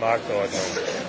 Marktordnung.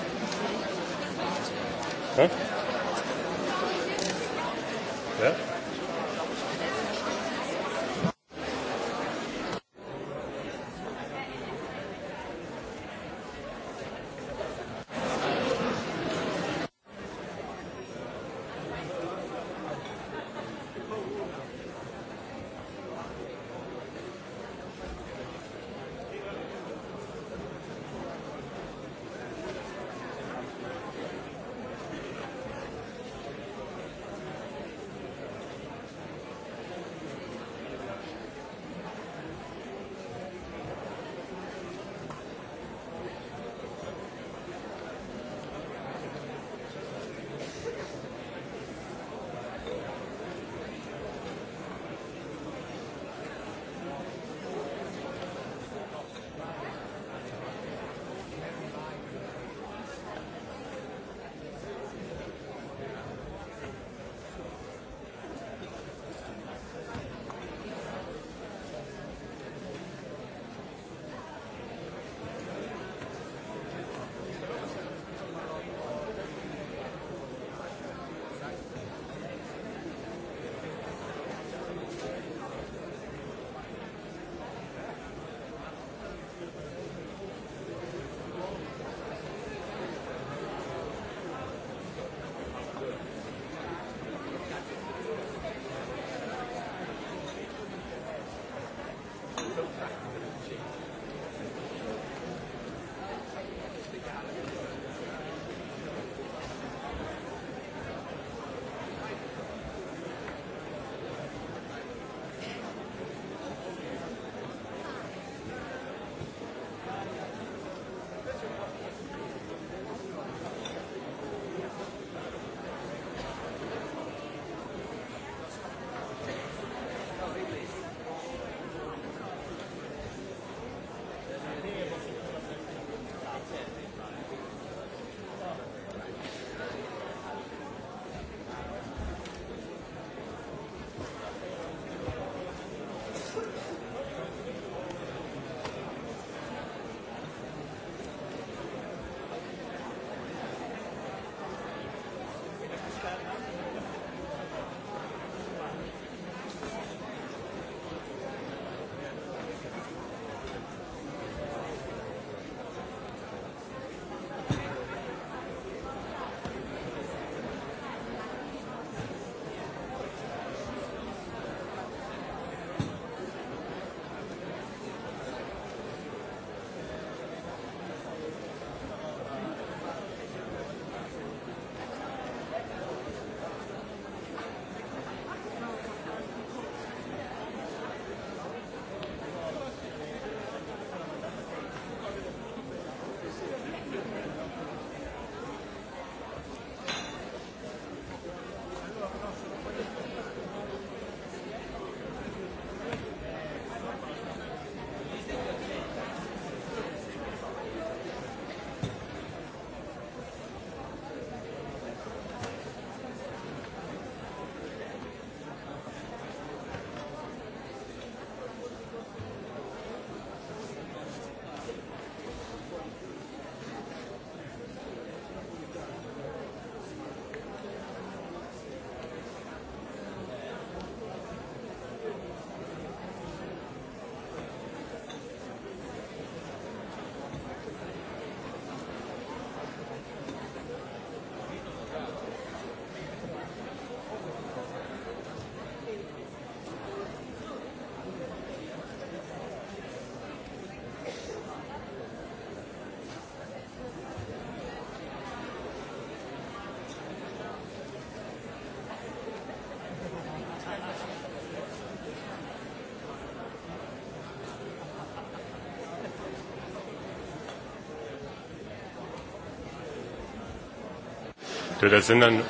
Das sind dann,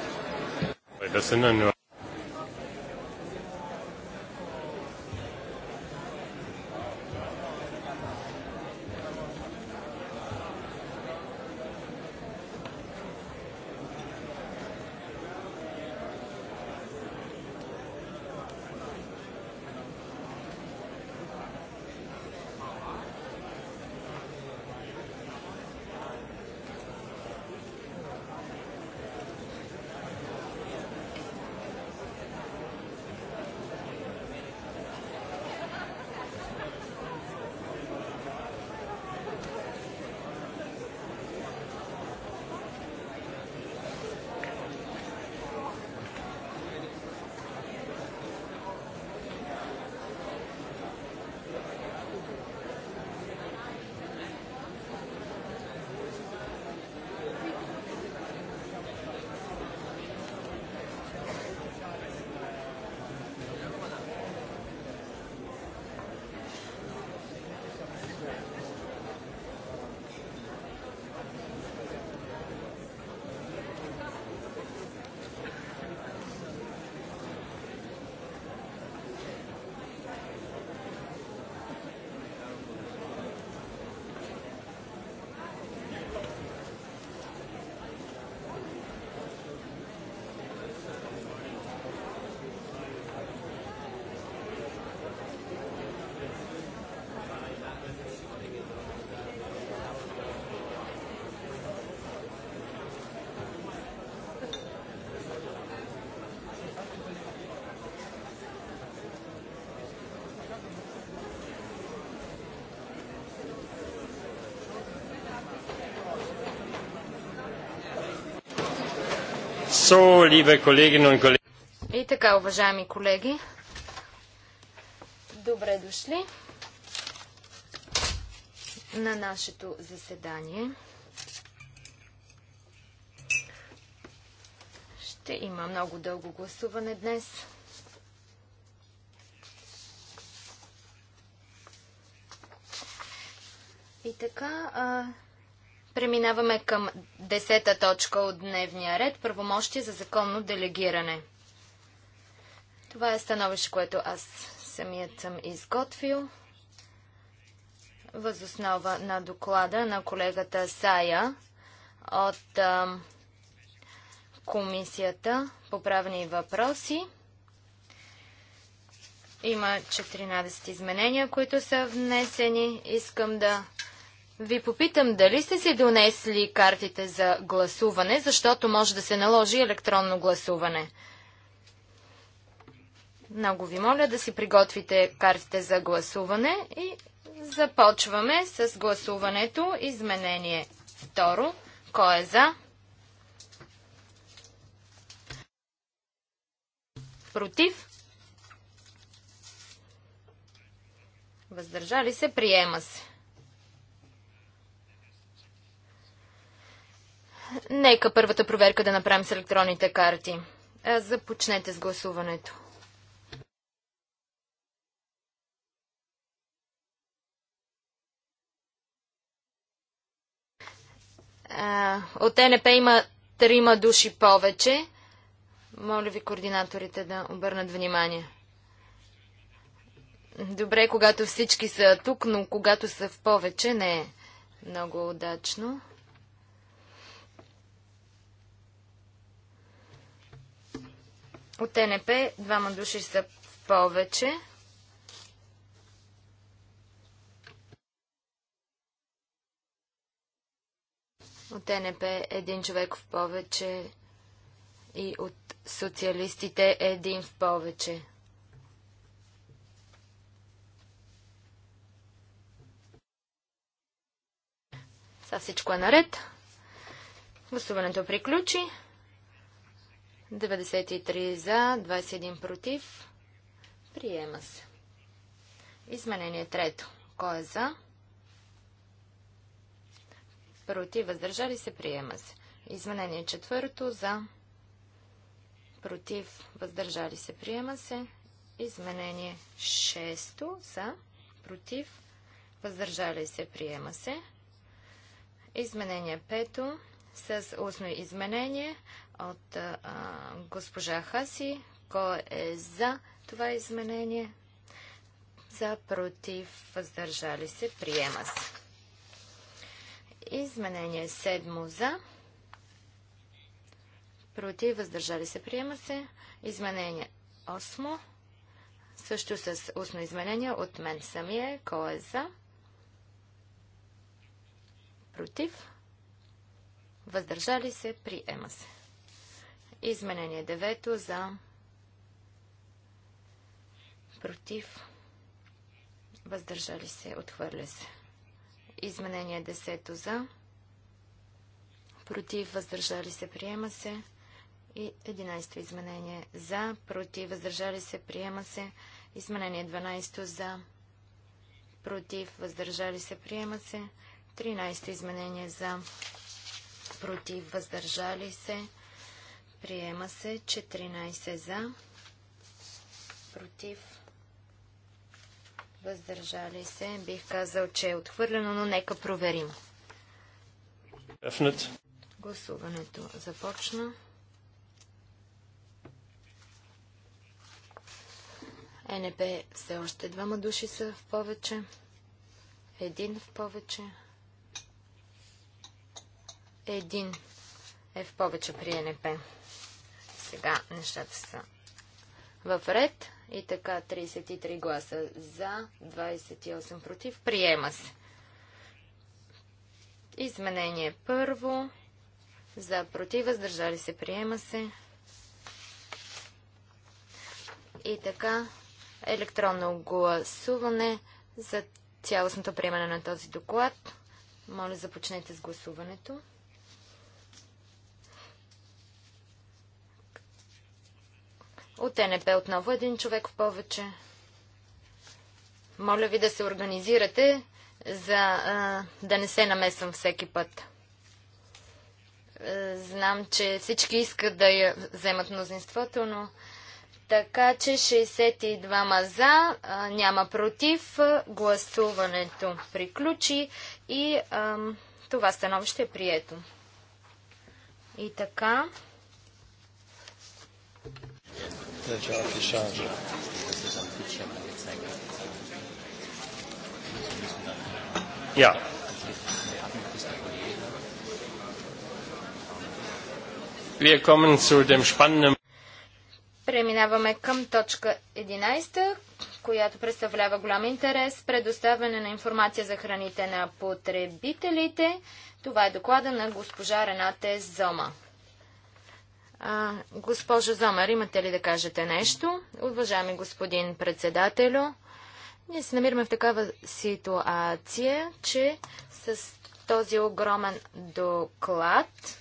das sind dann nur So, liebe Kolleginnen und Kollegen. И така, уважаеми колеги, добре дошли на нашето заседание. Ще има много дълго гласуване днес. И така, а, преминаваме към Десета точка от дневния ред – правомощие за законно делегиране. Това е становище, което аз самият съм изготвил. Възоснова на доклада на колегата Сая от а, Комисията по правни въпроси. Има 14 изменения, които са внесени. Искам да ви попитам дали сте си донесли картите за гласуване, защото може да се наложи електронно гласуване. Много ви моля да си приготвите картите за гласуване и започваме с гласуването. Изменение второ. Кой е за? Против? Въздържали се? Приема се. Нека първата проверка да направим с електронните карти. Започнете с гласуването. От НП има трима души повече. Моля ви координаторите да обърнат внимание. Добре, когато всички са тук, но когато са в повече, не е много удачно. От ТНП двама души са повече. От ТНП един човек в повече и от социалистите един в повече. Сега всичко е наред. Гласуването приключи. 93 за, 21 против. Приема се. Изменение трето. Кой е за? Против, въздържали се, приема се. Изменение четвърто за. Против, въздържали се, приема се. Изменение шесто за. Против, въздържали се, приема се. Изменение пето с устно изменение от а, госпожа Хаси. Кой е за това изменение? За, против, въздържали се, приема се. Изменение седмо за. Против, въздържали се, приема се. Изменение 8. Също с устно изменение от мен самия. Кой е за? Против въздържали се, приема се. Изменение 9 за против, въздържали се, отхвърля се. Изменение 10 за против, въздържали се, приема се. И 11 то изменение за против, въздържали се, приема се. Изменение 12 за против, въздържали се, приема се. 13 то изменение за против, въздържали се. Приема се 14 за, против, въздържали се. Бих казал, че е отхвърлено, но нека проверим. Definite. Гласуването започна. Е, НП все още двама души са в повече. Един в повече. Един е в повече при НП. Сега нещата са в ред и така 33 гласа за, 28 против. Приема се. Изменение първо. За против, въздържали се, приема се. И така, електронно гласуване за цялостното приемане на този доклад. Моля, започнете с гласуването. От ТНП отново един човек в повече. Моля ви да се организирате, за а, да не се намесвам всеки път. А, знам, че всички искат да я вземат мнозинството, но така че 62 за, а, няма против, гласуването приключи и а, това становище е прието. И така. Ja. Wir kommen zu dem spannenden Преминаваме към точка 11, която представлява голям интерес предоставяне на информация за храните на потребителите. Това е доклада на госпожа Рената Зома. А, госпожо Зомер, имате ли да кажете нещо? Уважаеми господин председателю, ние се намираме в такава ситуация, че с този огромен доклад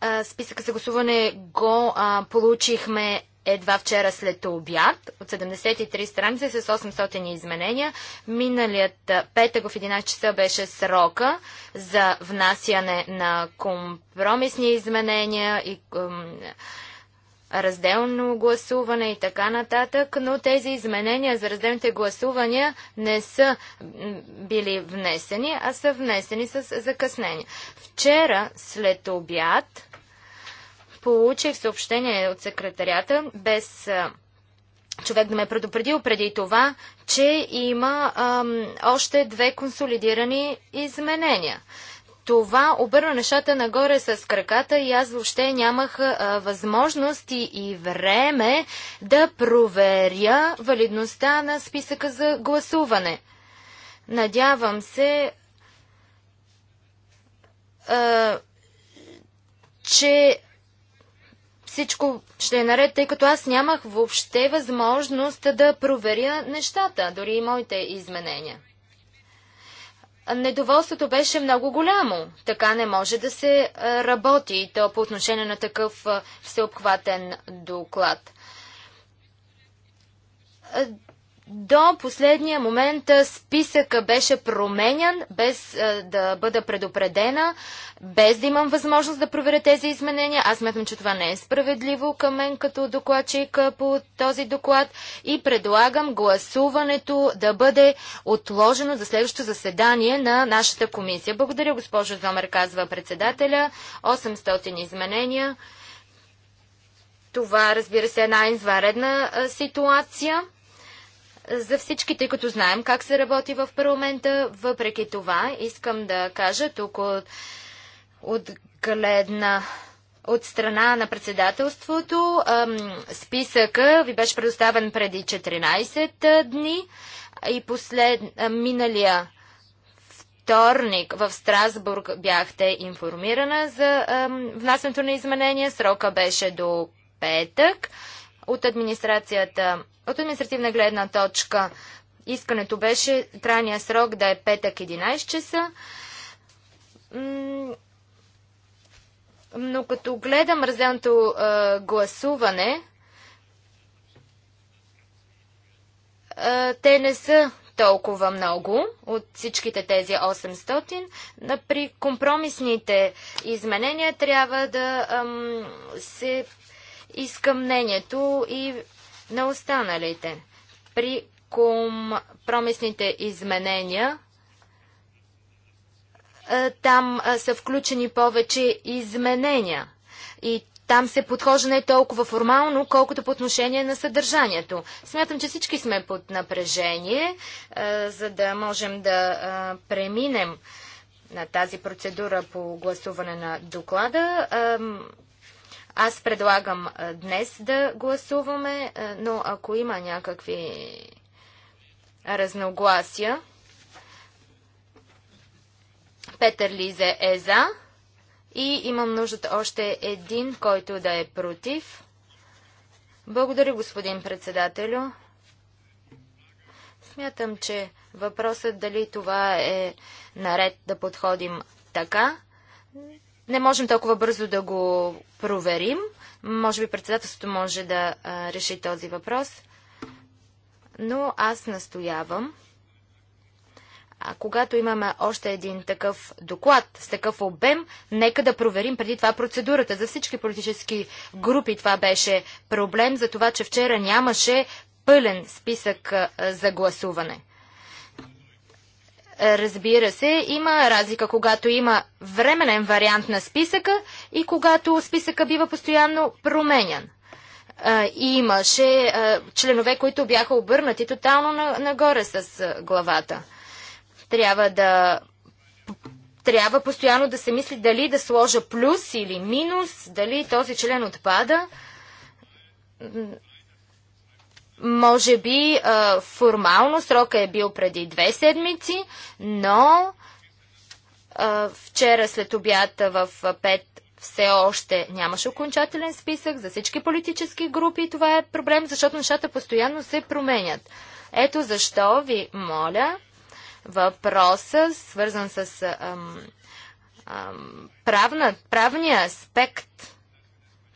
а, списъка за гласуване го а, получихме едва вчера след обяд от 73 страници с 800 изменения. Миналият петък в 11 часа беше срока за внасяне на компромисни изменения и разделно гласуване и така нататък, но тези изменения за разделните гласувания не са били внесени, а са внесени с закъснение. Вчера след обяд Получих съобщение от секретарята без човек да ме е предупредил преди това, че има ам, още две консолидирани изменения. Това обърна нещата нагоре с краката и аз въобще нямах а, възможност и, и време да проверя валидността на списъка за гласуване. Надявам се, а, че всичко ще е наред, тъй като аз нямах въобще възможност да проверя нещата, дори и моите изменения. Недоволството беше много голямо. Така не може да се работи и то по отношение на такъв всеобхватен доклад до последния момент списъка беше променян, без да бъда предупредена, без да имам възможност да проверя тези изменения. Аз сметам, че това не е справедливо към мен като докладчик по този доклад и предлагам гласуването да бъде отложено за следващото заседание на нашата комисия. Благодаря, госпожо Зомер, казва председателя. 800 изменения. Това, разбира се, е една изваредна ситуация за всички, тъй като знаем как се работи в парламента. Въпреки това, искам да кажа тук от, от гледна от страна на председателството. Списъка ви беше предоставен преди 14 дни и послед, миналия вторник в Страсбург бяхте информирана за внасянето на изменения. Срока беше до петък. От администрацията от административна гледна точка искането беше трайния срок да е петък 11 часа. Но като гледам разделното гласуване, те не са толкова много от всичките тези 800. При компромисните изменения трябва да се иска мнението и на останалите. При компромисните изменения е, там е, са включени повече изменения и там се подхожда не толкова формално, колкото по отношение на съдържанието. Смятам, че всички сме под напрежение, е, за да можем да преминем на тази процедура по гласуване на доклада. Аз предлагам днес да гласуваме, но ако има някакви разногласия, Петър Лизе е за и имам нужда още един, който да е против. Благодаря, господин председателю. Смятам, че въпросът дали това е наред да подходим така, не можем толкова бързо да го проверим. Може би председателството може да а, реши този въпрос. Но аз настоявам, а когато имаме още един такъв доклад с такъв обем, нека да проверим преди това процедурата. За всички политически групи това беше проблем, за това, че вчера нямаше пълен списък а, за гласуване. Разбира се, има разлика, когато има временен вариант на списъка и когато списъка бива постоянно променян. Имаше членове, които бяха обърнати тотално нагоре с главата. Трябва да трябва постоянно да се мисли дали да сложа плюс или минус, дали този член отпада. Може би формално срока е бил преди две седмици, но вчера след обята в 5 все още нямаше окончателен списък за всички политически групи и това е проблем, защото нещата постоянно се променят. Ето защо ви моля въпроса, свързан с ам, ам, правна, правния аспект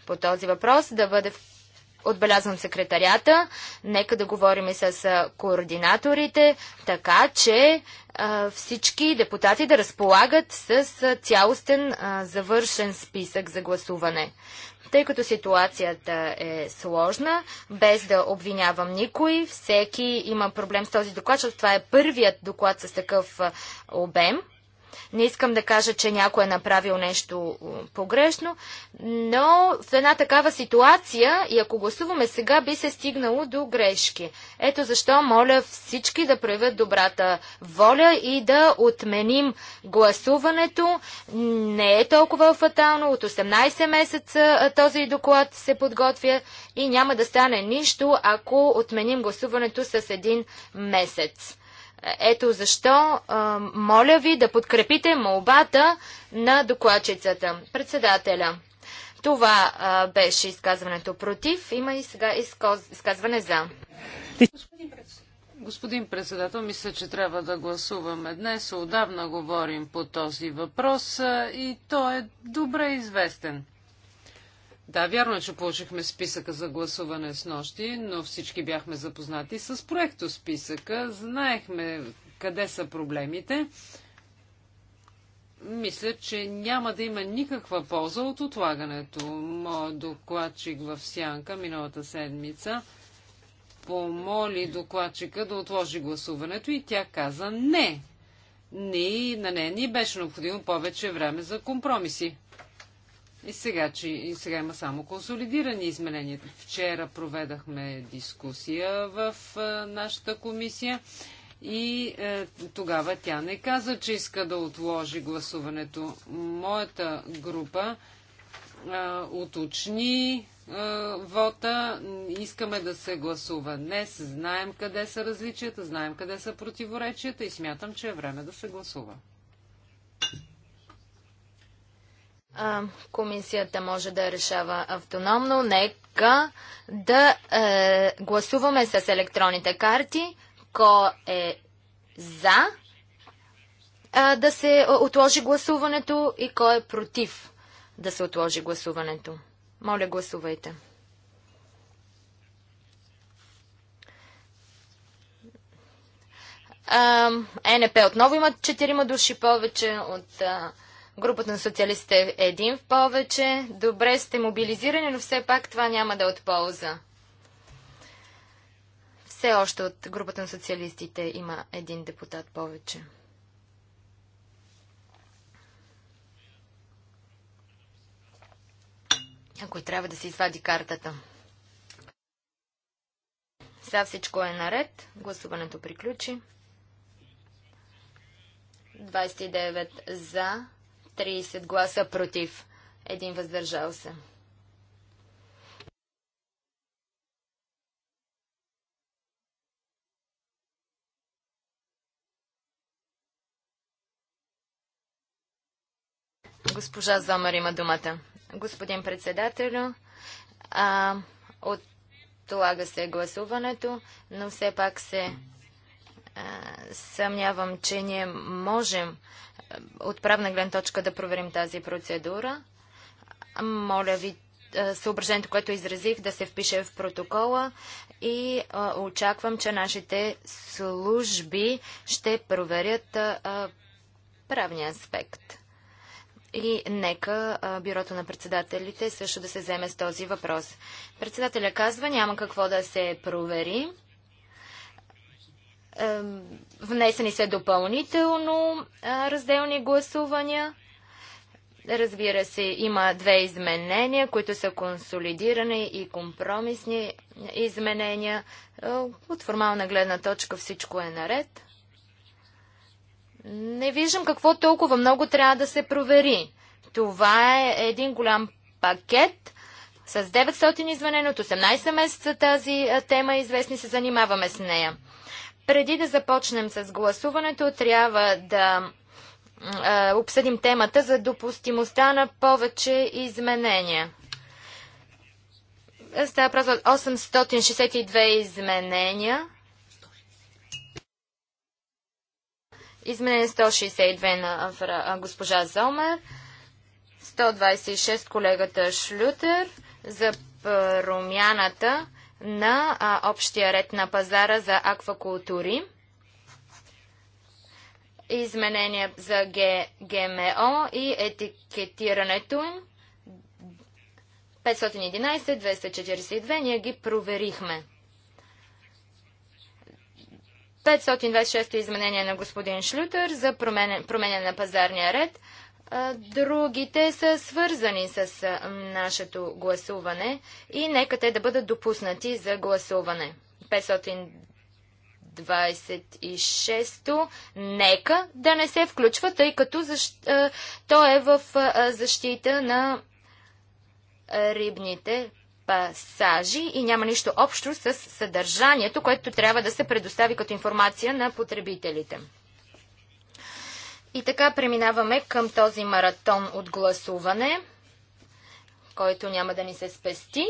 по този въпрос, да бъде в. Отбелязвам секретарята, нека да говорим и с координаторите, така че всички депутати да разполагат с цялостен завършен списък за гласуване. Тъй като ситуацията е сложна, без да обвинявам никой, всеки има проблем с този доклад, защото това е първият доклад с такъв обем – не искам да кажа, че някой е направил нещо погрешно, но в една такава ситуация и ако гласуваме сега, би се стигнало до грешки. Ето защо моля всички да проявят добрата воля и да отменим гласуването. Не е толкова фатално. От 18 месеца този доклад се подготвя и няма да стане нищо, ако отменим гласуването с един месец. Ето защо а, моля ви да подкрепите молбата на докладчицата, председателя. Това а, беше изказването против. Има и сега изказ... изказване за. Господин председател. Господин председател, мисля, че трябва да гласуваме днес. Отдавна говорим по този въпрос и той е добре известен. Да, вярно е, че получихме списъка за гласуване с нощи, но всички бяхме запознати с проекто списъка. Знаехме къде са проблемите. Мисля, че няма да има никаква полза от отлагането. Моят докладчик в Сянка миналата седмица помоли докладчика да отложи гласуването и тя каза не. Не, на нея ни беше необходимо повече време за компромиси. И сега, че, и сега има само консолидирани изменения. Вчера проведахме дискусия в а, нашата комисия и е, тогава тя не каза, че иска да отложи гласуването. Моята група е, уточни е, вота. Искаме да се гласува днес. Знаем къде са различията, знаем къде са противоречията и смятам, че е време да се гласува. А, комисията може да решава автономно. Нека да е, гласуваме с електронните карти. Ко е за а, да се отложи гласуването и кой е против да се отложи гласуването. Моля, гласувайте. А, е НП отново имат 4 души повече от а, Групата на социалистите е един в повече. Добре сте мобилизирани, но все пак това няма да е от полза. Все още от групата на социалистите има един депутат повече. Ако и трябва да се извади картата. Сега всичко е наред. Гласуването приключи. 29 за, 30 гласа против, един въздържал се. Госпожа Зомър, има думата. Господин председателю, а, отлага се гласуването, но все пак се а, съмнявам, че ние можем от правна гледна точка да проверим тази процедура. Моля ви е, съображението, което изразих, да се впише в протокола и е, очаквам, че нашите служби ще проверят е, правния аспект. И нека бюрото на председателите също да се вземе с този въпрос. Председателя казва, няма какво да се провери. Внесени са допълнително разделни гласувания. Разбира се, има две изменения, които са консолидирани и компромисни изменения. Е, от формална гледна точка всичко е наред. Не виждам какво толкова много трябва да се провери. Това е един голям пакет с 900 изменения от 18 месеца тази тема е известни, се занимаваме с нея. Преди да започнем с гласуването, трябва да е, обсъдим темата за допустимостта на повече изменения. Става право от 862 изменения. Изменение 162 на госпожа Зомер, 126 колегата Шлютер за промяната на а, общия ред на пазара за аквакултури, изменения за Г, ГМО и етикетирането им. 511-242 ние ги проверихме. 526 изменение на господин Шлютер за променя, промене на пазарния ред – Другите са свързани с нашето гласуване и нека те да бъдат допуснати за гласуване. 526-то нека да не се включва, тъй като защ... то е в защита на рибните пасажи и няма нищо общо с съдържанието, което трябва да се предостави като информация на потребителите. И така преминаваме към този маратон от гласуване, който няма да ни се спести.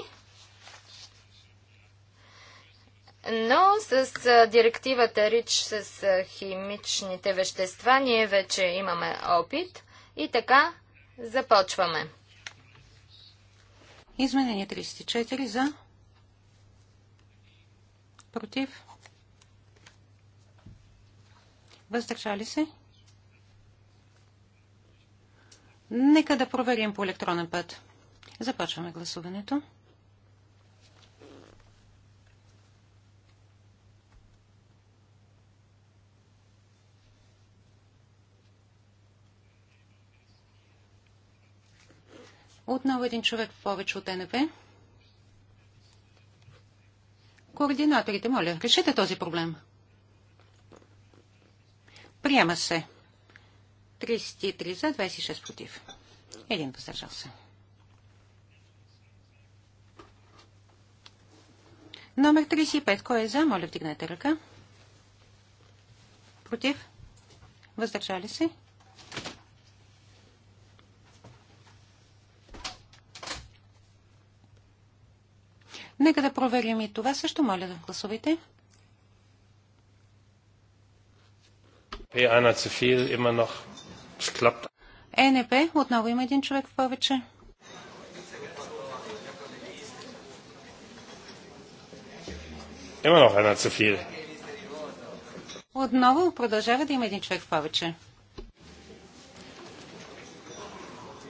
Но с директивата РИЧ с химичните вещества ние вече имаме опит и така започваме. Изменение 34 за против въздържали се Нека да проверим по електронен път. Започваме гласуването. Отново един човек повече от НП. Координаторите, моля, решете този проблем. Приема се. 33 за, 26 против. Един въздържал се. Номер 35. Кой е за? Моля, вдигнете ръка. Против? Въздържали се? Нека да проверим и това също. Моля да гласувайте. P einer zu viel, immer noch geklappt. ЕНП, отново има един човек в повече. Immer noch einer zu viel. Отново продължава да има един човек в повече.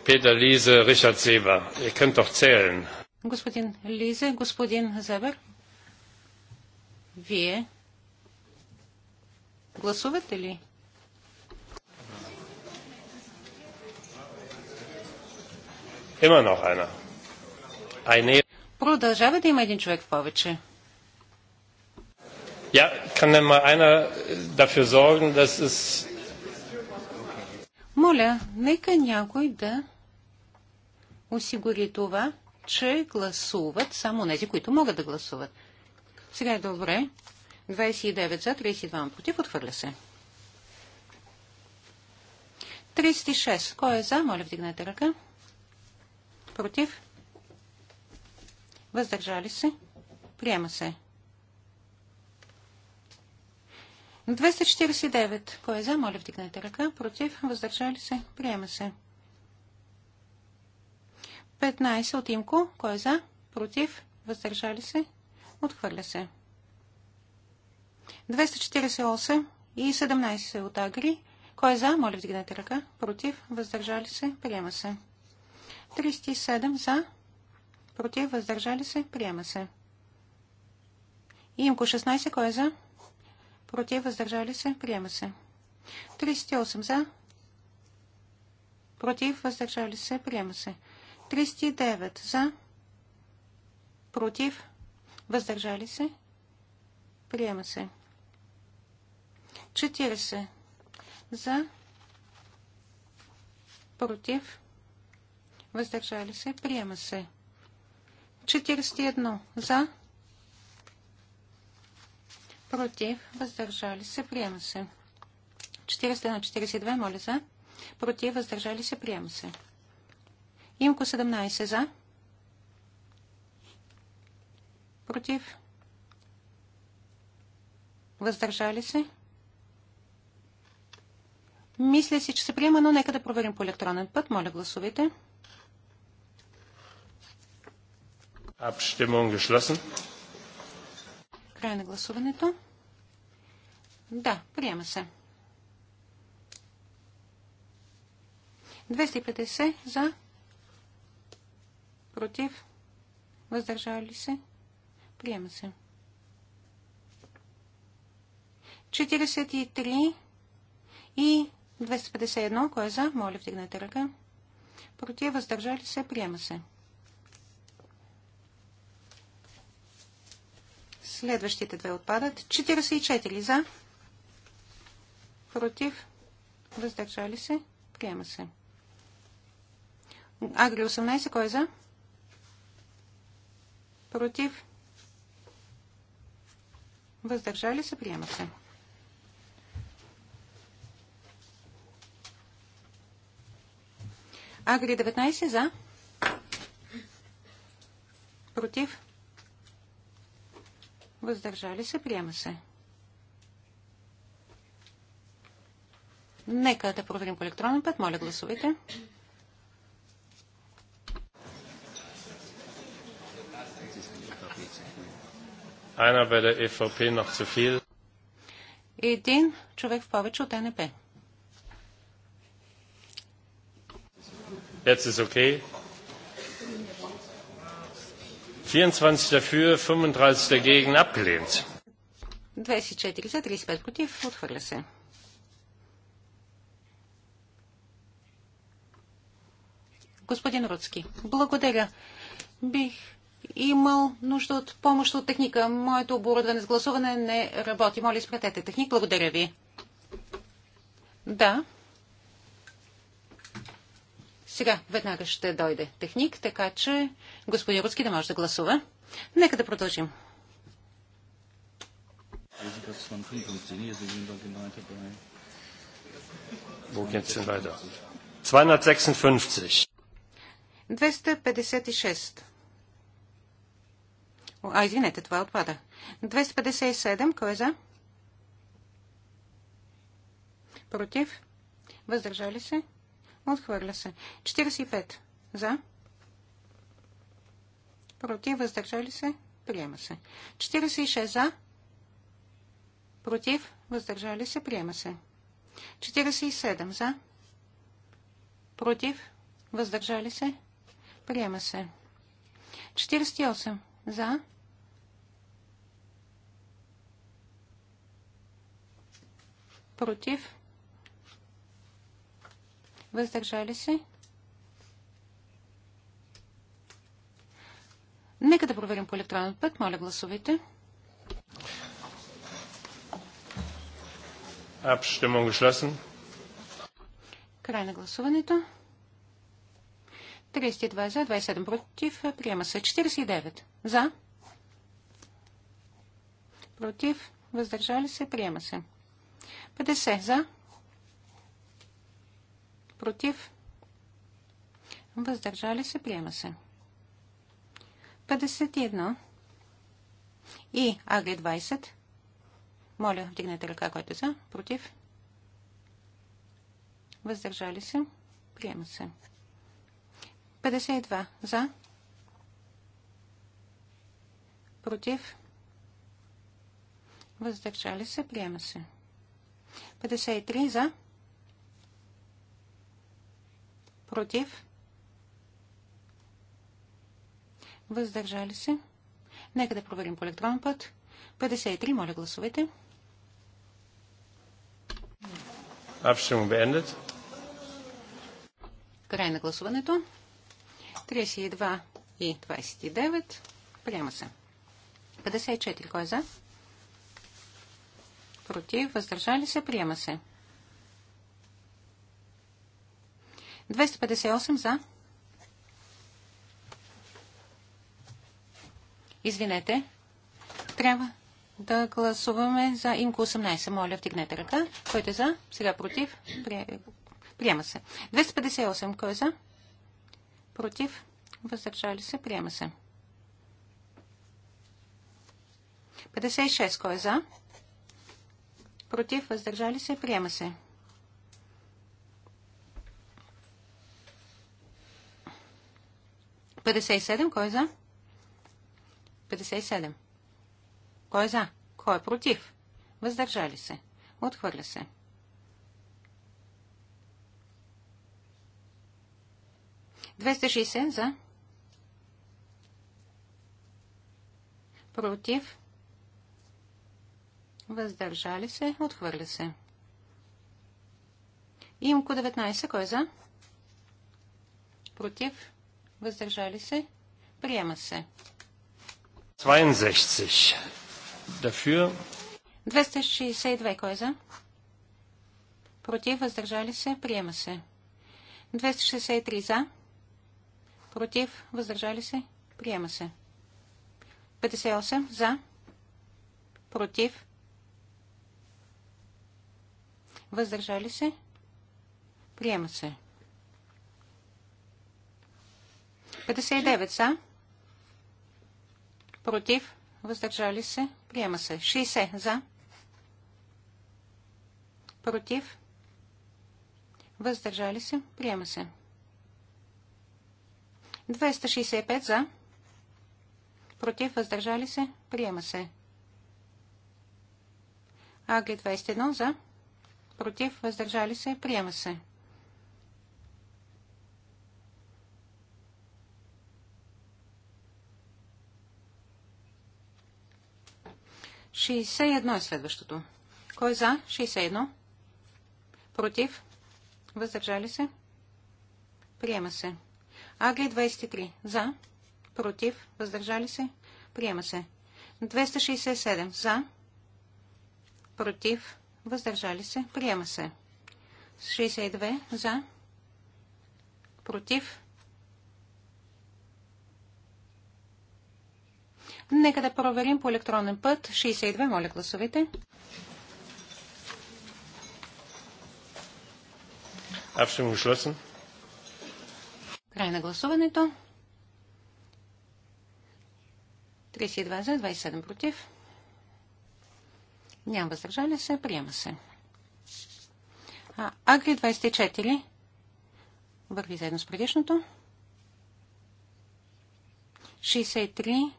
Peter Liese, Richard Seber. Ihr könnt doch zählen. Господин Лизе, господин Зебер, вие гласувате ли? Има noch една. Продължава да има един човек повече. Ja, kann mal einer äh, dafür sorgen, dass es... Моля, нека някой да осигури това, че гласуват само тези, които могат да гласуват. Сега е добре. 29 за, 32 против, отхвърля се. 36. Кой е за? Моля, вдигнете ръка. Против? Въздържали се? Приема се. 249. Кой е за? Моля, вдигнете ръка. Против? Въздържали се? Приема се. 15 от Имко. Кой е за? Против? Въздържали се? Отхвърля се. 248 и 17 от Агри. Кой е за? Моля, вдигнете ръка. Против? Въздържали се? Приема се. 37 за, против, въздържали се, приема се. Имко 16, кой е за? Против, въздържали се, приема се. 38 за, против, въздържали се, приема се. 39 за, против, въздържали се, приема се. 40 за, против, въздържали се, приема се. 41 за, против, въздържали се, приема се. 41-42, моля за, против, въздържали се, приема се. Имко 17 за, против, въздържали се. Мисля си, че се приема, но нека да проверим по електронен път. Моля, гласувайте. Abstimmung geschlossen. Край на гласуването. Да, приема се. 250 за. Против. Въздържали се. Приема се. 43 и 251. Кой е за? Моля, вдигнете ръка. Против. Въздържали се. Приема се. 252. Следващите две отпадат. 44 за. Против. Въздържали се. Приема се. Агри 18, кой е за? Против. Въздържали се, приема се. Агри 19 за. Против. Въздържали се. Приема се. Нека да проверим по електронен път. Моля, гласувайте. Един човек в повече от НП. Jetzt ist okay. 24 dafür, 35 dagegen, abgelehnt. 24 за, 35 против, отхвърля се. Господин Руцки, благодаря. Бих имал нужда от помощ от техника. Моето оборудване с гласуване не работи. Моля, изпратете техник. Благодаря ви. Да. Сега веднага ще дойде техник, така че господин Руски да може да гласува. Нека да продължим. Wo geht's denn weiter? 256. 256. извинете, това отпада. 257, кой е за? Против? Въздържали се? Отхвърля се. 45. За. Против. Въздържали се. Приема се. 46. За. Против. Въздържали се. Приема се. 47. За. Против. Въздържали се. Приема се. 48. За. Против въздържали се. Нека да проверим по електронен път. Моля, гласувайте. Abstimmung geschlossen. Край на гласуването. 32 за, 27 против. Приема се 49 за. Против. Въздържали се. Приема се. 50 за против, въздържали се, приема се. 51 и АГ 20. Моля, вдигнете ръка, който е за, против, въздържали се, приема се. 52 за, против, въздържали се, приема се. 53 за, против, против, въздържали се. Нека да проверим по електронен път. 53, моля гласовете. Край на гласуването. 32 и 29. Приема се. 54. Кой е за? Против. Въздържали се. Приема се. 258 за. Извинете. Трябва да гласуваме за Инко 18. Моля, вдигнете ръка. Който е за? Сега против. Приема се. 258. Кой е за? Против. Въздържали се. Приема се. 56. Кой е за? Против. Въздържали се. Приема се. 57. Кой е за? 57. Кой е за? Кой е против? Въздържали се. Отхвърля се. Двеста за. Против. Въздържали се. Отхвърля се. Имко 19. Кой е за? Против. Въздържали се? Приема се. 62. Дафюр. 262. Кой е за? Против. Въздържали се? Приема се. 263 за. Против. Въздържали се? Приема се. 58 за. Против. Въздържали се? Приема се. 59 за. Против. Въздържали се. Приема се. 60 за. Против. Въздържали се. Приема се. 265 за. Против. Въздържали се. Приема се. АГ 21 за. Против. Въздържали се. Приема се. 61 е следващото. Кой е за? 61. Против? Въздържали се? Приема се. Агли 23. За? Против? Въздържали се? Приема се. 267. За? Против? Въздържали се? Приема се. 62. За? Против? Нека да проверим по електронен път. 62, моля гласовете. Абсолютно Край на гласуването. 32 за, 27 против. Няма въздържали се. Приема се. А, Агри 24 върви заедно с предишното. 63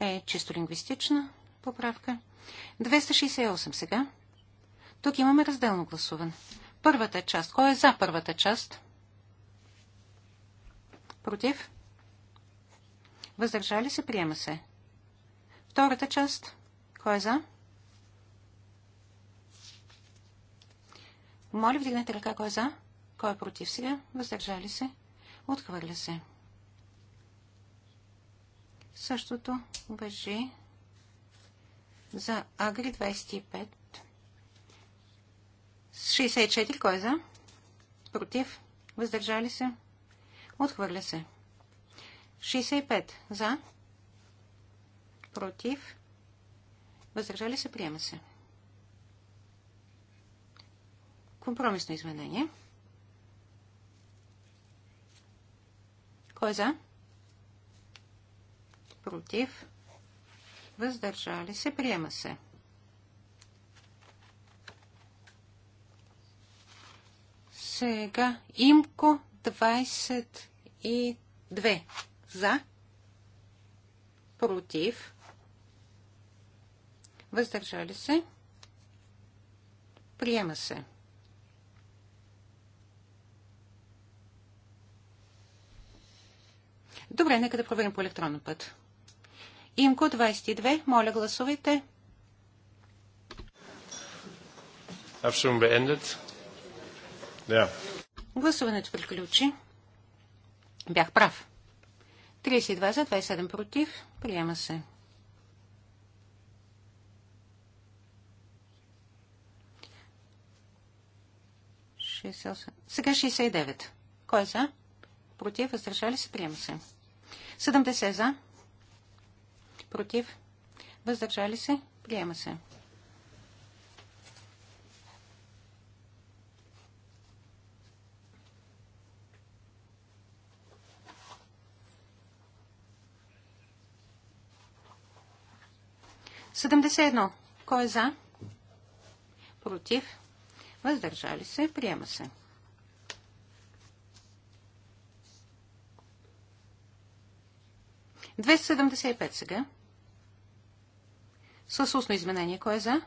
е чисто лингвистична поправка. 268 сега. Тук имаме разделно гласуване. Първата част. Кой е за първата част? Против? Въздържали се? Приема се. Втората част. Кой е за? Моля, вдигнете ръка. Кой е за? Кой е против сега? Въздържали се? Отхвърля се. Същото въжи за Агри 25. 64 кой е за? Против? Въздържали се? Отхвърля се. 65 за? Против? Въздържали се? Приема се. Компромисно изменение. Кой е за? против, въздържали се, приема се. Сега имко 22 за, против, въздържали се, приема се. Добре, нека да проверим по електронен път. Имко 22. Моля, гласувайте. Гласуването приключи. Бях прав. 32 за 27 против. Приема се. Сега 69. Кой е за? Против, въздържали се, приема се. 70 за против, въздържали се, приема се. Седемдесет едно. Кой е за? Против. Въздържали се. Приема се. 275 сега. С устно изменение. Кой е за?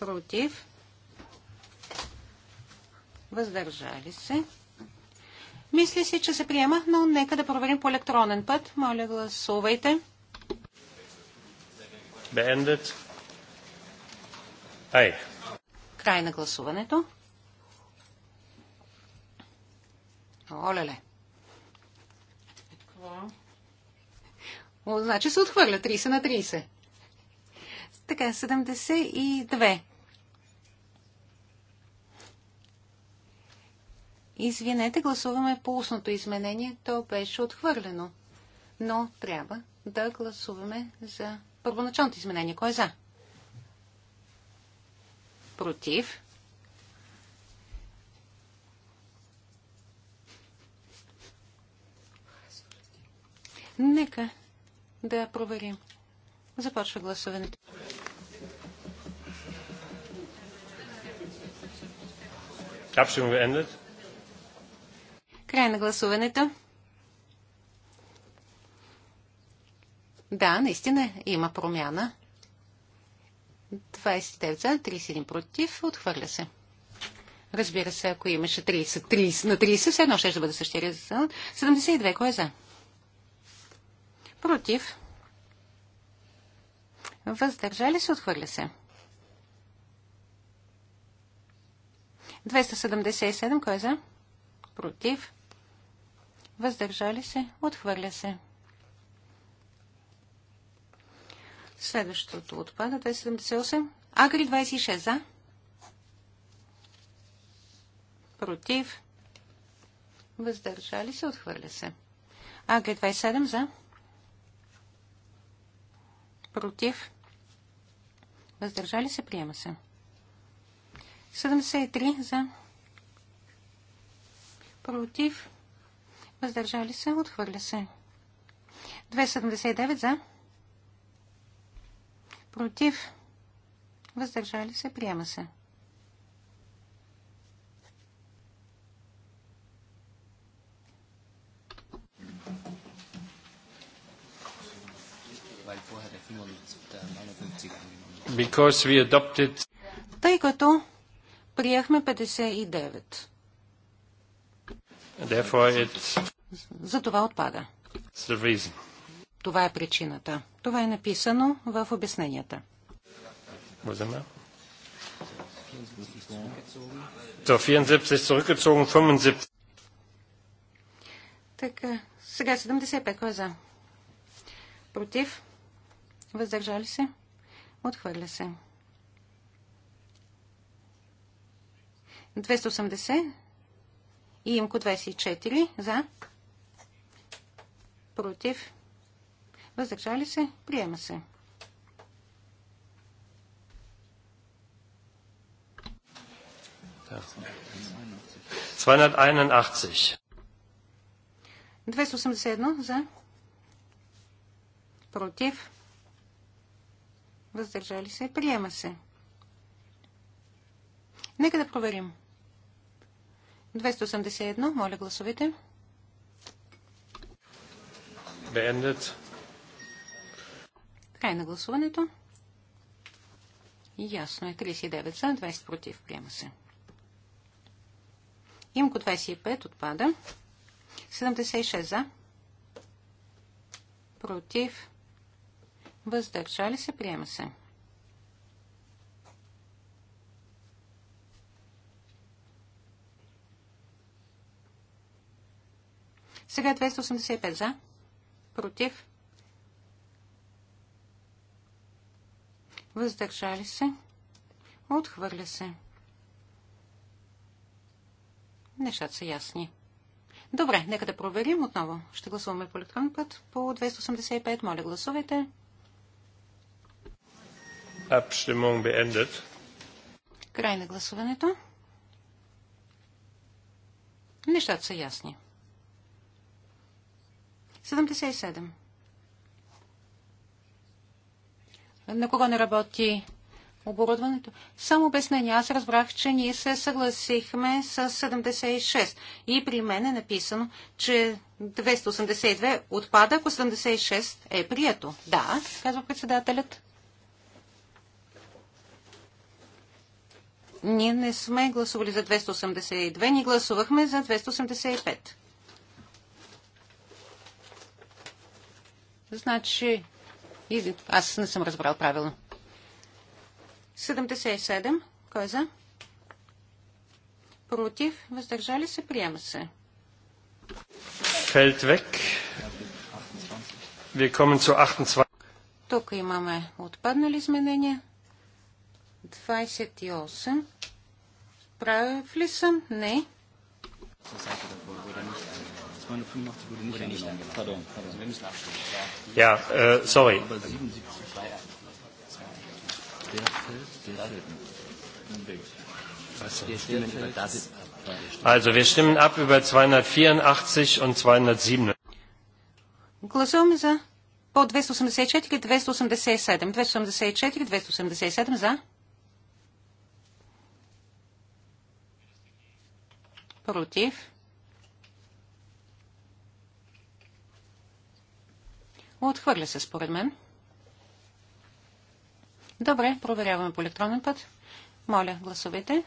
Против. Въздържали се. Мисли си, че се приема, но нека да проверим по електронен път. Моля, гласувайте. Beendet. Ай. Край на гласуването. ле. Какво? Значи се отхвърля 30 на 30. Така, 72. Извинете, гласуваме по устното изменение. То беше отхвърлено. Но трябва да гласуваме за първоначалното изменение. Кой е за? Против. Нека да проверим. Започва гласуването. Край на гласуването. Да, наистина има промяна. 29 за, 31 против, отхвърля се. Разбира се, ако имаше 30, 30 на 30, все едно ще бъде същия резултат. 72, кой е за? Против. Въздържали се, отхвърля се. 277, кой е за? Против. Въздържали се, отхвърля се. Следващото отпада, 278. Агри 26, за? Против. Въздържали се, отхвърля се. Агри 27, за? против, въздържали се, приема се. 73 за, против, въздържали се, отхвърля се. 279 за, против, въздържали се, приема се. Because we adopted... Тъй като приехме 59. Therefore it... отпада. Това е причината. Това е написано в обясненията. Е е така, сега 75. Кой е за? Против? Въздържали се? Отхвърля се. 280 и имко 24 за. Против. Въздържали се? Приема се. Да. 281. 281 за. Против въздържали се, приема се. Нека да проверим. 281, моля гласовете. Бендет. Край на гласуването. Ясно е. 39 за, 20 против. Приема се. Имко 25 отпада. 76 за. Против. Въздържали се, приема се. Сега 285 за. Против. Въздържали се. Отхвърля се. Нещата са ясни. Добре, нека да проверим отново. Ще гласуваме по електронен път по 285. Моля, гласувайте. Abstimmung beendet. Край на гласуването. Нещата са ясни. 77. На кого не работи оборудването? Само обяснение. Аз разбрах, че ние се съгласихме с 76. И при мен е написано, че 282 отпада, ако 76 е прието. Да, казва председателят. Ние не сме гласували за 282, ни гласувахме за 285. Значи, аз не съм разбрал правилно. 77. Кой е за? Против. Въздържали се. Приема се. Фелдвек. Тук имаме отпаднали изменения. 28. Прав ли съм? Не. Ja, äh, sorry. Also, wir stimmen ab über 284 und 207. Гласуваме за po 284 287. 284, 287 за. против, отхвърля се според мен. Добре, проверяваме по електронен път. Моля, гласувайте.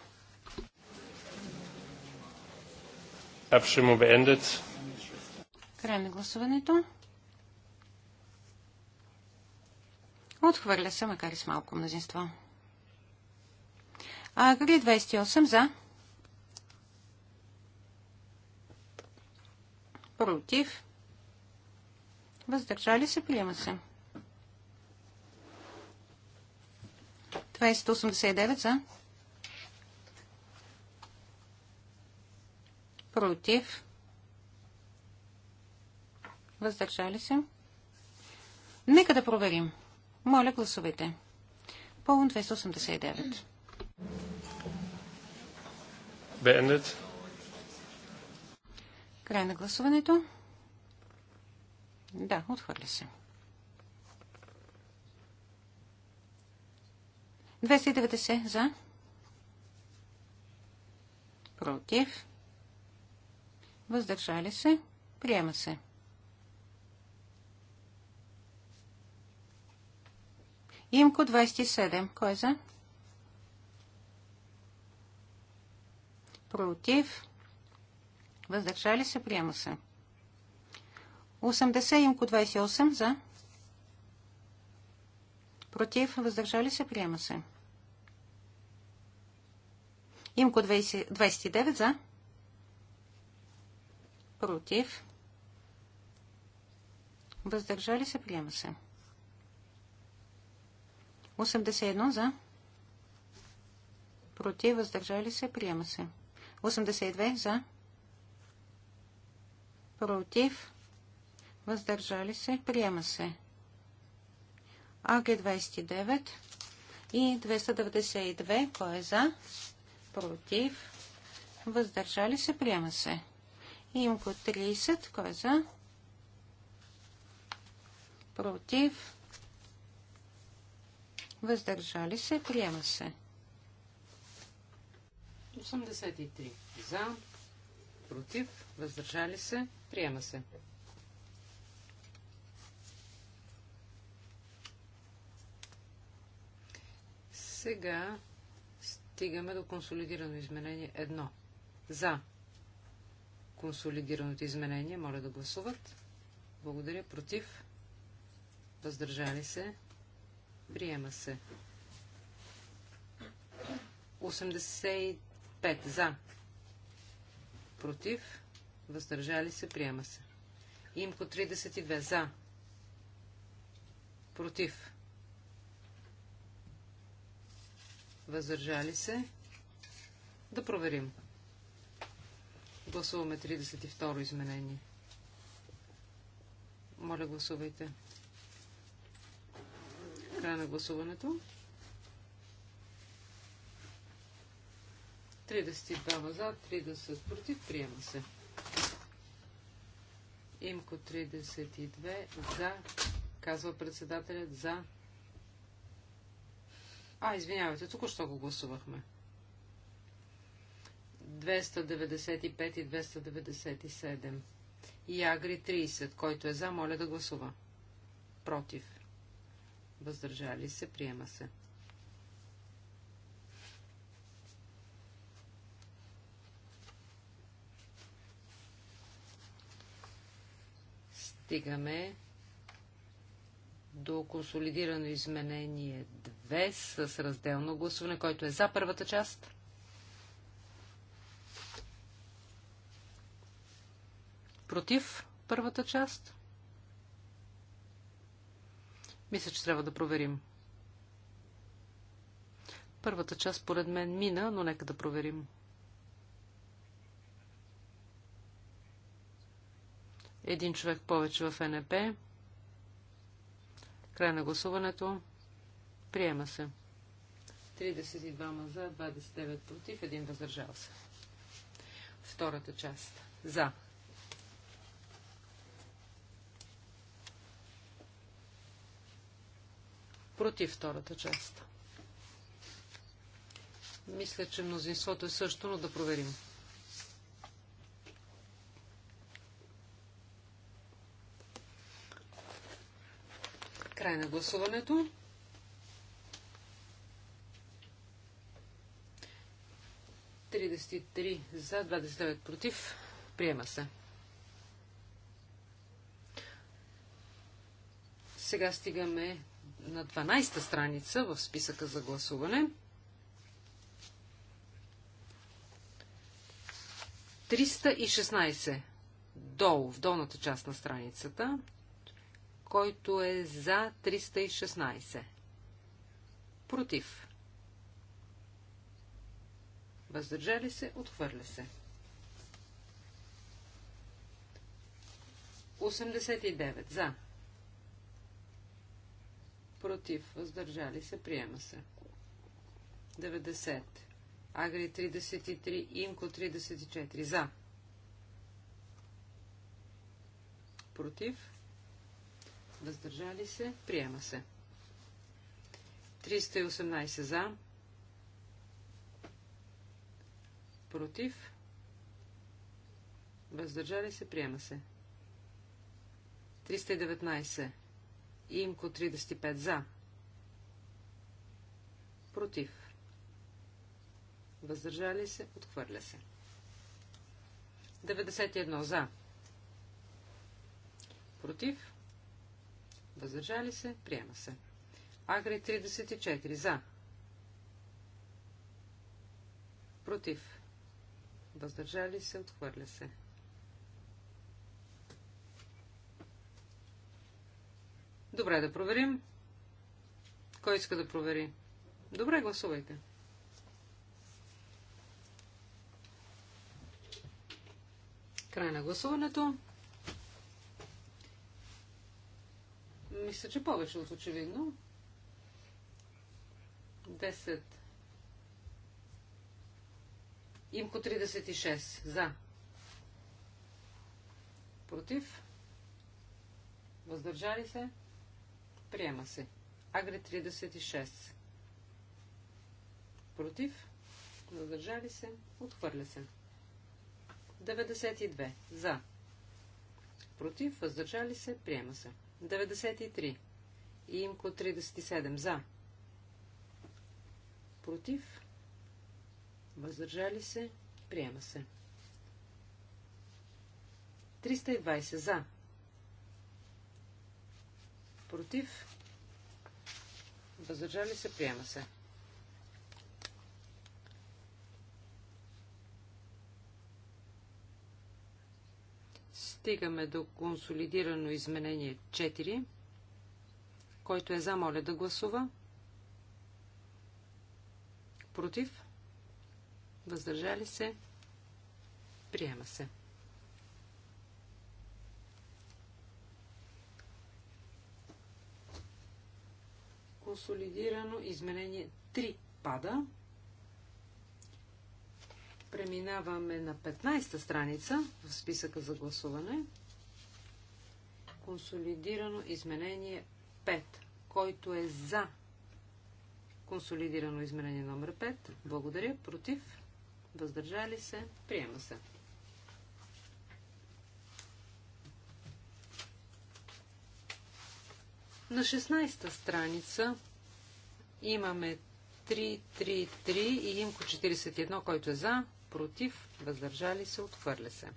Край на гласуването. Отхвърля се, макар и с малко мнозинство. Агри 28 за. против, въздържали се, приема се. 289 за, против, въздържали се. Нека да проверим. Моля, гласувайте. Полно 289. Beendet. Край на гласуването. Да, отхвърля се. 290 за. Против. Въздържали се. Приема се. Имко 27. Кой е за? Против въздържали се, приема се. 80 имко 28 за, против, въздържали се, приема се. Имко 20, 29 за, против, въздържали се, приема се. 81 за, против, въздържали се, приема се. 82 за, против, въздържали се, приема се. АГ-29 и 292, кой е за, против, въздържали се, приема се. Имко 30, кой е за, против, въздържали се, приема се. 83 за, против, въздържали се, Приема се. Сега стигаме до консолидирано изменение 1. За консолидираното изменение, моля да гласуват. Благодаря. Против. Въздържали се. Приема се. 85 за. Против. Въздържали се, приема се. Имко 32 за. Против. Въздържали се. Да проверим. Гласуваме 32 изменение. Моля, гласувайте. Край на гласуването. 32 за, 30 против. Приема се. Имко 32 за, казва председателят за. А, извинявайте, току-що го гласувахме. 295 и 297. И Агри 30, който е за, моля да гласува. Против. Въздържали се, приема се. стигаме до консолидирано изменение 2 с разделно гласуване, който е за първата част. Против първата част. Мисля, че трябва да проверим. Първата част, поред мен, мина, но нека да проверим. Един човек повече в НП. Край на гласуването. Приема се. 32 за, 29 против, един въздържал се. Втората част. За. Против втората част. Мисля, че мнозинството е също, но да проверим. Край на гласуването. Тридесет за, 29 против. Приема се. Сега стигаме на 12-та страница в списъка за гласуване. 316. Долу, в долната част на страницата който е за 316. Против. Въздържали се, отхвърля се. 89. За. Против. Въздържали се. Приема се. 90. Агри 33. Имко 34. За. Против въздържали се, приема се. 318 за, против, въздържали се, приема се. 319. Имко 35 за. Против. Въздържали се, отхвърля се. 91 за. Против. Въздържали се. Приема се. Агри 34. За. Против. Въздържали се. Отхвърля се. Добре, да проверим. Кой иска да провери? Добре, гласувайте. Край на гласуването. Мисля, че повече от очевидно. 10. Имко 36. За. Против. Въздържали се. Приема се. Агри 36. Против. Въздържали се. Отхвърля се. 92. За. Против. Въздържали се. Приема се. 93. И имко 37. За. Против. Въздържали се. Приема се. 320. За. Против. Въздържали се. Приема се. стигаме до консолидирано изменение 4. Който е за, моля да гласува. Против? Въздържали се? Приема се. Консолидирано изменение 3 пада. Преминаваме на 15-та страница в списъка за гласуване. Консолидирано изменение 5. Който е за консолидирано изменение номер 5. Благодаря. Против. Въздържали се. Приема се. На 16-та страница имаме 333 и имко 41, който е за, против, въздържали се, отхвърля се.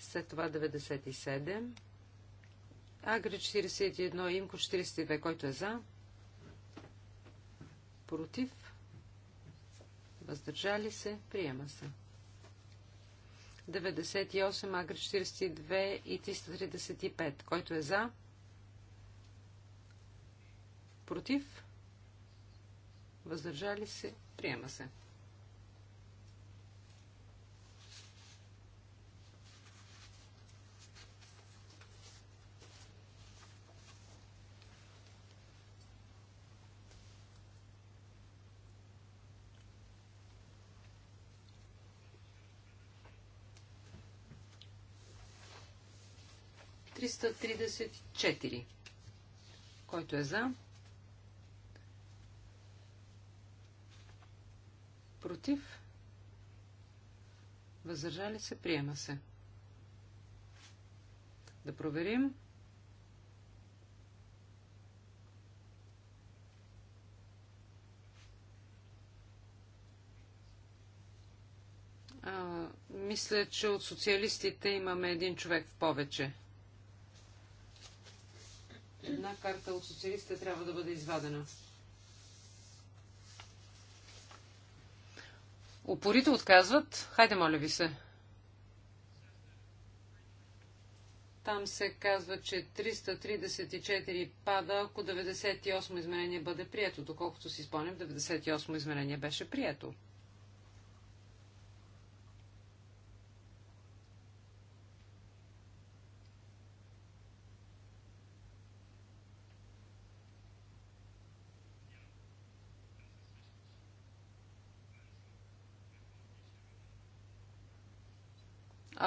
След това 97. Агри 41, Имко 42, който е за, против, въздържали се, приема се. 98, Агри 42 и 335, който е за, против, въздържали се, приема се. 334. Който е за? Против? Въздържали се? Приема се. Да проверим. А, мисля, че от социалистите имаме един човек в повече една карта от социалистите трябва да бъде извадена. Опорите отказват. Хайде, моля ви се. Там се казва, че 334 пада, ако 98 измерение бъде прието. Доколкото си спомням, 98 измерение беше прието.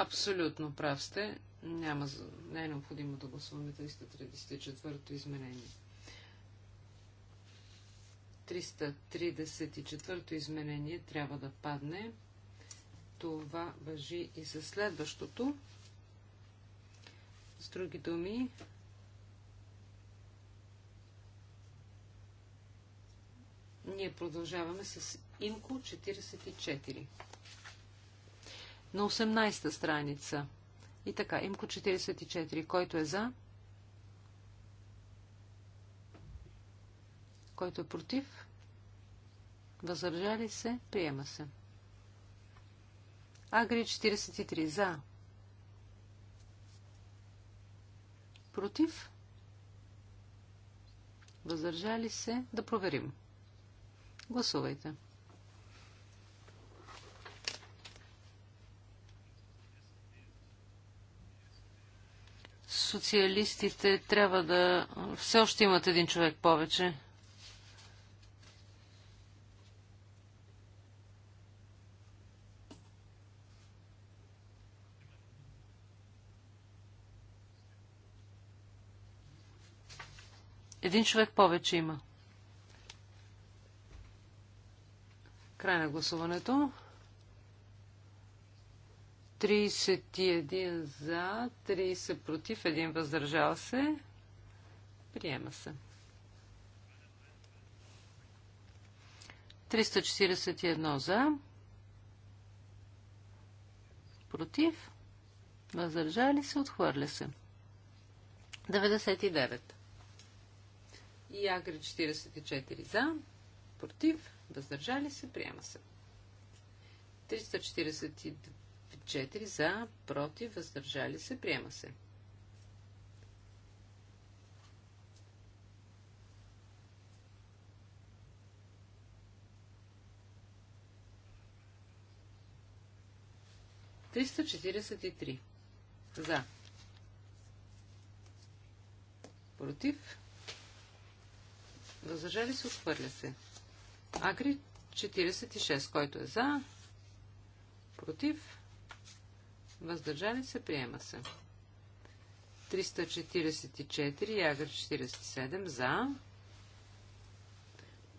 Абсолютно прав сте. Няма, не е необходимо да гласуваме 334-то изменение. 334-то изменение трябва да падне. Това въжи и за следващото. С други думи, ние продължаваме с имко 44 на 18-та страница. И така, имко 44, който е за, който е против, въздържали се, приема се. Агри 43, за, против, въздържали се, да проверим. Гласувайте. социалистите трябва да... Все още имат един човек повече. Един човек повече има. Край на гласуването. 31 за, 30 против, 1 въздържал се. Приема се. 341 за, против, въздържали се, отхвърля се. 99. И Агри 44 за, против, въздържали се, приема се. 342 4 за, против, въздържали се, приема се. Триста За. Против. Възражали се, отхвърля се. Агри 46, който е за. Против въздържали се, приема се. 344, Ягър 47, за,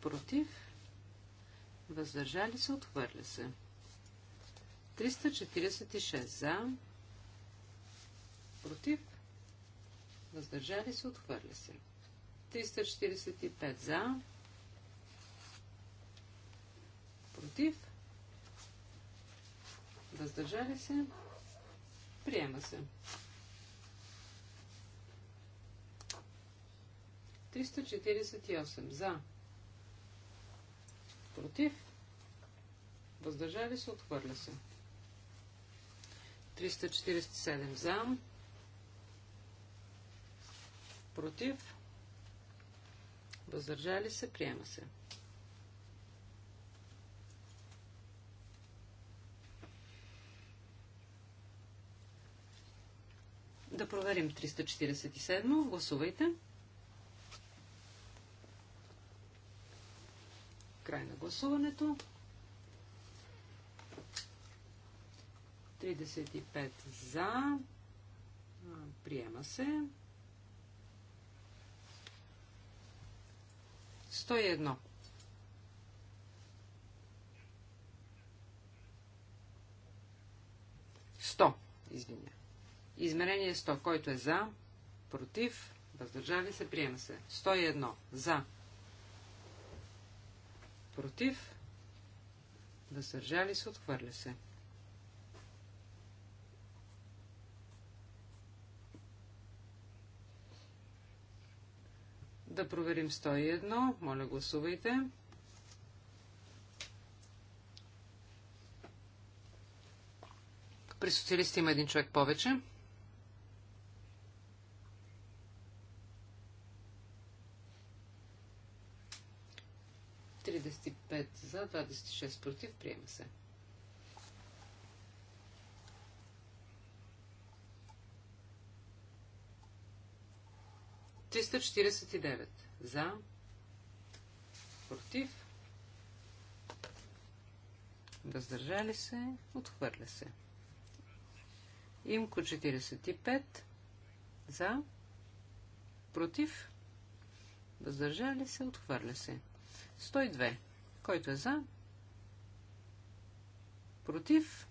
против, въздържали се, отхвърля се. 346, за, против, въздържали се, отхвърля се. 345, за, против, въздържали се, Приема се. 348 за. Против. Въздържали се, отхвърля се. 347 за. Против. Въздържали се, приема се. 348. Да проверим 347. Гласувайте. Край на гласуването. 35 за. Приема се. 101. Сто, извиня. Измерение 100. Който е за, против, въздържали се, приема се. 101. За. Против. Въздържали се, отхвърля се. Да проверим 101. Моля, гласувайте. При социалисти има един човек повече. 5 за, 26 против. Приема се. Триста за, против, въздържали се, отхвърля се. Имко 45 за, против, въздържали се, отхвърля се. 102 който е за? Против?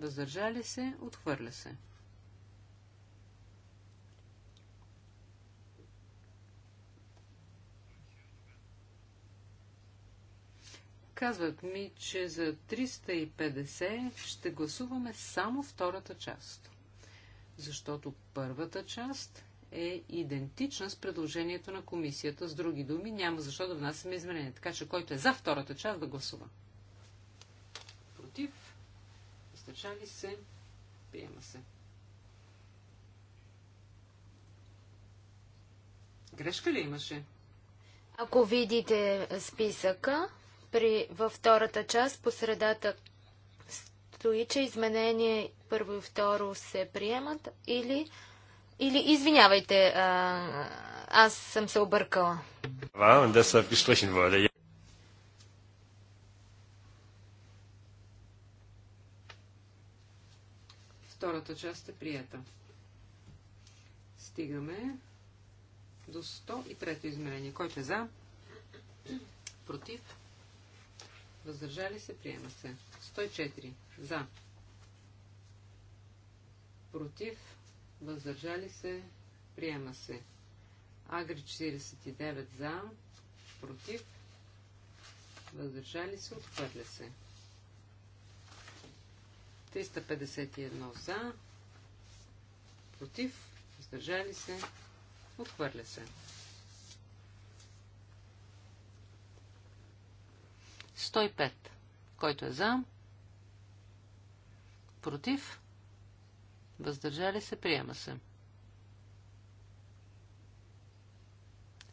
Въздържали се? Отхвърля се. Казват ми, че за 350 ще гласуваме само втората част, защото първата част е идентична с предложението на комисията. С други думи, няма защо да внасяме изменения. Така че който е за втората част, да гласува. Против, Изтъчали се, приема се. Грешка ли имаше? Ако видите списъка, при, във втората част, по средата стои, че изменение първо и второ се приемат или или, извинявайте, а, аз съм се объркала. Втората част е прията. Стигаме до 103-то измерение. Който е за? Против? Въздържали се? Приема се. 104. За. Против? въздържали се, приема се. Агри 49 за, против, въздържали се, отхвърля се. 351 за, против, въздържали се, отхвърля се. 105. Който е за? Против? въздържали се, приема се.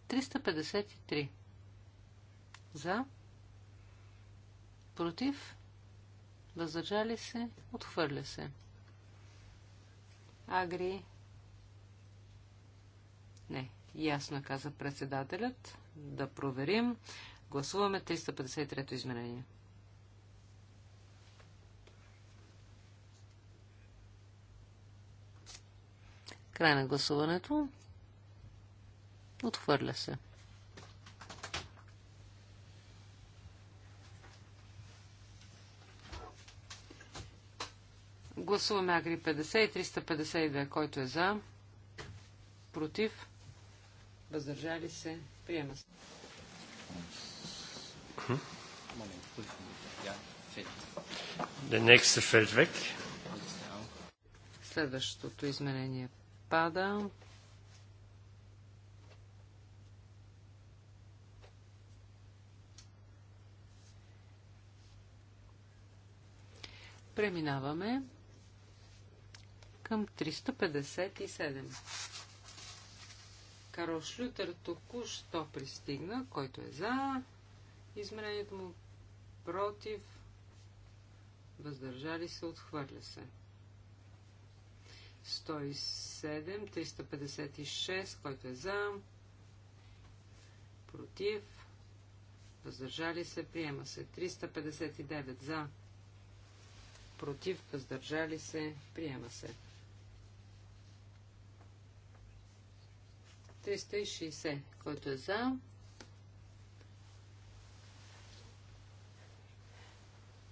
353. За. Против. Въздържали се. Отхвърля се. Агри. Не. Ясно е, каза председателят. Да проверим. Гласуваме 353-то изменение. 353. Край на гласуването. Отхвърля се. Гласуваме Агри 50 и 352, който е за, против, въздържали се, приема се. Следващото изменение отпада. Преминаваме към 357. Карл Шлютер току-що пристигна, който е за измерението му против, въздържали се, отхвърля се. 107, 356, който е за, против, въздържали се, приема се. 359 за, против, въздържали се, приема се. 360, който е за,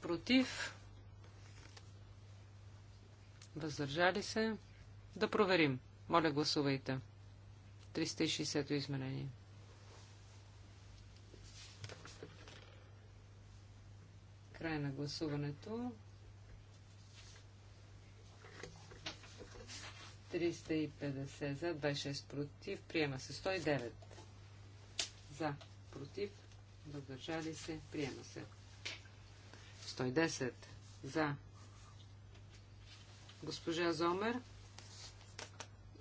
против, Въздържали се? Да проверим. Моля, гласувайте. 360-то изменение. Край на гласуването. 350 за, 26 против. Приема се 109 за, против. Въздържали се. Приема се. 110 за, Госпожа Зомер,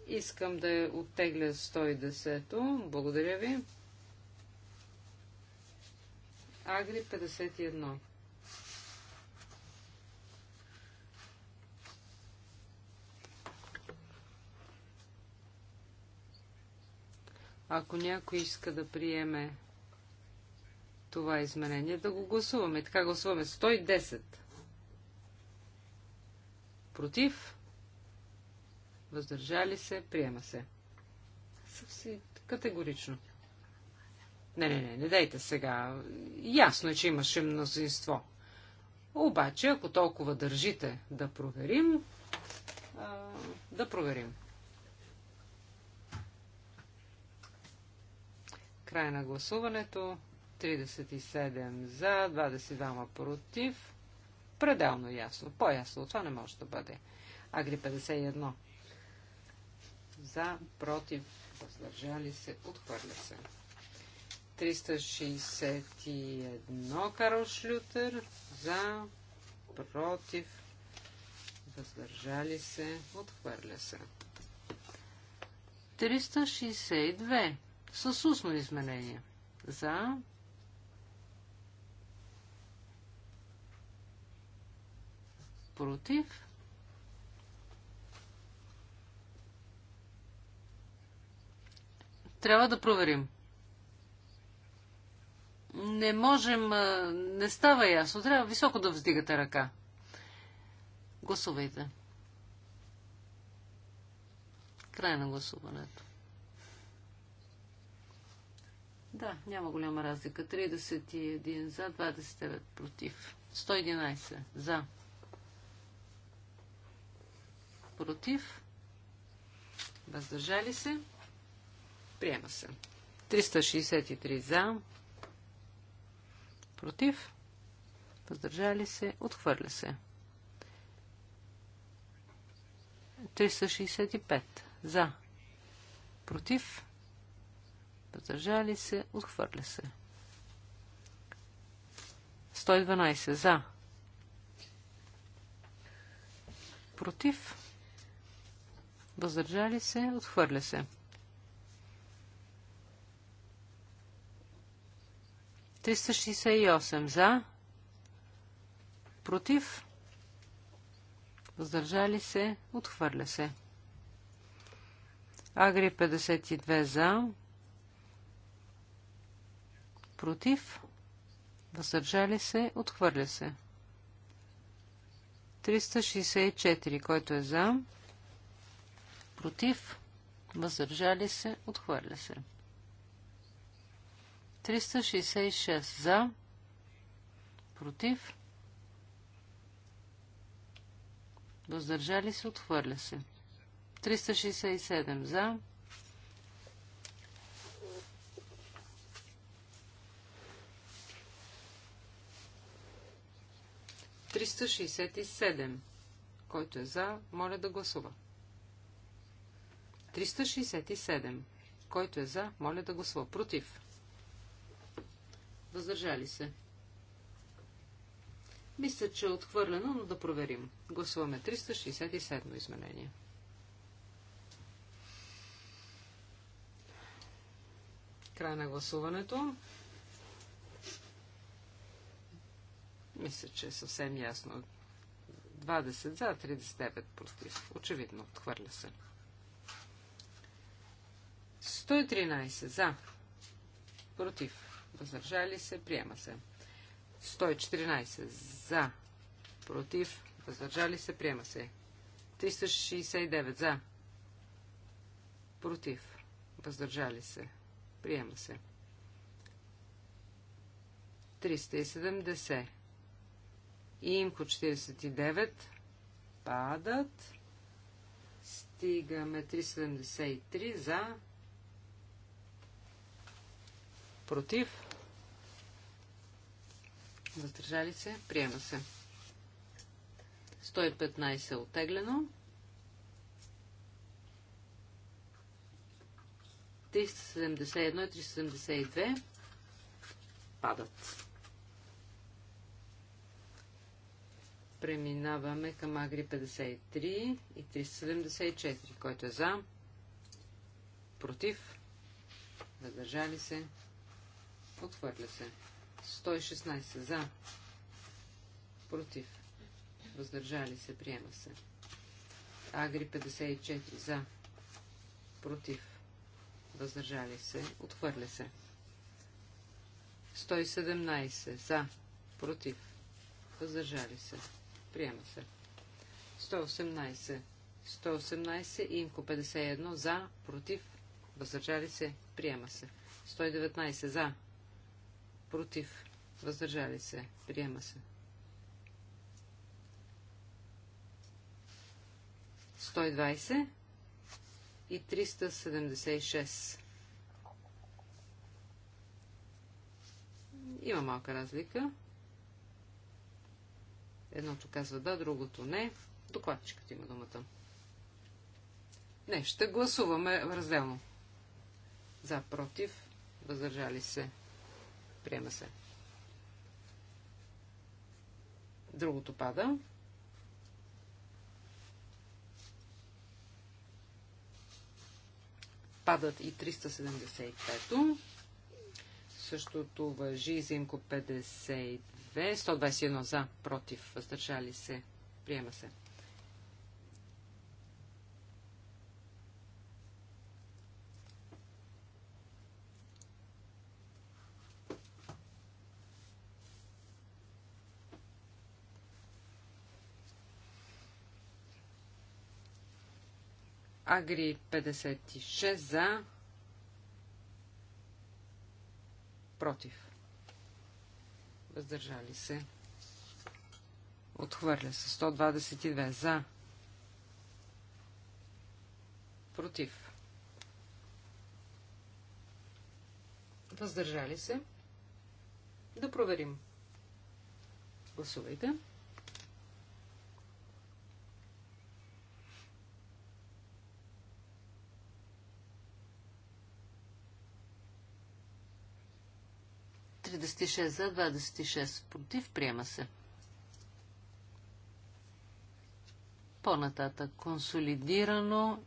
искам да я оттегля 110-то. Благодаря ви. Агри 51. Ако някой иска да приеме това изменение, да го гласуваме. Така гласуваме 110. Против? Въздържали се? Приема се. Съвсем категорично. Не, не, не, не дайте сега. Ясно е, че имаше мнозинство. Обаче, ако толкова държите да проверим, а, да проверим. Край на гласуването. 37 за, 22 против пределно ясно. По-ясно това не може да бъде. Агри 51. За, против, въздържали се, отхвърля се. 361 Карл Шлютер за, против, въздържали се, отхвърля се. 362 с устно изменение. За, против. Трябва да проверим. Не можем, не става ясно. Трябва високо да вздигате ръка. Гласувайте. Край на гласуването. Да, няма голяма разлика. 31 за, 29 против. 111 за против, въздържали се, приема се. 363 за, против, въздържали се, отхвърля се. 365 за, против, въздържали се, отхвърля се. 112 за, против, въздържали се, отхвърля се. 368 за, против, въздържали се, отхвърля се. Агри 52 за, против, въздържали се, отхвърля се. 364, който е за, против, въздържали се, отхвърля се. 366 за, против, въздържали се, отхвърля се. 367 за, Триста шестдесет и седем който е за, моля да гласува. 367. Който е за, моля да гласува. Против. Въздържали се. Мисля, че е отхвърлено, но да проверим. Гласуваме 367 изменение. Край на гласуването. Мисля, че е съвсем ясно. 20 за, 39 против. Очевидно, отхвърля се. 113 за. Против. Въздържали се. Приема се. 114 за. Против. Въздържали се. Приема се. 369 за. Против. Въздържали се. Приема се. 370. И имко 49 падат. Стигаме 373 за Против. Въздържали се. Приема се. 115 е оттеглено. 371 и 372 падат. Преминаваме към Агри 53 и 374, който е за, против, въздържали се, Отхвърля се. 116 за. Против. Въздържали се. Приема се. Агри 54 за. Против. Въздържали се. Отхвърля се. 117 за. Против. Въздържали се. Приема се. 118. 118. инко 51 за. Против. Въздържали се. Приема се. 119 за Против. Въздържали се. Приема се. 120 и 376. Има малка разлика. Едното казва да, другото не. Докладчикът има думата. Не, ще гласуваме разделно. За, против, въздържали се, Приема се. Другото пада. Падат и 375-то. Същото въжи за 52. 121 за, против, въздържали се. Приема се. Агри 56 за. Против. Въздържали се. Отхвърля се. 122 за. Против. Въздържали се. Да проверим. Гласувайте. 36 за, 26 против. Приема се. По-нататък. Консолидирано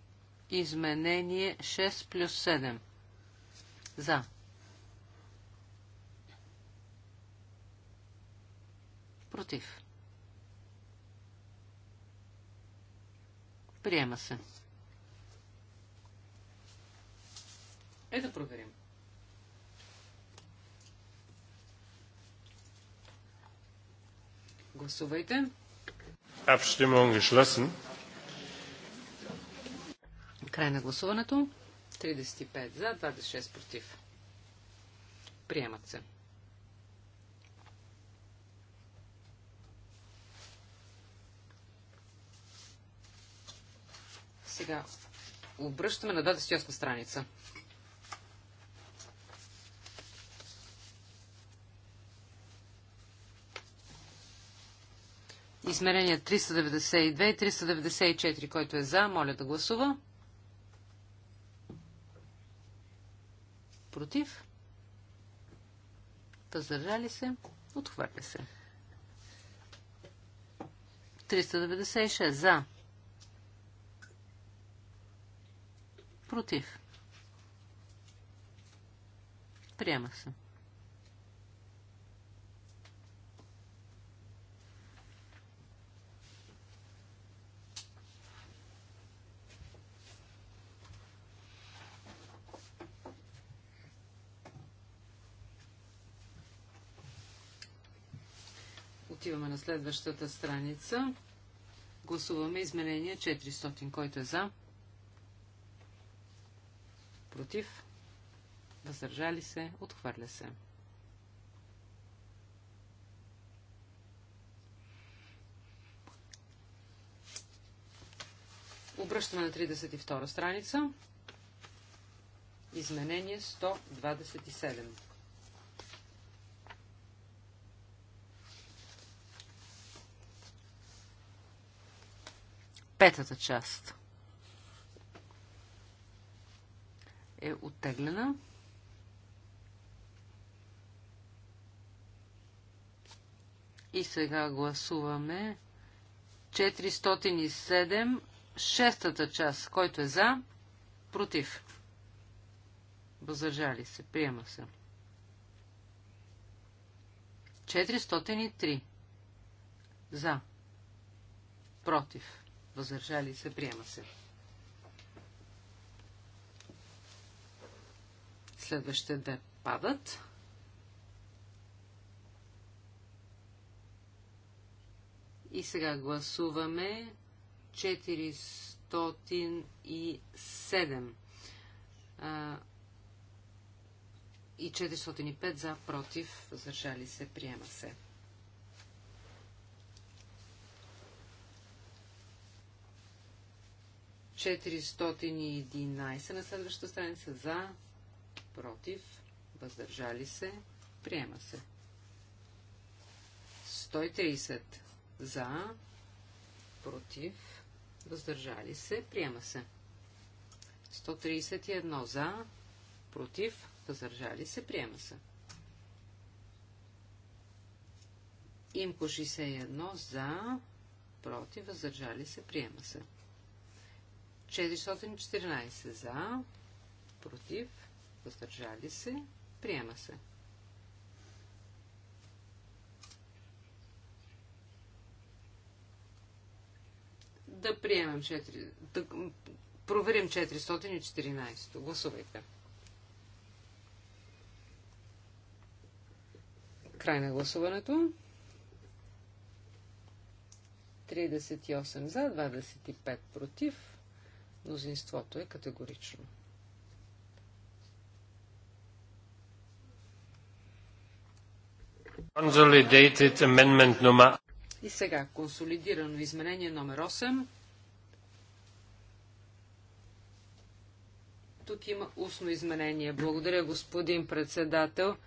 изменение 6 плюс 7. За. Против. Приема се. Е да проверим. Гласувайте. Край на гласуването. 35 за, 26 против. Приемат се. Сега обръщаме на 28 страница. Измерение 392 и 394, който е за, моля да гласува. Против. Въздържали се. Отхвърля се. 396 за. Против. Приема се. Отиваме на следващата страница. Гласуваме изменение 400. Който е за? Против? Въздържали се? Отхвърля се. Обръщаме на 32 страница. Изменение 127. Петата част е оттеглена. И сега гласуваме 407, шестата част, който е за, против. Въздържали се, приема се. 403. За. Против въздържали се, приема се. Следващите две падат. И сега гласуваме 407 и 405 за, против, въздържали се, приема се. 411 на следващата страница за, против, въздържали се, приема се. 130 за, против, въздържали се, приема се. 131 за, против, въздържали се, приема се. Имко 61 за, против, въздържали се, приема се. 414 за, против, въздържали се, приема се. Да приемем 4, да проверим 414. Гласувайте. Край на гласуването. 38 за, 25 против. Мнозинството е категорично. И сега, консолидирано изменение номер 8. Тук има устно изменение. Благодаря, господин председател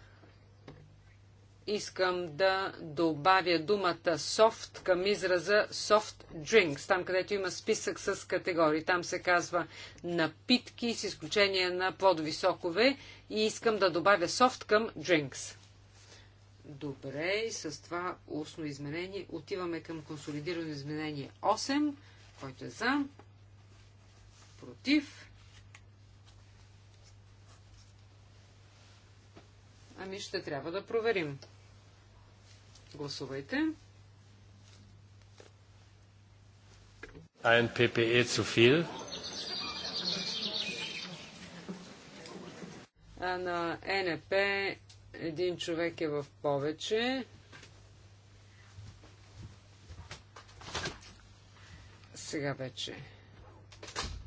искам да добавя думата soft към израза soft drinks, там където има списък с категории. Там се казва напитки с изключение на плодови сокове и искам да добавя soft към drinks. Добре, и с това устно изменение отиваме към консолидирано изменение 8, който е за, против, Ами ще трябва да проверим. Гласувайте. Ein PPE zu viel. А на НП един човек е в повече. Сега вече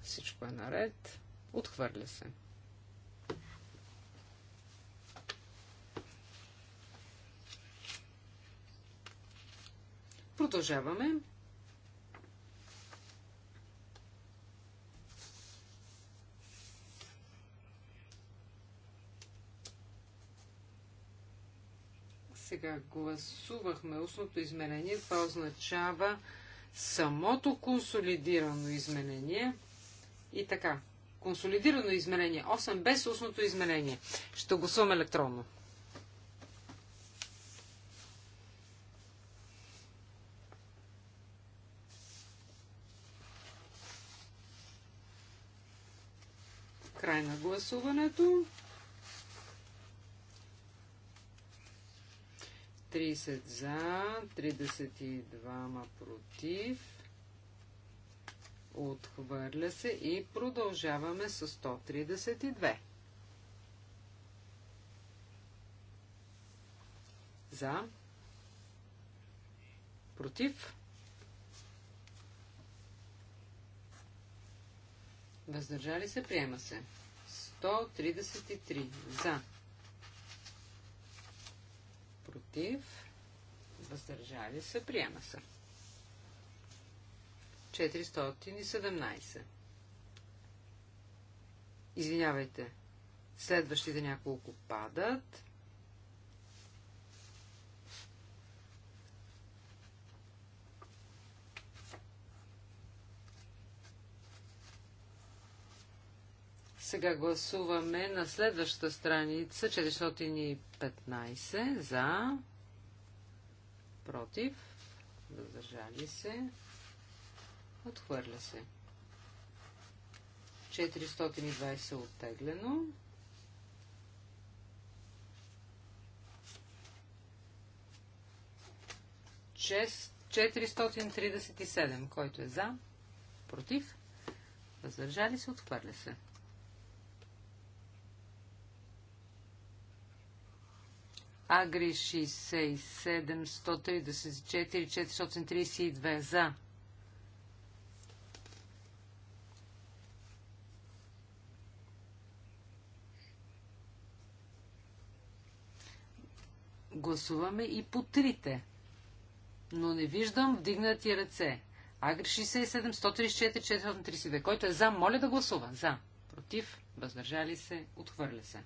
всичко е наред. Отхвърля се. Продължаваме. Сега гласувахме устното изменение. Това означава самото консолидирано изменение. И така, консолидирано изменение 8 без устното изменение. Ще гласувам електронно. Край на гласуването. 30 за, 32 против. Отхвърля се и продължаваме с 132. За. Против. Въздържали се, приема се. 133 за. Против. Въздържали се. Приема се. 417. Извинявайте. Следващите няколко падат. Сега гласуваме на следващата страница 415 за, против, въздържали се, отхвърля се. 420 е оттеглено. Чест 437, който е за, против, въздържали се, отхвърля се. Агри 67, 134, 432 за. Гласуваме и по трите, но не виждам вдигнати ръце. Агри 67, 134, 432. Който е за, моля да гласува. За. Против. Въздържали се. Отхвърля се.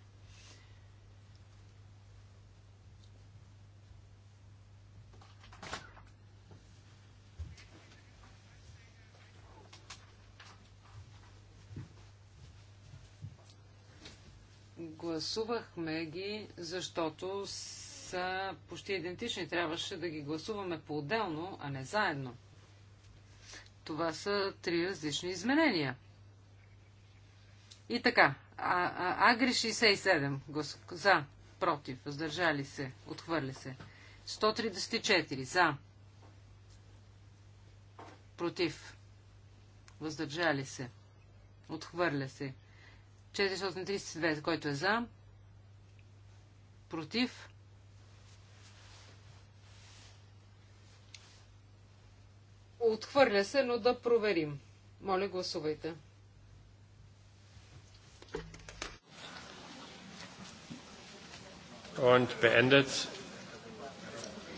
Гласувахме ги, защото са почти идентични. Трябваше да ги гласуваме по-отделно, а не заедно. Това са три различни изменения. И така, а, а, Агри 67, за, против, въздържали се, отхвърли се. 134, за, против, въздържали се, отхвърля се. 432, който е за, против, Отхвърля се, но да проверим. Моля, гласувайте. Und beendet.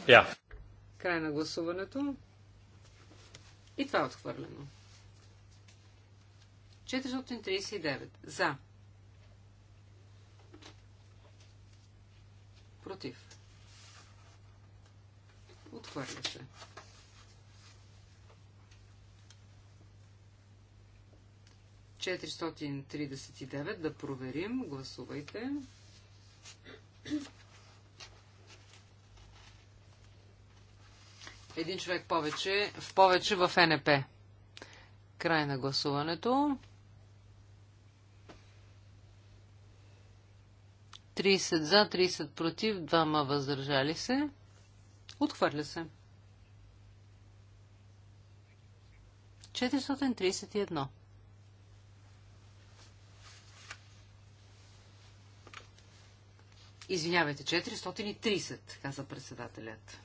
Ja. Край на гласуването. И това е отхвърлено. 439. За. Против. Отхвърля се. Четиристотин да проверим. Гласувайте. Един човек повече, в повече в НП. Край на гласуването. 30 за, 30 против, 2 въздържали се. Отхвърля се. 431. Извинявайте, 430, каза председателят.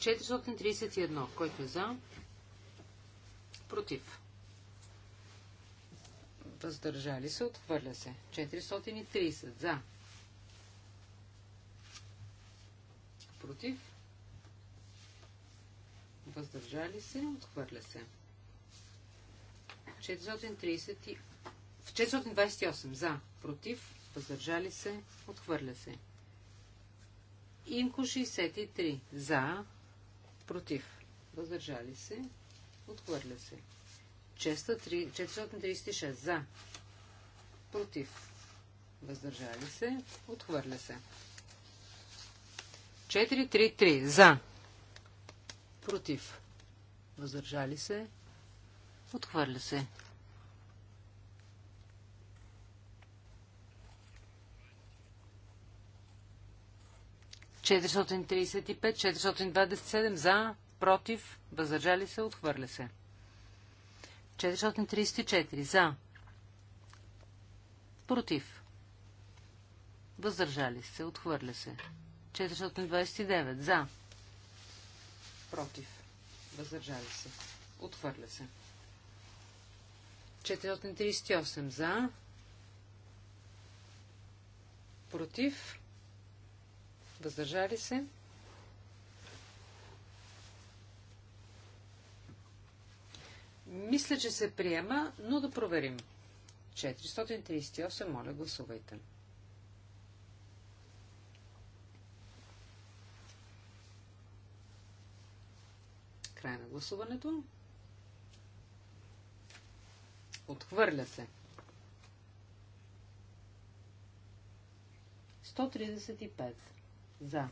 431. Който е за? Против. Въздържали се. Отхвърля се. 430. За. Против. Въздържали се. Отхвърля се. 430. 428. За. Против. Въздържали се. Отхвърля се. Инко 63. За против, въздържали се, отхвърля се. 436 за, против, въздържали се, отхвърля се. 433 за, против, въздържали се, отхвърля се. 435, 427 за, против, въздържали се, отхвърля се. 434 за, против, въздържали се, отхвърля се. 429 за, против, въздържали се, отхвърля се. 438 за, против, Въздържали се. Мисля, че се приема, но да проверим. 438, моля, гласувайте. Край на гласуването. Отхвърля се. 135. За.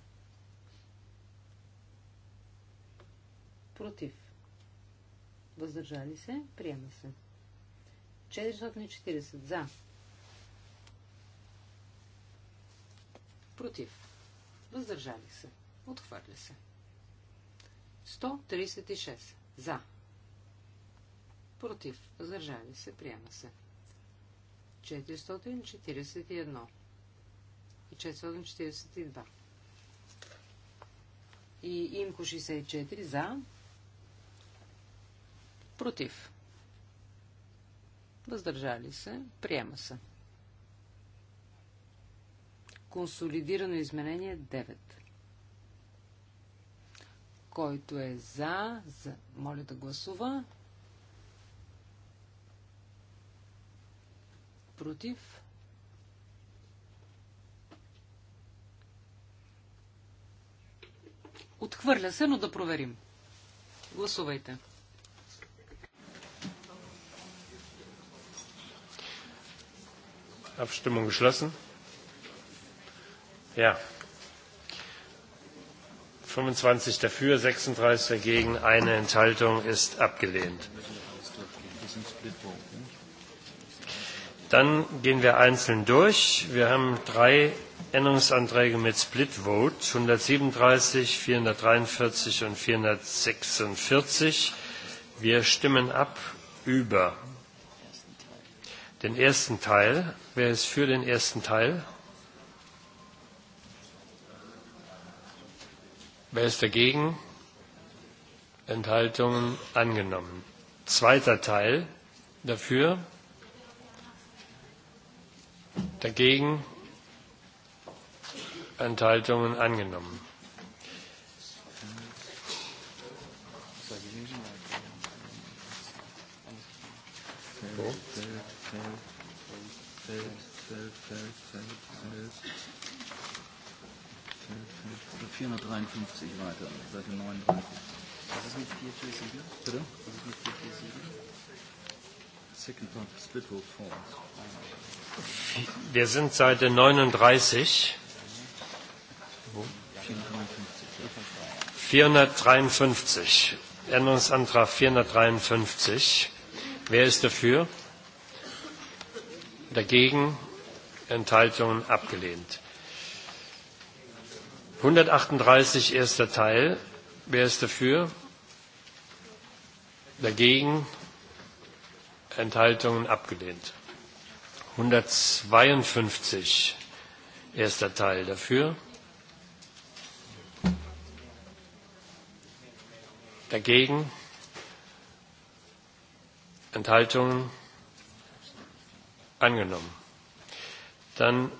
Против. Въздържали се. Приема се. 440. За. Против. Въздържали се. Отхвърля се. 136. За. Против. Въздържали се. Приема се. 441 и 442 и имко 64 за, против, въздържали се, приема се. Консолидирано изменение 9. Който е за, за моля да гласува. Против. Отхвърля се, но да проверим. Гласувайте. Abstimmung geschlossen. Ja. 25 dafür, 36 dagegen, eine Enthaltung ist abgelehnt. Dann gehen wir einzeln durch. Wir haben drei Änderungsanträge mit Split Vote 137, 443 und 446. Wir stimmen ab über den ersten Teil. Wer ist für den ersten Teil? Wer ist dagegen? Enthaltungen angenommen. Zweiter Teil dafür. Dagegen Enthaltungen angenommen. Seite 39. Wir sind Seite 39. 453. Änderungsantrag 453. Wer ist dafür? Dagegen? Enthaltungen abgelehnt. 138 erster Teil. Wer ist dafür? Dagegen? Enthaltungen abgelehnt. 152 erster Teil dafür. Dagegen? Enthaltungen? Angenommen. Dann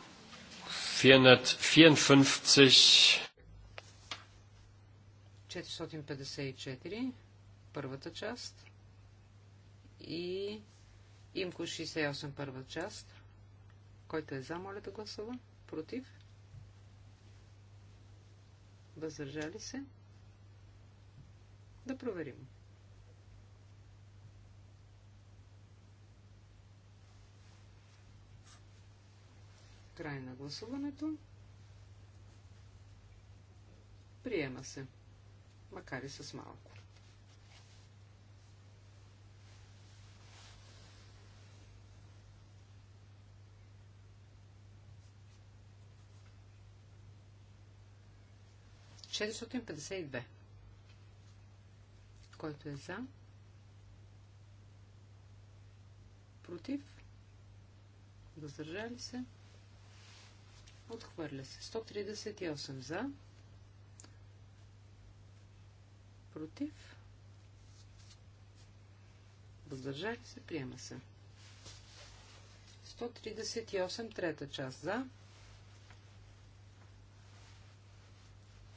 454. 454, първата част. И имко 68, първа част. Който е за, моля да гласува. Против? Въздържали се? Да проверим. Край на гласуването. Приема се, макар и с малко. Шестстотин петдесет и две. Който е за? Против? Въздържали се? Отхвърля се. 138 за. Против? Въздържали се? Приема се. 138 трета част за.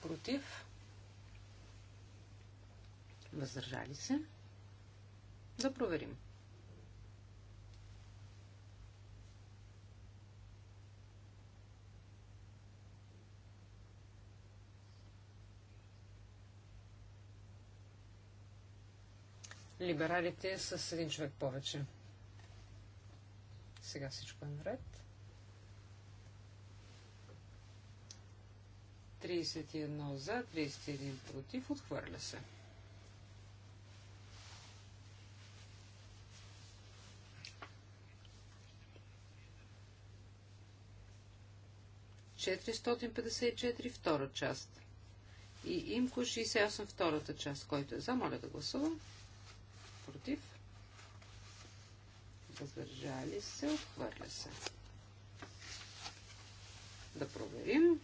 Против? Въздържали се. Да проверим. Либералите с един човек повече. Сега всичко е наред. 31 за, 31 против, отхвърля се. 454 втора част. И имко 68 втората част, който е за. Моля да гласувам. Против. Въздържали се. Отхвърля се. Да проверим.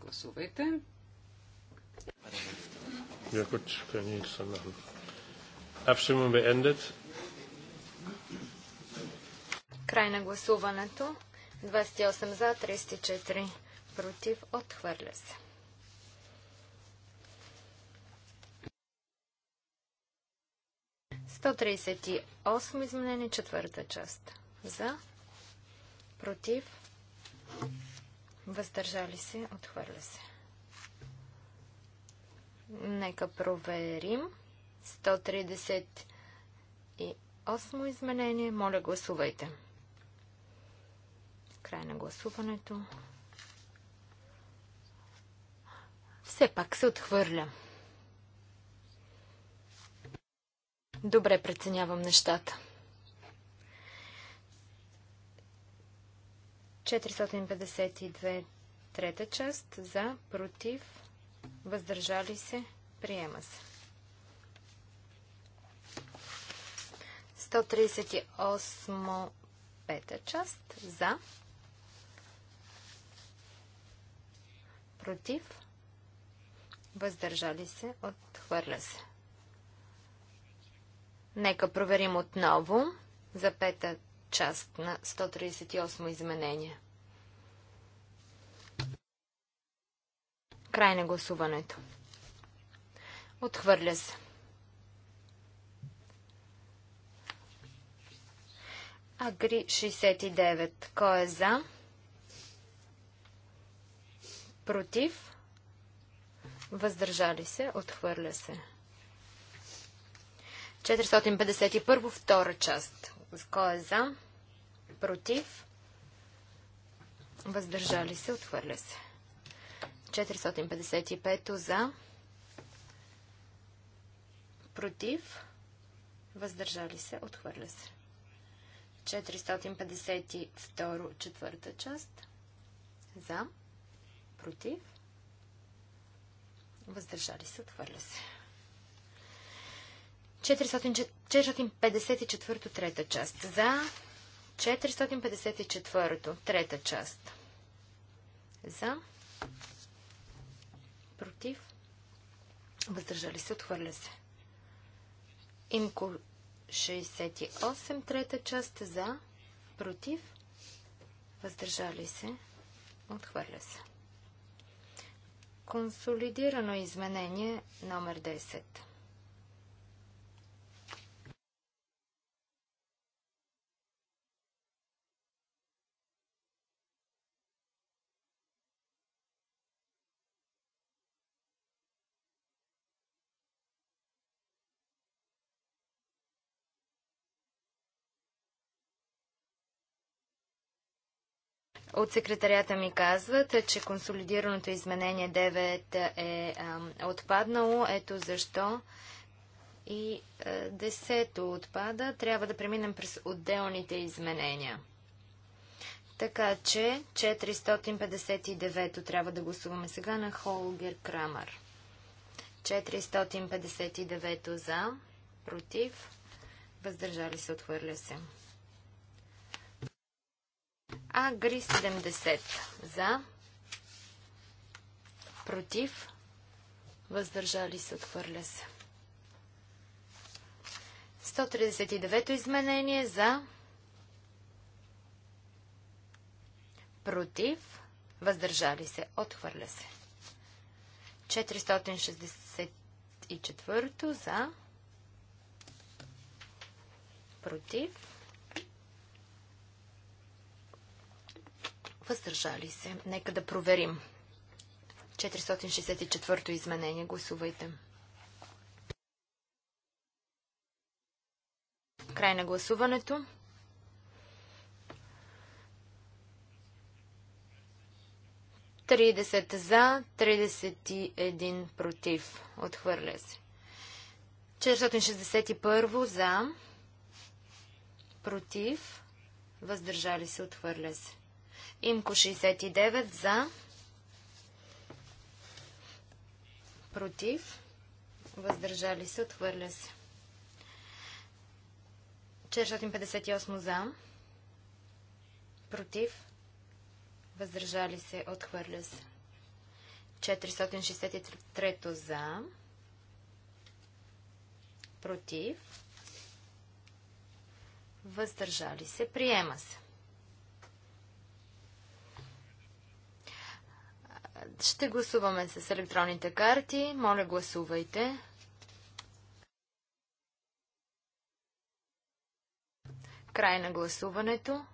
Гласувайте. Ja gut, können wir nichts machen. Abstimmung beendet. Край гласуването. 28 за, 34 против, отхвърля се. Сто тридесет изменение, четвърта част. За, против, въздържали се, отхвърля се. Нека проверим. 138 изменение. Моля, гласувайте. Край на гласуването. Все пак се отхвърля. Добре преценявам нещата. 452 трета част за, против, въздържали се, приема се. 138 пета част за, против, въздържали се, отхвърля се. Нека проверим отново за пета част на 138 изменение. Край на гласуването. Отхвърля се. Агри 69. Кой е за? против, въздържали се, отхвърля се. 451 втора част. Кой е за? Против? Въздържали се, отхвърля се. 455 за. Против? Въздържали се, отхвърля се. 452 четвърта част. За. Против. Въздържали се. Отхвърля се. 454 трета част. За 454 трета част. За. Против. Въздържали се. Отхвърля се. Имко 68 трета част. За. Против. Въздържали се. Отхвърля се. Консолидирано изменение номер 10. От секретарията ми казват, че консолидираното изменение 9 е а, отпаднало. Ето защо и е, десето отпада. Трябва да преминем през отделните изменения. Така че 459 то трябва да гласуваме сега на Холгер Крамър. 459 то за, против, въздържали се, отхвърля се. Агри 70 за, против, въздържали се, отхвърля се. 139 изменение за, против, въздържали се, отхвърля се. 464 за, против, Въздържали се. Нека да проверим. 464-то изменение. Гласувайте. Край на гласуването. Тридесет за, 31 против. Отхвърля се. 461 за, против, въздържали се, отхвърля се. Имко 69 за. Против. Въздържали се. Отхвърля се. 458 за. Против. Въздържали се. Отхвърля се. 463 за. Против. Въздържали се. Приема се. Ще гласуваме с електронните карти. Моля, гласувайте. Край на гласуването.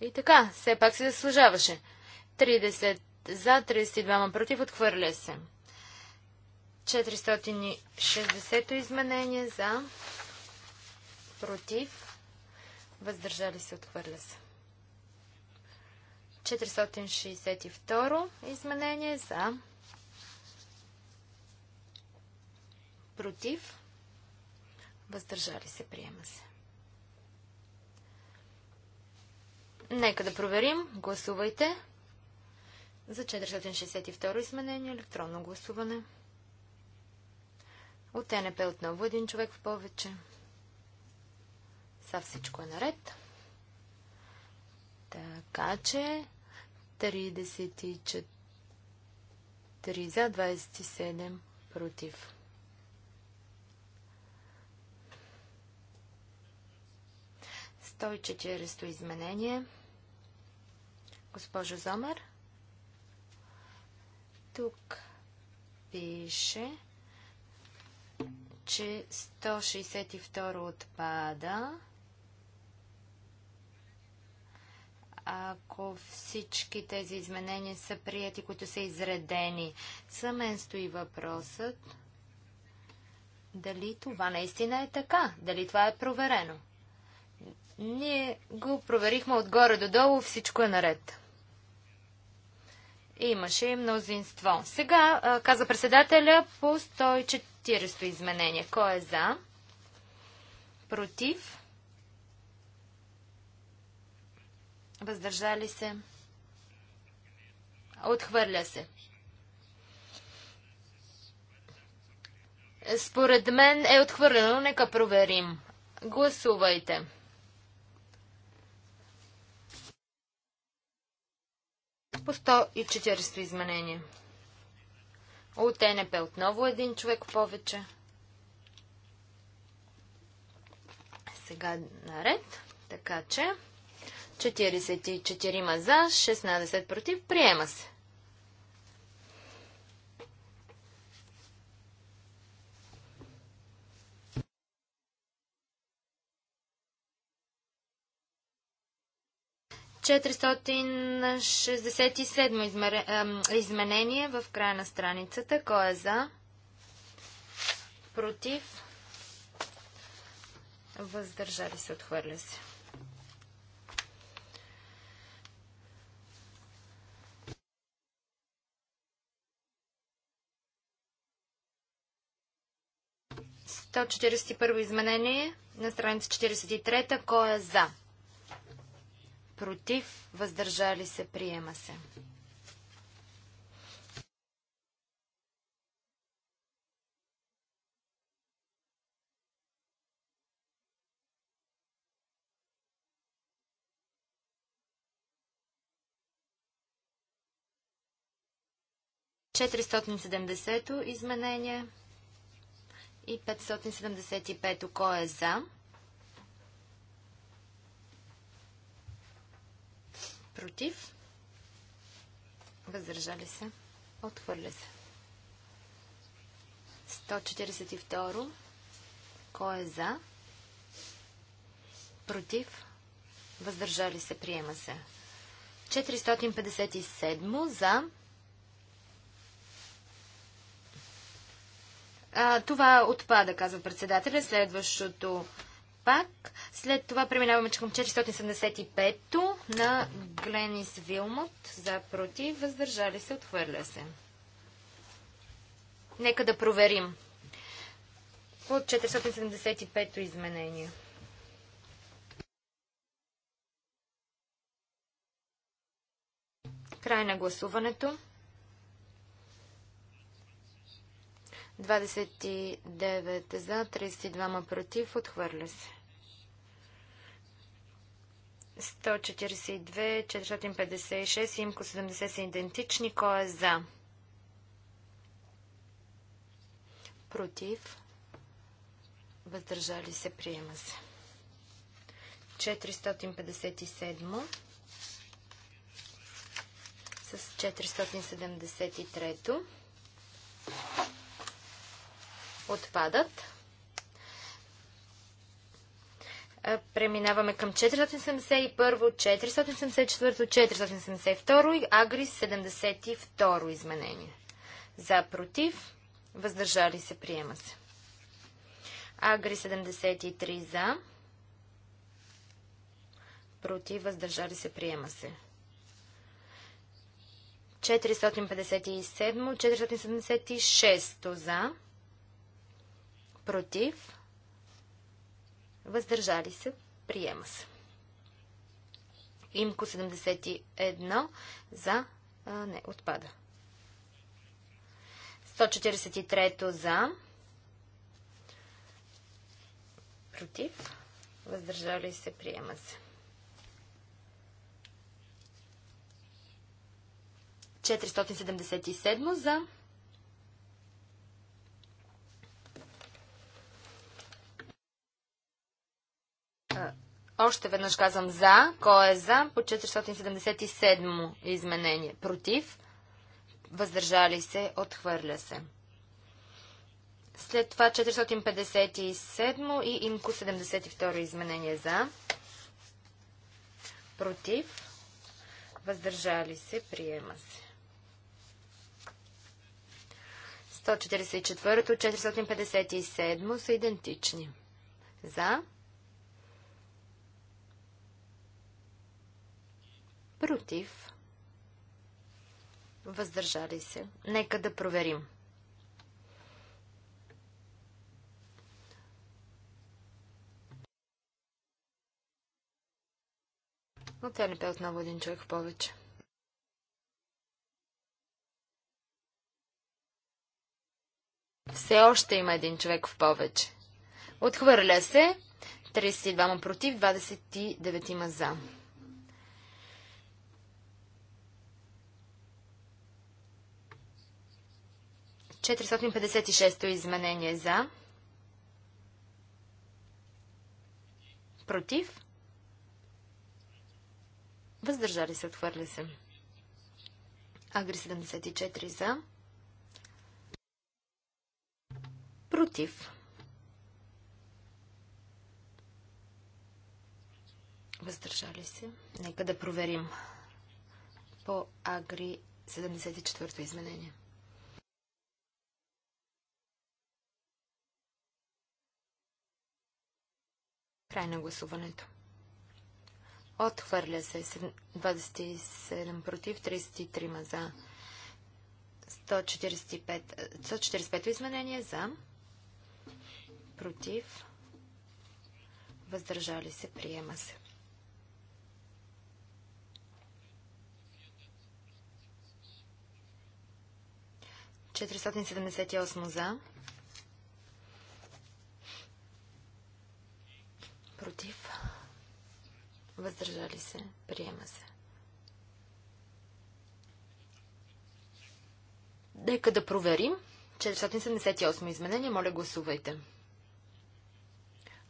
И така, все пак се заслужаваше. 30 за, 32 против, отхвърля се. 460 изменение за, против, въздържали се, отхвърля се. 462 изменение за против въздържали се приема се. Нека да проверим. Гласувайте за 462 изменение електронно гласуване. От ТНП отново един човек в повече. Са всичко е наред. Така че 34 за, 27 против. Той четиристо изменение. Госпожо Зомер, тук пише, че 162 отпада. ако всички тези изменения са прияти, които са изредени. За мен стои въпросът дали това наистина е така, дали това е проверено. Ние го проверихме отгоре до долу, всичко е наред. Имаше и мнозинство. Сега, каза председателя, по 140 изменение. Кой е за? Против? Въздържали се. Отхвърля се. Според мен е отхвърлено. Нека проверим. Гласувайте. По 140 изменения. От НП отново един човек повече. Сега наред. Така че... 44 за, 16 против. Приема се. Четиристотин изменение в края на страницата. Кой е за? Против? Въздържали се, отхвърля се. 141 изменение на страница 43. Кой е за? Против, въздържали се, приема се. Четиристотин изменение и 575 кой е за? Против? Въздържали се? Отхвърля се. 142. Кой е за? Против? Въздържали се? Приема се. 457 за А, това отпада, казва председателя. Следващото пак. След това преминаваме към 475-то на Гленис Вилмот. За против, въздържали се, отхвърля се. Нека да проверим. От 475-то изменение. Край на гласуването. 29 за, 32 против, отхвърля се. 142, 456, имко 70 са идентични. Кой е за? Против. Въздържали се, приема се. 457 с 473 отпадат. Преминаваме към 471, 474, 472 и Агрис 72 изменение. За, против, въздържали се, приема се. Агри 73 за, против, въздържали се, приема се. 457, 476 за, против, въздържали се, приема се. Имко 71 за, а, не, отпада. 143 за, против, въздържали се, приема се. 477 за, Още веднъж казвам за. Кой е за? По 477 изменение. Против. Въздържали се. Отхвърля се. След това 457 и имко 72 изменение за. Против. Въздържали се. Приема се. 144-457 са идентични. За. Против. Въздържали се. Нека да проверим. Но не пе отново един човек повече. Все още има един човек в повече. Отхвърля се. 32 против, 29 за. 456 то изменение за. Против. Въздържали се, отхвърля се. Агри 74 за. Против. Въздържали се. Нека да проверим по Агри 74 изменение. Край на гласуването. Отхвърля се 27 против, 33 за. 145, 145 изменение за. Против. Въздържали се. Приема се. Четиристотин за. против, въздържали се, приема се. Нека да проверим. 478 изменения, моля гласувайте.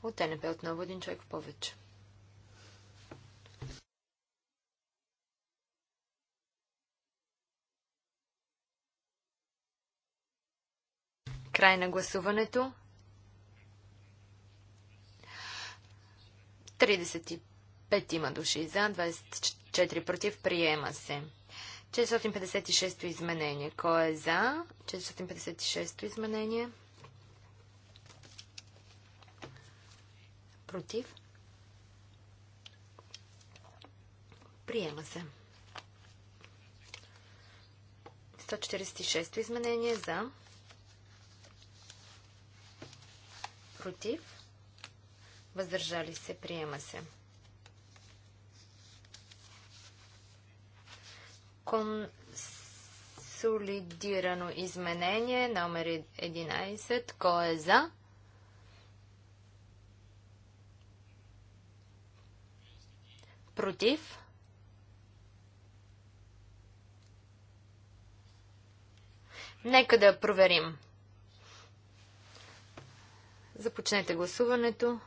От ТНП отново един човек повече. Край на гласуването. 35 има души за, 24 против, приема се. 456-то изменение. Кой е за? 456-то изменение. Против. Приема се. 146-то изменение за. Против въздържали се, приема се. Консолидирано изменение номер 11. Ко е за? Против? Нека да проверим. Започнете гласуването.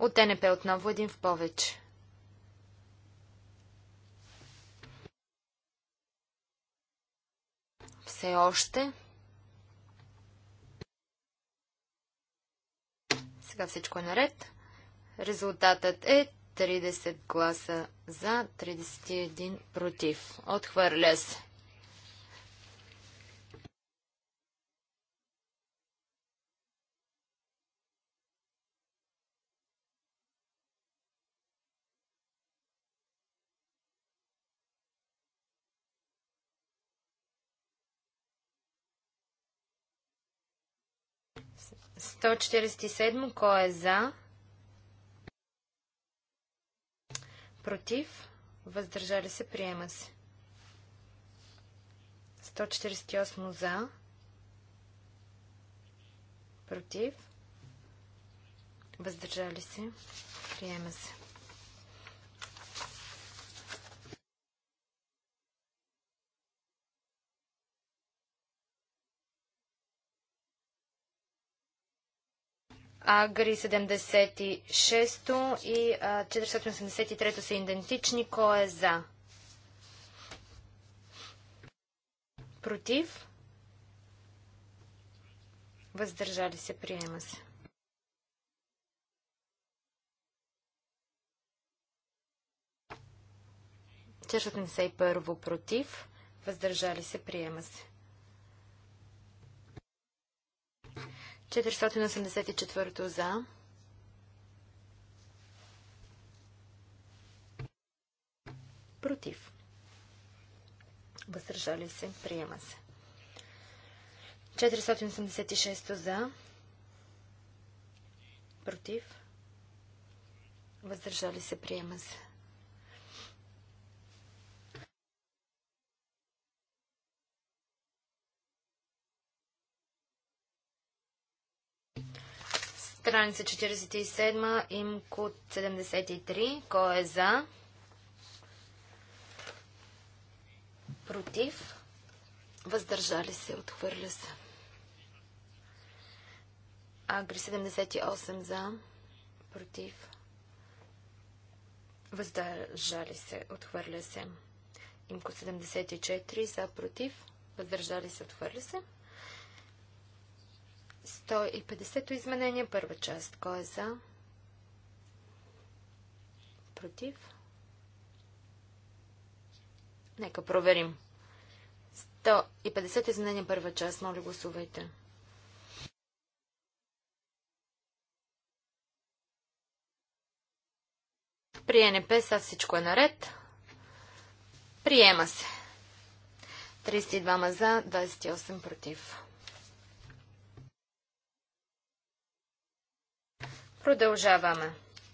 От ТНП отново един в повече. Все още. Сега всичко е наред. Резултатът е 30 гласа за, 31 против. Отхвърля се. 147. Кой е за? Против? Въздържали се? Приема се. 148 за. Против? Въздържали се? Приема се. Агри 76 и 483 са идентични. Кой е за? Против? Въздържали се. Приема се. Чешът против. Въздържали се. Приема се. 484 за. Против. Въздържали се. Приема се. 486 за. Против. Въздържали се. Приема се. Страница 47, имкод 73. Кой е за? Против? Въздържали се, отхвърля се. Агри 78 за, против, въздържали се, отхвърля се. Имко 74 за, против, въздържали се, отхвърля се. 150-то изменение, първа част. Кой е за? Против? Нека проверим. 150-то изменение, първа част. Моля, гласувайте. При НП са всичко е наред. Приема се. 32 за, 28 против. Продължаваме.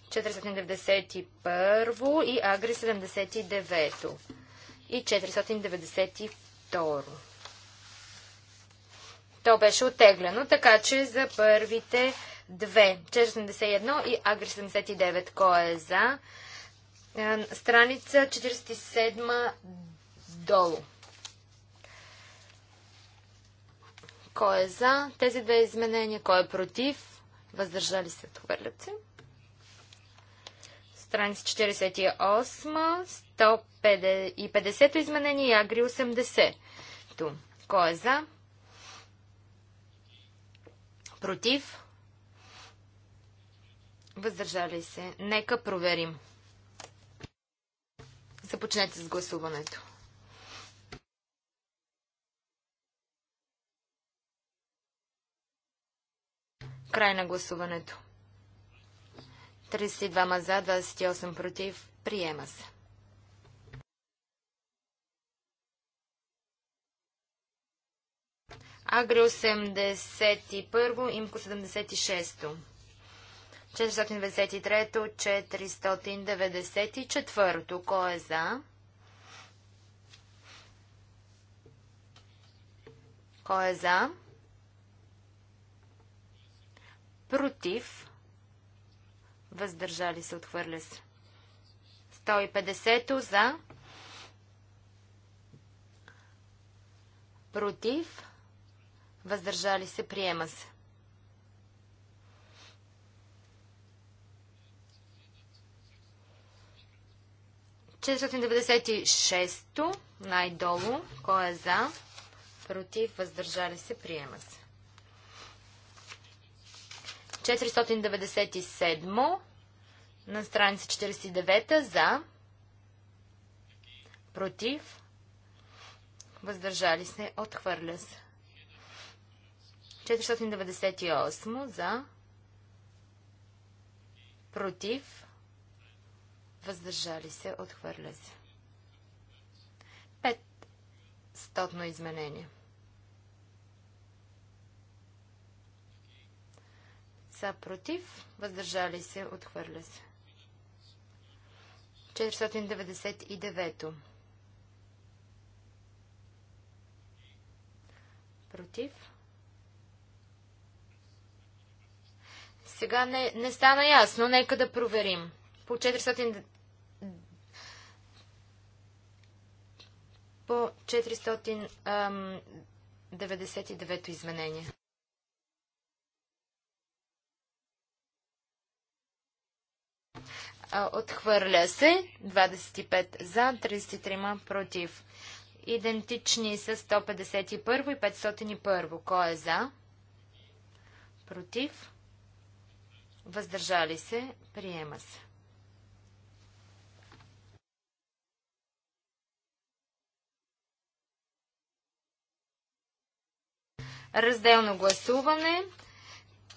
491 и Агри 79 и 492. То беше отеглено, така че за първите две. 471 и Агри 79. Кой е за? Е, страница 47 долу. Кой е за тези две изменения? Кой е против? въздържали се, отхвърлят се. Страница 48, 150 изменение и Агри 80. Ту. Кой е за? Против? Въздържали се. Нека проверим. Започнете с гласуването. Край на гласуването. 32 за, 28 против. Приема се. Агри 81, Имко 76. 493, 494. Кой е за? Кой е за? против, въздържали се, отхвърля се. 150 за, против, въздържали се, приема се. Четиристотин най-долу, кой е за, против, въздържали се, приема се. 497 на страница 49 за, против, въздържали се, отхвърля се. 498 за, против, въздържали се, отхвърля се. 500 изменение. са против, въздържали се, отхвърля се. 499. Против. Сега не, не стана ясно, нека да проверим. По 400... По 499 изменение. Отхвърля се 25 за, 33 против. Идентични са 151 и 501. Кой е за? Против? Въздържали се? Приема се. Разделно гласуване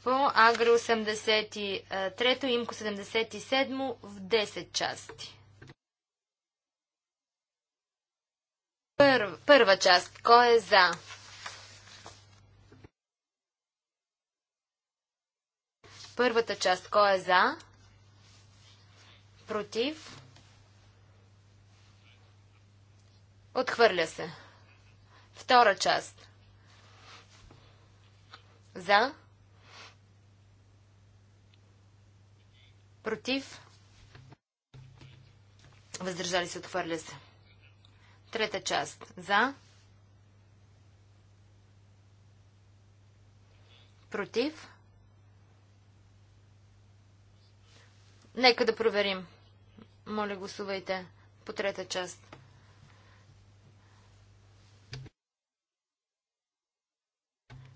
по Агри 83, Имко 77 в 10 части. Първа, първа част. Кой е за? Първата част. Кой е за? Против? Отхвърля се. Втора част. За? Против. Въздържали се, отхвърля се. Трета част. За. Против. Нека да проверим. Моля, гласувайте по трета част.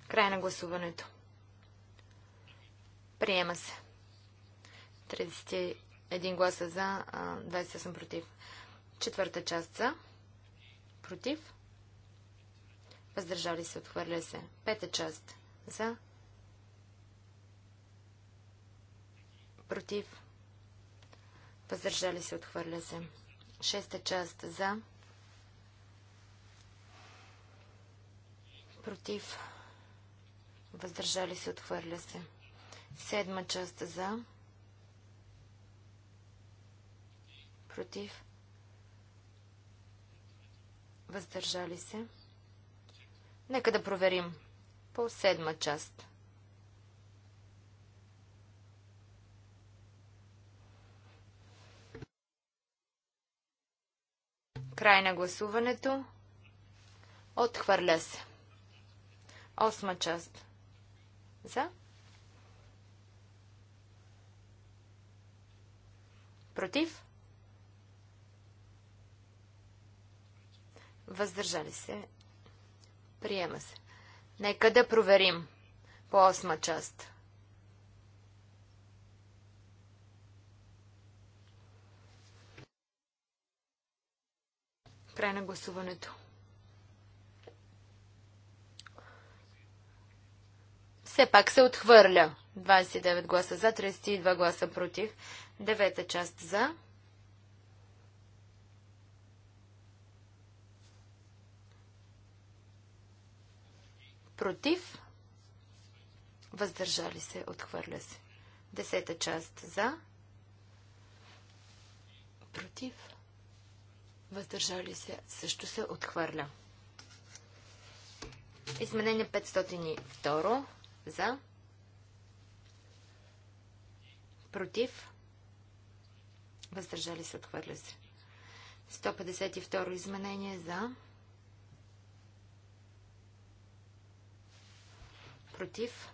Край на гласуването. Приема се. 31 гласа за, 28 против. Четвърта част за, против, въздържали се, отхвърля се. Пета част за, против, въздържали се, отхвърля се. Шеста част за, против, въздържали се, отхвърля се. Седма част за, против, въздържали се. Нека да проверим по седма част. Край на гласуването. Отхвърля се. Осма част. За. Против. Въздържали се. Приема се. Нека да проверим по осма част. Край на гласуването. Все пак се отхвърля. 29 гласа за, 32 гласа против, 9 част за, против, въздържали се, отхвърля се. Десета част за, против, въздържали се, също се отхвърля. Изменение 502 за, против, въздържали се, отхвърля се. 152 изменение за, против,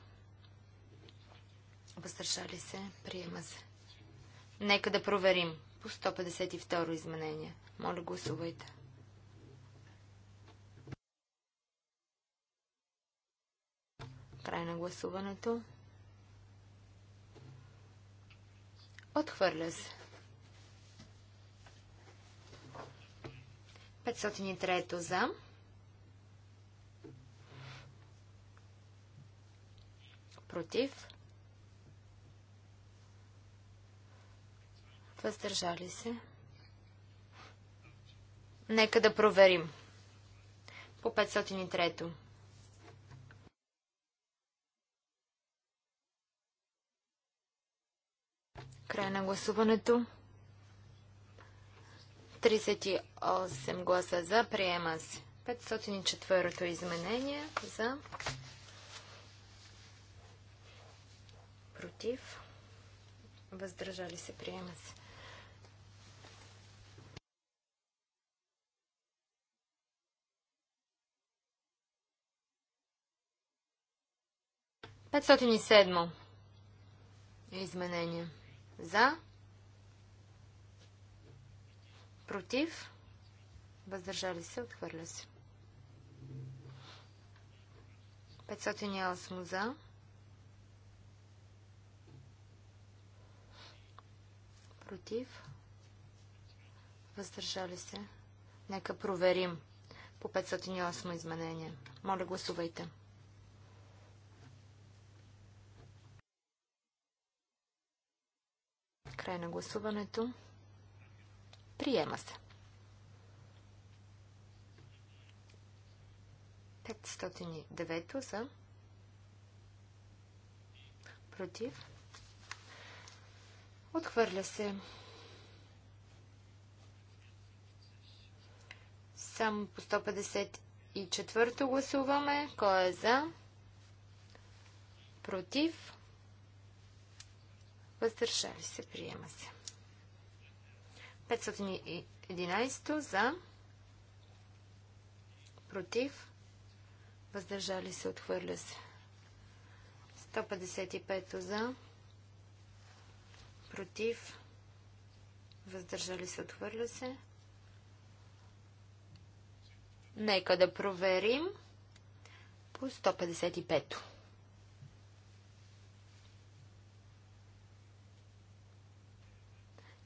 въздържали се, приема се. Нека да проверим по 152 изменение. Моля, гласувайте. Край на гласуването. Отхвърля се. 503 за. против, въздържали се. Нека да проверим. По 503 Край на гласуването. 38 гласа за. Приема се. 504-то изменение за против, въздържали се, приема се. Петсотин и седмо е изменение. За, против, въздържали се, отхвърля се. 508 за, против, въздържали се. Нека проверим по 508 изменение. Моля, гласувайте. Край на гласуването. Приема се. 509 за. Против. Отхвърля се. Само по 154 то гласуваме. Кой е за? Против? Въздържали се. Приема се. 511 за. Против? Въздържали се. Отхвърля се. 155 за против, въздържали се, отхвърля се. Нека да проверим по 155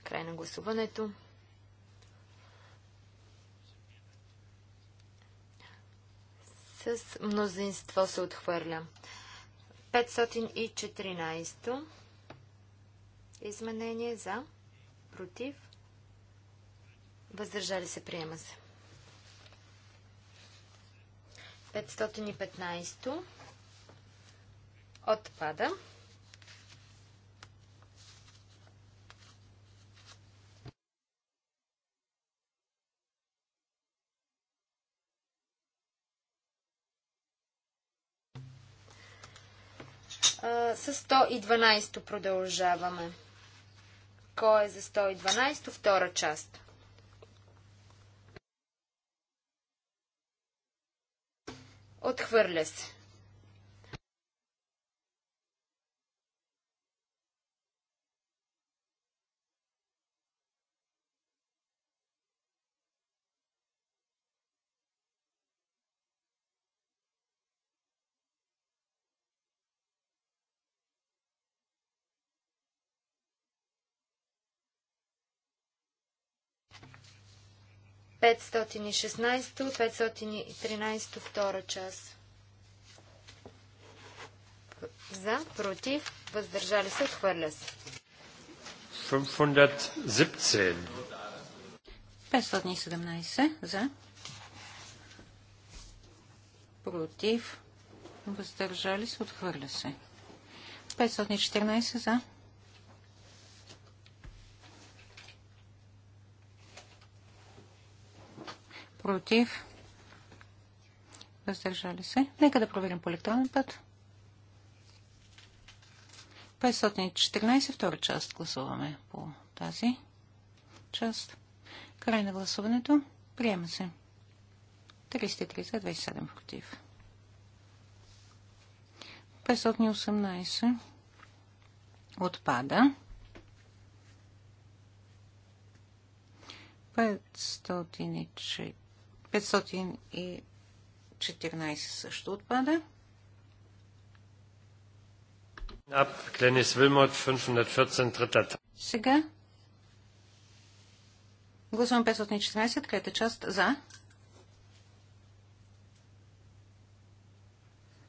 Край на гласуването. С мнозинство се отхвърля. 514 то изменение за, против, въздържали се, приема се. 515 отпада. С 112 продължаваме. Кой е за 112? Втора част. Отхвърля се. 516-513 втора част. За, против, въздържали се, отхвърля се. 517. 517 за. Против, въздържали се, отхвърля се. 514 за. против, въздържали се. Нека да проверим по електронен път. 514, втора част гласуваме по тази част. Край на гласуването. Приема се. 33 за 27 против. 518 отпада. 504 514 също отпада. Ab, Glenis Wilmot, 514, Сега гласувам 514, трета част за.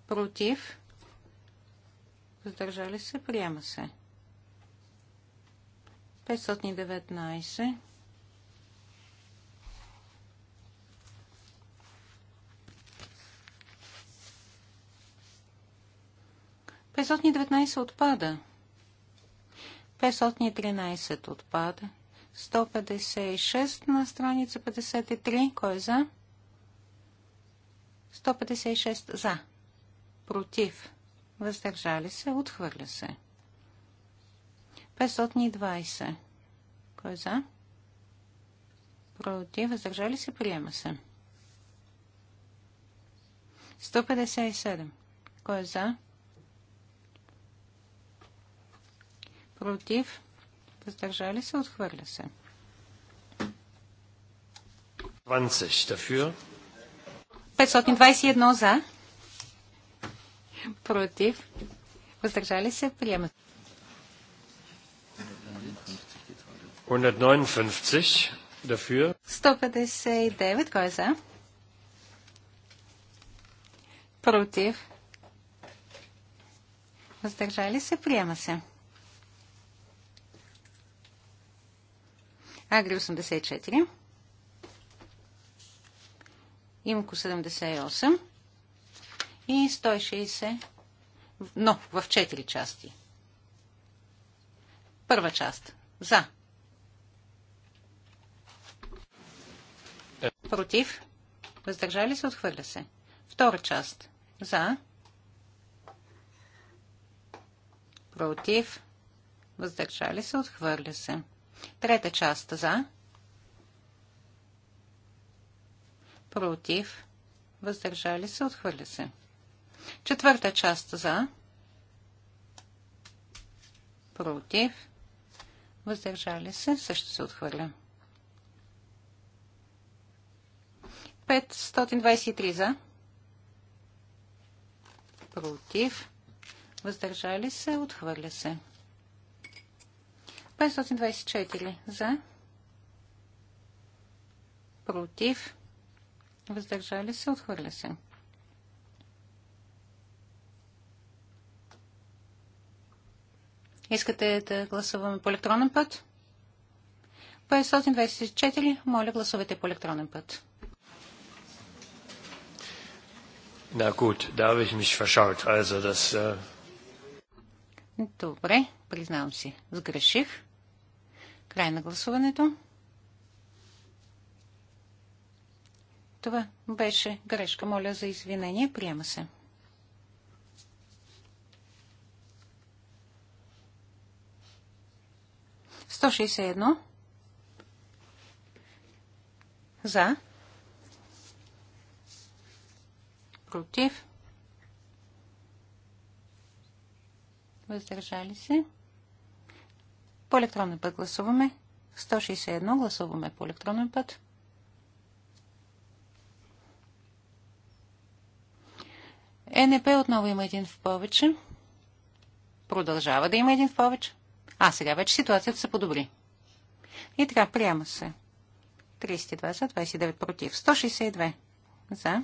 Против. Задържали се. Приема се. 519. 519 отпада. 513 отпада. 156 на страница 53. Кой е за? 156 за. Против. Въздържали се. Отхвърля се. 520. Кой е за? Против. Въздържали се. Приема се. 157. Кой е за? против, въздържали се, отхвърля се. 521 за, против, въздържали се, приема. 159 dafür. 159, кой е за? Против. Въздържали се, приема се. Агри 84. Имко 78. И 160. Но в 4 части. Първа част. За. Против. Въздържали се, отхвърля се. Втора част. За. Против. Въздържали се, отхвърля се. Трета част за. Против. Въздържали се. Отхвърля се. Четвърта част за. Против. Въздържали се. Също се отхвърля. 523 за. Против. Въздържали се. Отхвърля се. 524 за, против, въздържали се, отхвърля се. Искате да гласуваме по електронен път? 524, моля гласувайте по електронен път. Na gut, da habe ich mich verschaut. Also das äh, Добре, признавам си, сгреших. Край на гласуването. Това беше грешка. Моля за извинение. Приема се. Сто едно. За. Против. въздържали се. По електронен път гласуваме. 161 гласуваме по електронен път. ЕНП отново има един в повече. Продължава да има един в повече. А, сега вече ситуацията се подобри. И така, приема се. 32 за, 29 против. 162 за,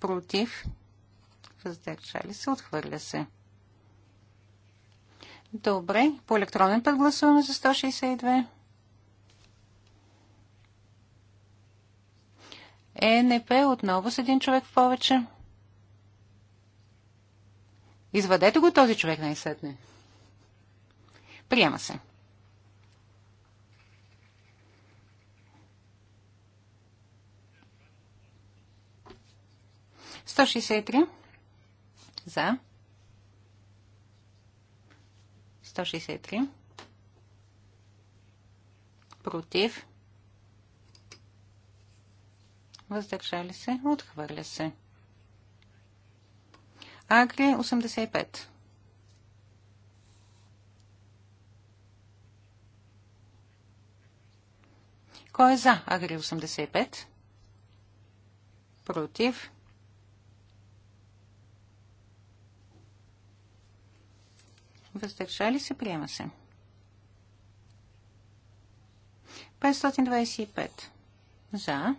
против, въздържали се, отхвърля се. Добре, по електронен път гласуваме за 162. Е ЕНП отново с един човек повече. Извадете го този човек най-сетне. Приема се. 163 за. 163 против. Въздържали се. Отхвърля се. Агри 85. Кой е за Агри 85? Против. въздържали се, приема се. 525 за,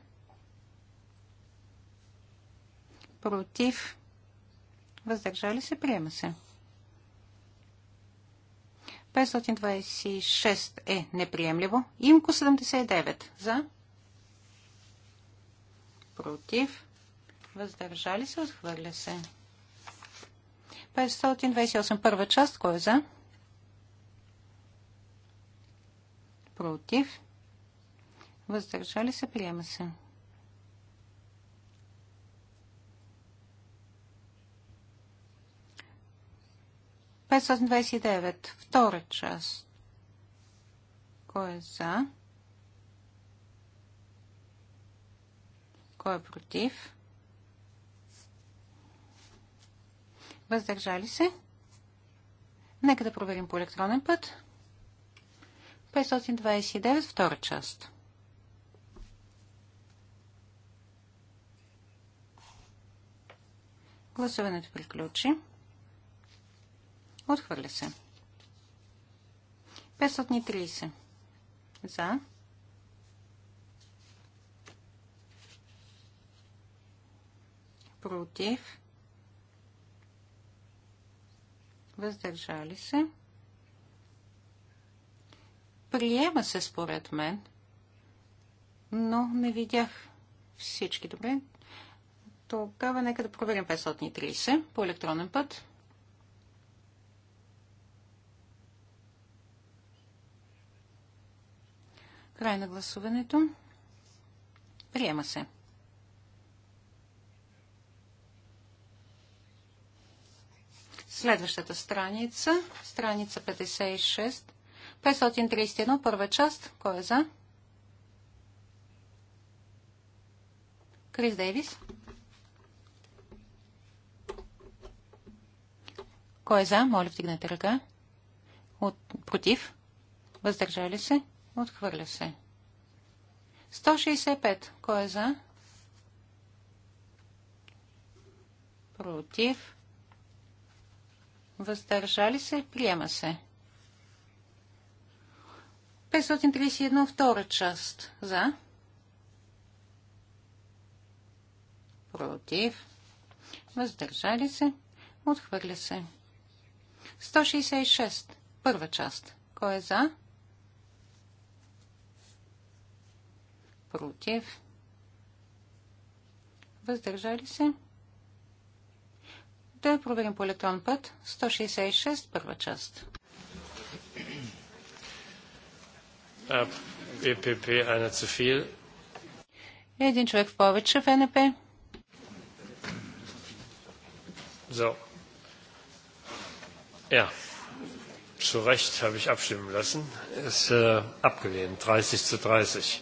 против, въздържали се, приема се. 526 е неприемливо. Имко 79 за, против, въздържали се, отхвърля се. 528 първа част. Кой е за? Против. Въздържали се. Приема се. Петстотин Втора част. Кой е за? Кой е против? Въздържали се? Нека да проверим по електронен път. 529, втора част. Гласуването приключи. Отхвърля се. 530. За. Против. въздържали се. Приема се според мен, но не видях всички добре. Тогава нека да проверим 530 по електронен път. Край на гласуването. Приема се. Следващата страница, страница 56, 531, първа част, кой е за? Крис Дейвис. Кой е за? Моля, вдигнете ръка. От... Против? Въздържали се? Отхвърля се. 165. Кой е за? Против? въздържали се, приема се. 531 втора част за, против, въздържали се, отхвърля се. 166 първа част. Кой е за? Против. Въздържали се. Да проверим по електрон път. 166, първа част. ЕПП, една цифил. Един човек в повече в НП. So. Ja. Zu Recht habe ich abstimmen lassen. Ist äh, abgelehnt. 30 zu 30.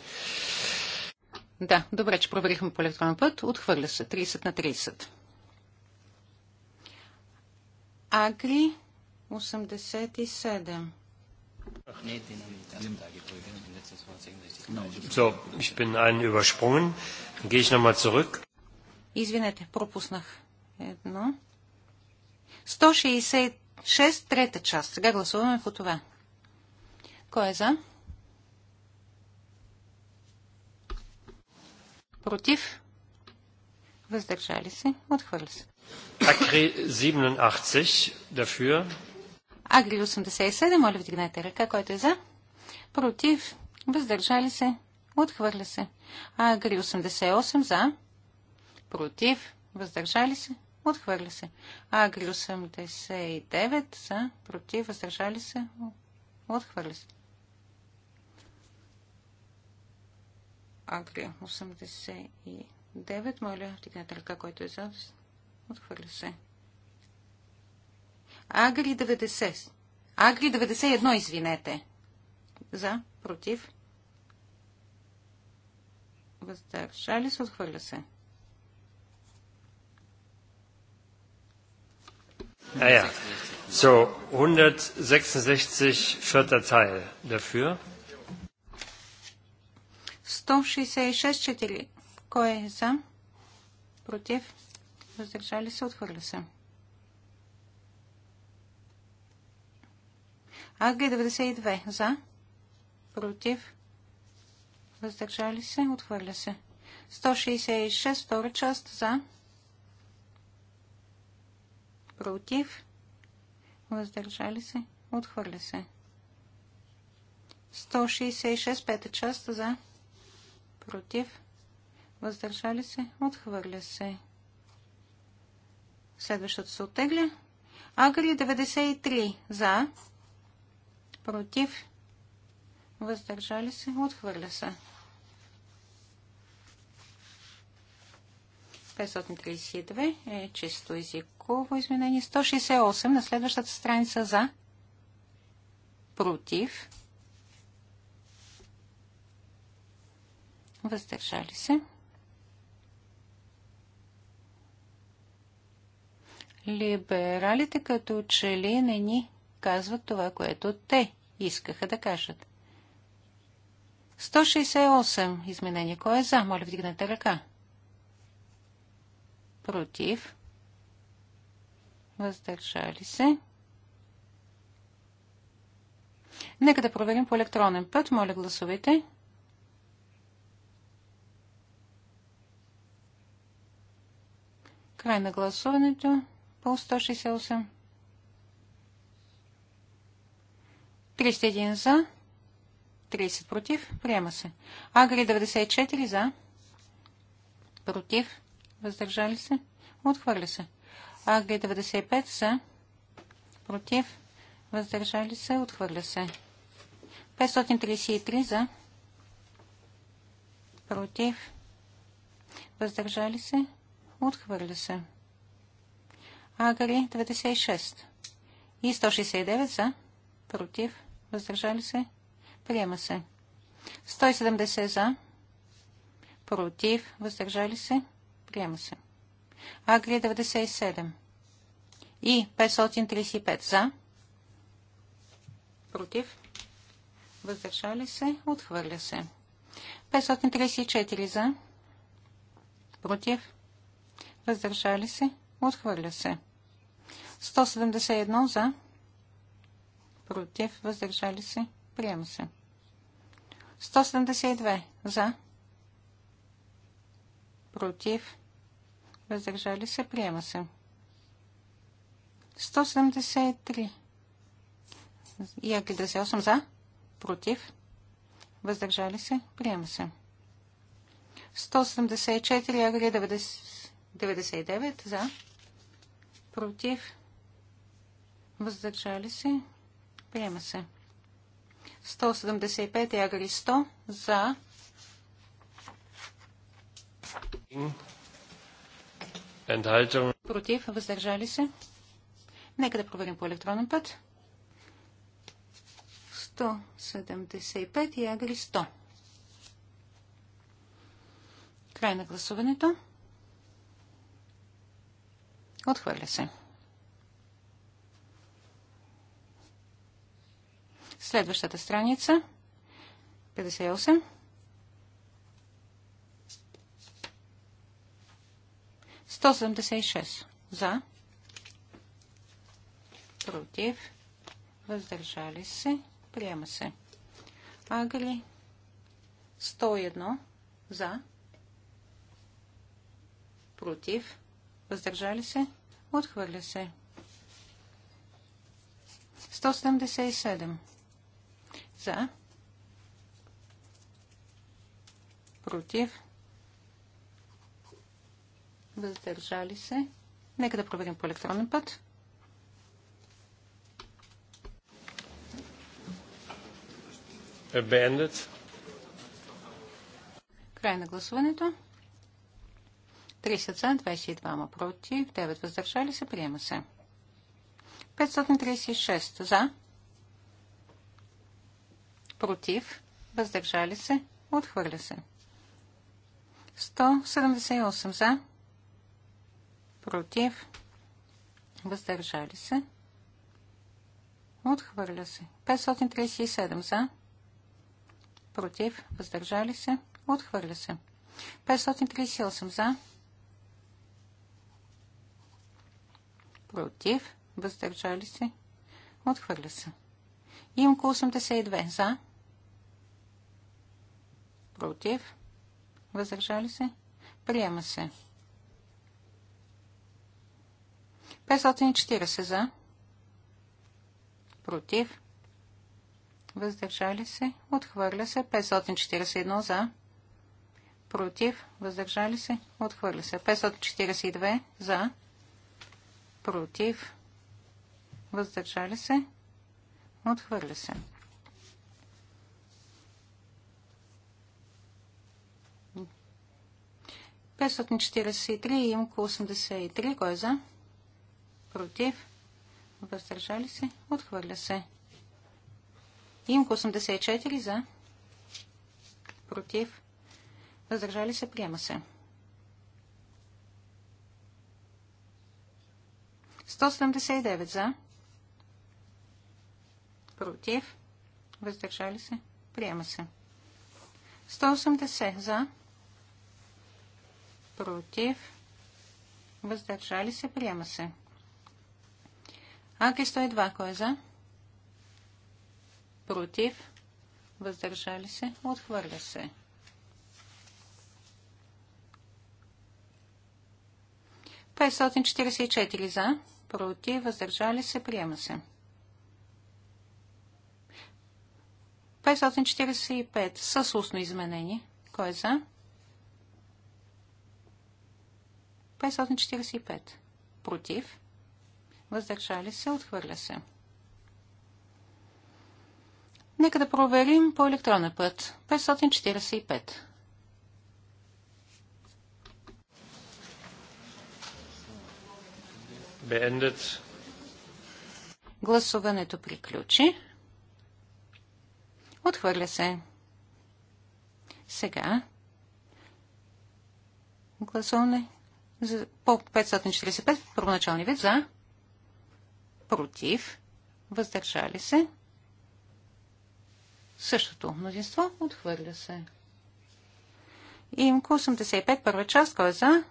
Да, добре, че проверихме по електронен път. Отхвърля се 30 на 30. Агри 87. So, ich bin einen übersprungen. Dann gehe ich nochmal zurück. Извинете, пропуснах едно. 166, трета част. Сега гласуваме по това. Кой е за? Против? Въздържали се? Отхвърля се. Агри 87 дафюр. Агри 87, моля вдигнете ръка, който е за. Против, въздържали се, отхвърля се. Агри 88 за. Против, въздържали се, отхвърля се. Агри 89 за. Против, въздържали се, отхвърля се. Агри 89, моля вдигнете ръка, който е за. Отхвърля се. Агри 90. Агри 91, извинете. За, против. Въздържали се, отхвърля се. Naja, so 166 vierter Teil dafür. 166 четири. Кой е за? Против? въздържали се, отхвърля се. АГ 92 за, против, въздържали се, отхвърля се. 166 втора част за, против, въздържали се, отхвърля се. 166 пета част за, против, въздържали се, отхвърля се. Следващото се оттегля. Агри 93 за. Против. Въздържали се. Отхвърля се. 532 е чисто езиково изменение. 168 на следващата страница за. Против. Въздържали се. Либералите като че ли не ни казват това, което те искаха да кажат. 168 изменение. Кой е за? Моля, вдигнете ръка. Против. Въздържали се. Нека да проверим по електронен път. Моля, гласувайте. Край на гласуването по 168. 31 за. 30 против. Приема се. Агри 94 за. Против. Въздържали се. Отхвърля се. Агри 95 за. Против. Въздържали се. Отхвърля се. 533 за. Против. Въздържали се. Отхвърля се. Агри 96 и 169 за, против, въздържали се, приема се. 170 за, против, въздържали се, приема се. Агри 97 и 535 за, против, въздържали се, отхвърля се. 534 за, против, въздържали се, отхвърля се. 171 за. Против. Въздържали се. Приема се. 172 за. Против. Въздържали се. Приема се. 173. И 8 за. Против. Въздържали се. Приема се. 174, агри 99 за. Против въздържали се, приема се. 175 ягри 100 за. Против, въздържали се. Нека да проверим по електронен път. 175 и агри 100. Край на гласуването. Отхвърля се. Следващата страница. 58. 176 за. Против. Въздържали се. Приема се. Агри. 101 за. Против. Въздържали се. Отхвърля се. 177 за. Против. Въздържали се. Нека да проверим по електронен път. Abandoned. Край на гласуването. 30 за, 22 ма против, 9 въздържали се, приема се. 536 за, против, въздържали се, отхвърля се. 178 за, против, въздържали се, отхвърля се. 537 за, против, въздържали се, отхвърля се. 538 за, против, въздържали се, отхвърля се. Имко 82 за, против, въздържали се, приема се. 540 за, против, въздържали се, отхвърля се, 541 за, против, въздържали се, отхвърля се, 542 за, против, въздържали се, отхвърля се. 543 и имко 83. Кой е за? Против. Въздържали се. Отхвърля се. Имко 84 за. Против. Въздържали се. Приема се. 179 за. Против. Въздържали се. Приема се. 180 за против, въздържали се, приема се. Аки 102, кой е за? Против, въздържали се, отхвърля се. Петстотин за, против, въздържали се, приема се. 545 с устно изменение. Кой е за? 545. Против. Въздържали се. Отхвърля се. Нека да проверим по електронен път. 545. Beendet. Гласуването приключи. Отхвърля се. Сега. Гласуване по 545 в първоначалния вид за, против, въздържали се. Същото мнозинство отхвърля се. Имко 85, първа част, кой е за?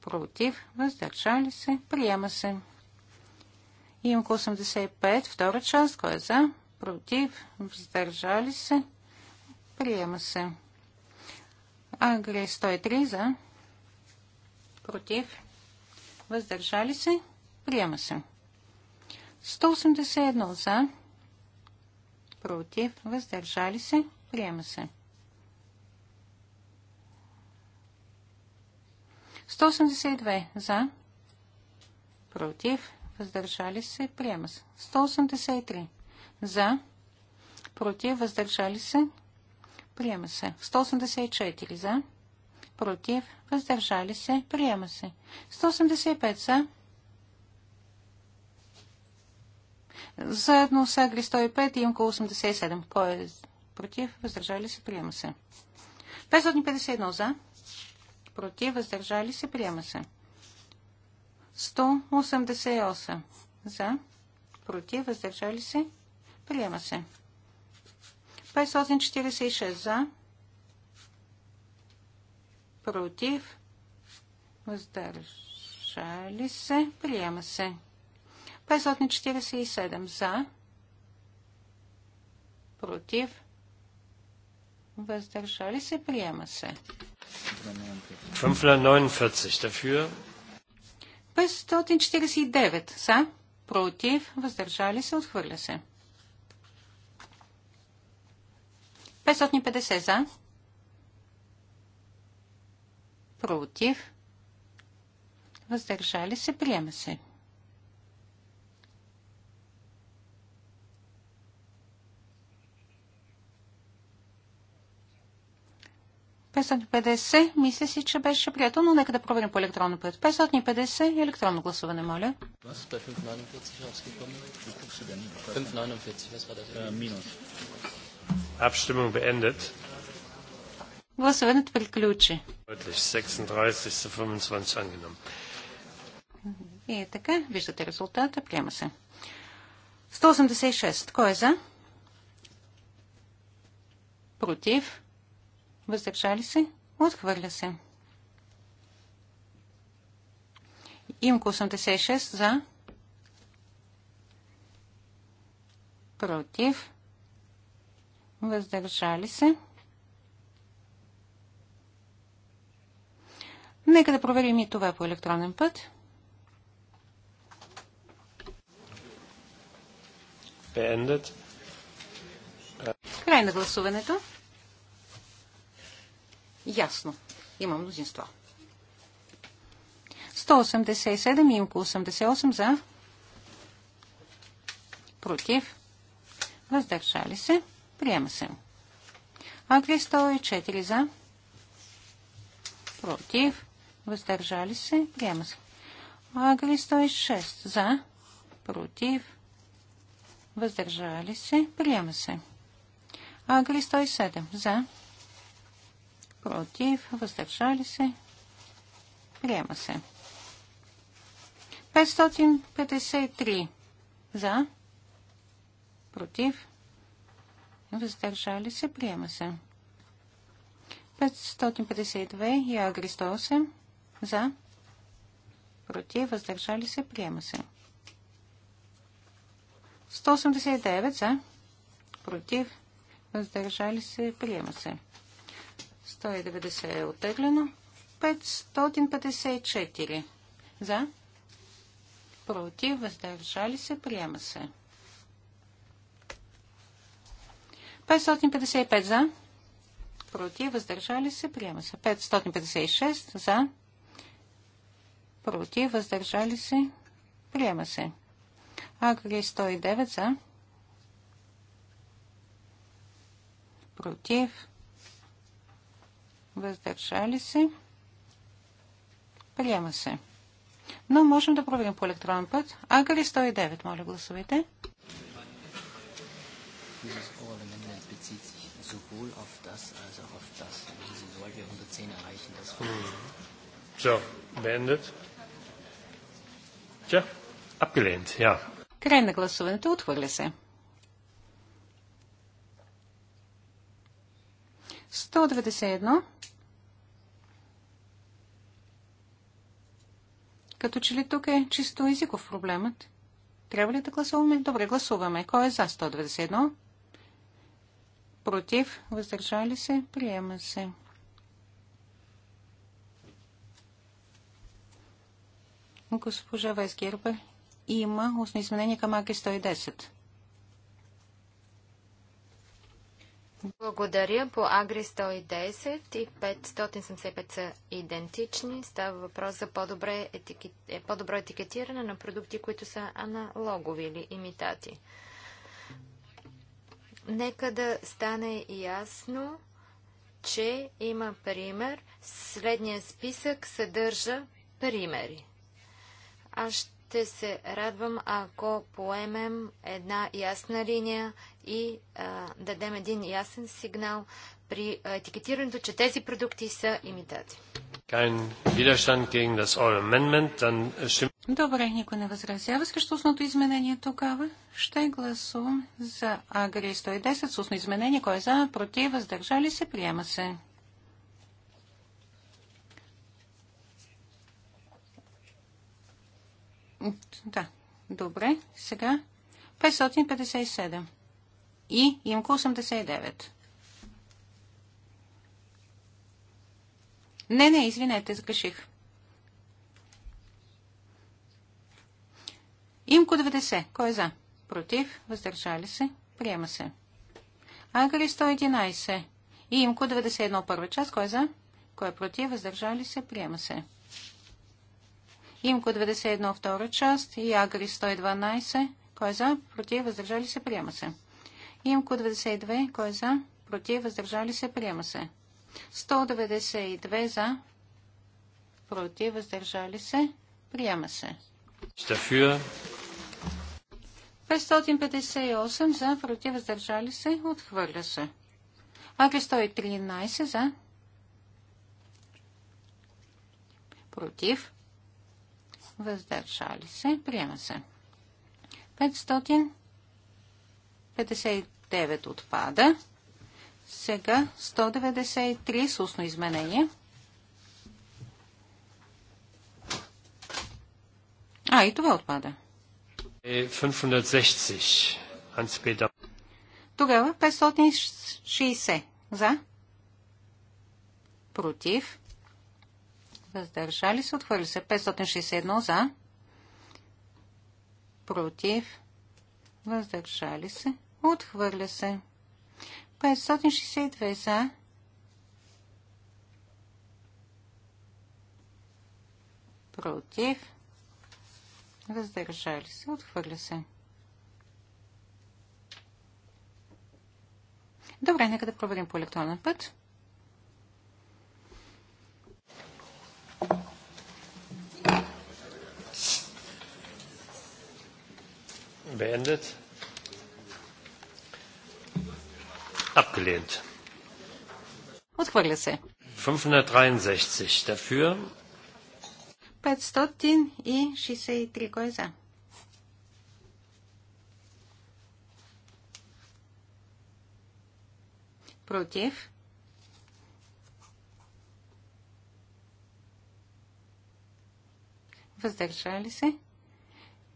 Против, въздържали се, приема се. Имко 85, втора част, кой е за? Против, въздържали се, приема се. Агри 103 за против, въздържали се, приема се. 181 за, против, въздържали се, приема се. 182 за, против, въздържали се, приема се. 183 за, против, въздържали се, приема се. 184 за, против, въздържали се, приема се. 185 са. Заедно с Агри 105 и Имко 87. Кой е против, въздържали се, приема се. 551 за. Против, въздържали се, приема се. 188 за. Против, въздържали се, приема се. 546 за против, въздържали се, приема се. 547 за, против, въздържали се, приема се. 549 дафюр. 549 за, против, въздържали се, отхвърля се. 550 за, против, въздържали се, приема се. 50. мисля си, че беше приятел, но нека да проверим по електронно път. 550 електронно гласуване, моля. 549, Гласуването приключи. И е така, виждате резултата, приема се. 186. Кой е за? Против? Въздържали се? Отхвърля се. Имко 86 за. Против. Въздържали се. Нека да проверим и това по електронен път. Beendet. Край на гласуването. Ясно. Има мнозинство. 187 и около 88 за. Против. Въздържали се. Приема се. Агри 104 за. Против въздържали се, приема се. Агри 106 за, против, въздържали се, приема се. Агри 107 за, против, въздържали се, приема се. 553 за, против, въздържали се, приема се. 552 и Агри 108 за. Против. Въздържали се. Приема се. 189 за. Против. Въздържали се. Приема се. 190 е отеглено. 554 за. Против. Въздържали се. Приема се. 555 за. Против. Въздържали се. Приема се. 556 за против, въздържали се, приема се. Агри 109 за, против, въздържали се, приема се. Но можем да проверим по електронен път. Агри 109, моля гласовете. sowohl auf das als auch auf das. Diese Säule 110 erreichen das. Mhm. So, beendet. Край на гласуването, отхвърля се. 191. Като че ли тук е чисто езиков проблемът? Трябва ли да гласуваме? Добре, гласуваме. Кой е за 191? Против? Въздържали се? Приема се. Госпожа Вайсгербер има устно изменение към АК 110. Благодаря. По Агри 110 и 575 са идентични. Става въпрос за по-добре етикет... по етикетиране на продукти, които са аналогови или имитати. Нека да стане ясно, че има пример. Средния списък съдържа примери. Аз ще се радвам, ако поемем една ясна линия и а, дадем един ясен сигнал при етикетирането, че тези продукти са имитати. Äh, Добре, никой не възразява срещу устното изменение тогава. Ще гласувам за Агри 110 с устно изменение. Кой е за, против, въздържали се, приема се. Да, добре. Сега 557 и имко 89. Не, не, извинете, сгреших. Имко 90. Кой е за? Против. Въздържали се. Приема се. Агри 111. И имко 91 първа част. Кой е за? Кой е против? Въздържали се. Приема се. Имко 91 втора част и Агри 112. Кой е за? Против. Въздържали се. Приема се. Имко 92. Кой е за? Против. Въздържали се. Приема се. 192 за. Против. Въздържали се. Приема се. 558 за. Против. Въздържали се. Отхвърля се. Агри 113 за. Против въздържали се, приема се. 559 отпада. Сега 193 с устно изменение. А, и това отпада. 560. Е, Тогава 560 за. Против въздържали се, отхвърли се. 561 за, против, въздържали се, отхвърля се. 562 за, против, въздържали се, отхвърля се. Добре, нека да проверим по електронен път. beendet. Abgelehnt. Отхвърля се. 563 дафюр. 563 кой е за? Против. Въздържали се.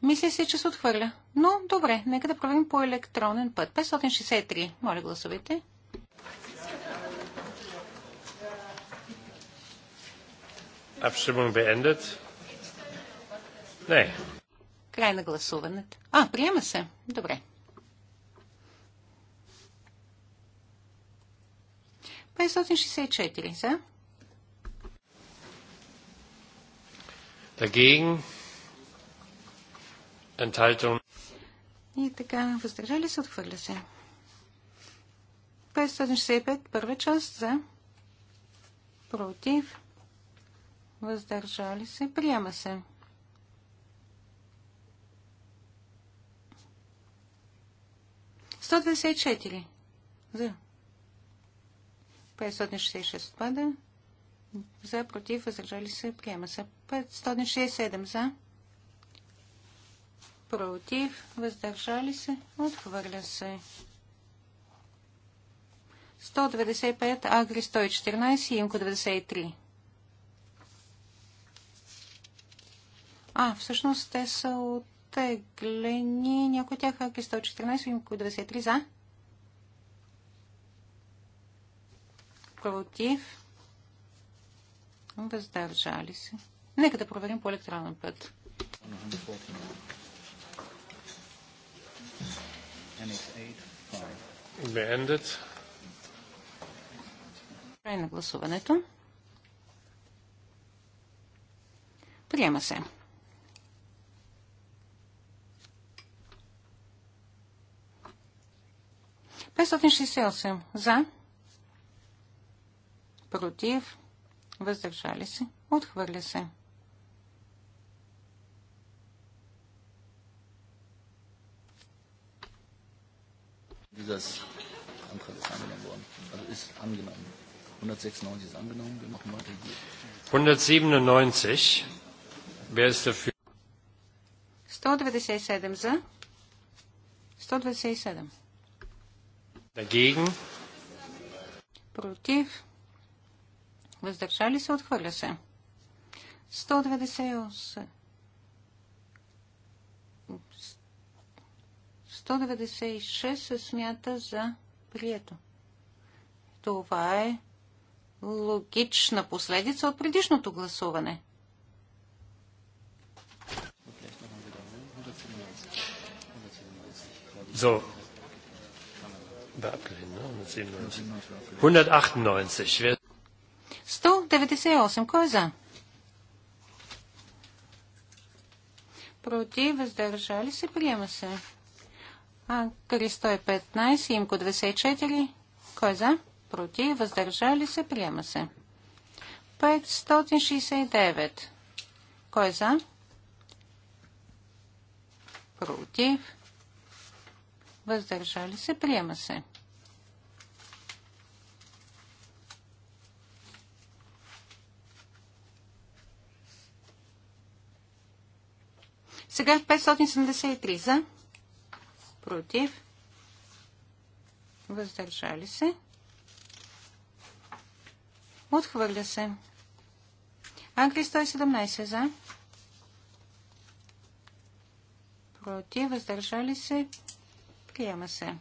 Мисля се, че се отхвърля. Но добре, нека да проверим по електронен път. 563. Моля, гласувайте. Abstimmung beendet. Не. Край на гласуването. А, приема се. Добре. 564 за. Dagegen. Enthaltung. И така, въздържали се, отхвърля се. 565, първа част за, против, въздържали се, приема се. Сто за. 566 отпада. За, против, въздържали се, приема се. 567 за против, въздържали се, отхвърля се. 195, Агри 114, Имко 93. А, всъщност те са оттеглени. Някой тях Агри 114, Имко 93 за. Против. Въздържали се. Нека да проверим по електронен път. Mm-hmm. Beendet. Край на гласуването. Приема се. Петстотин за. Против. Въздържали се. Отхвърля се. dieses Antrag ist angenommen worden. Also ist angenommen. 196 ist angenommen. Wir machen weiter hier. 197. Wer ist dafür? 197 за. 197. Dagegen. Против. Въздържали се, отхвърля се. 198. 196 се смята за прието. Това е логична последица от предишното гласуване. So, Да, 198. 198. Кой е за? Против, въздържали се, приема се. Агри 115, имко 24, Кой е за? Против. Въздържали се. Приема се. 569. Кой е за? Против. Въздържали се. Приема се. Сега 573 за против, въздържали се, отхвърля се. Анкли 117 за, против, въздържали се, приема се.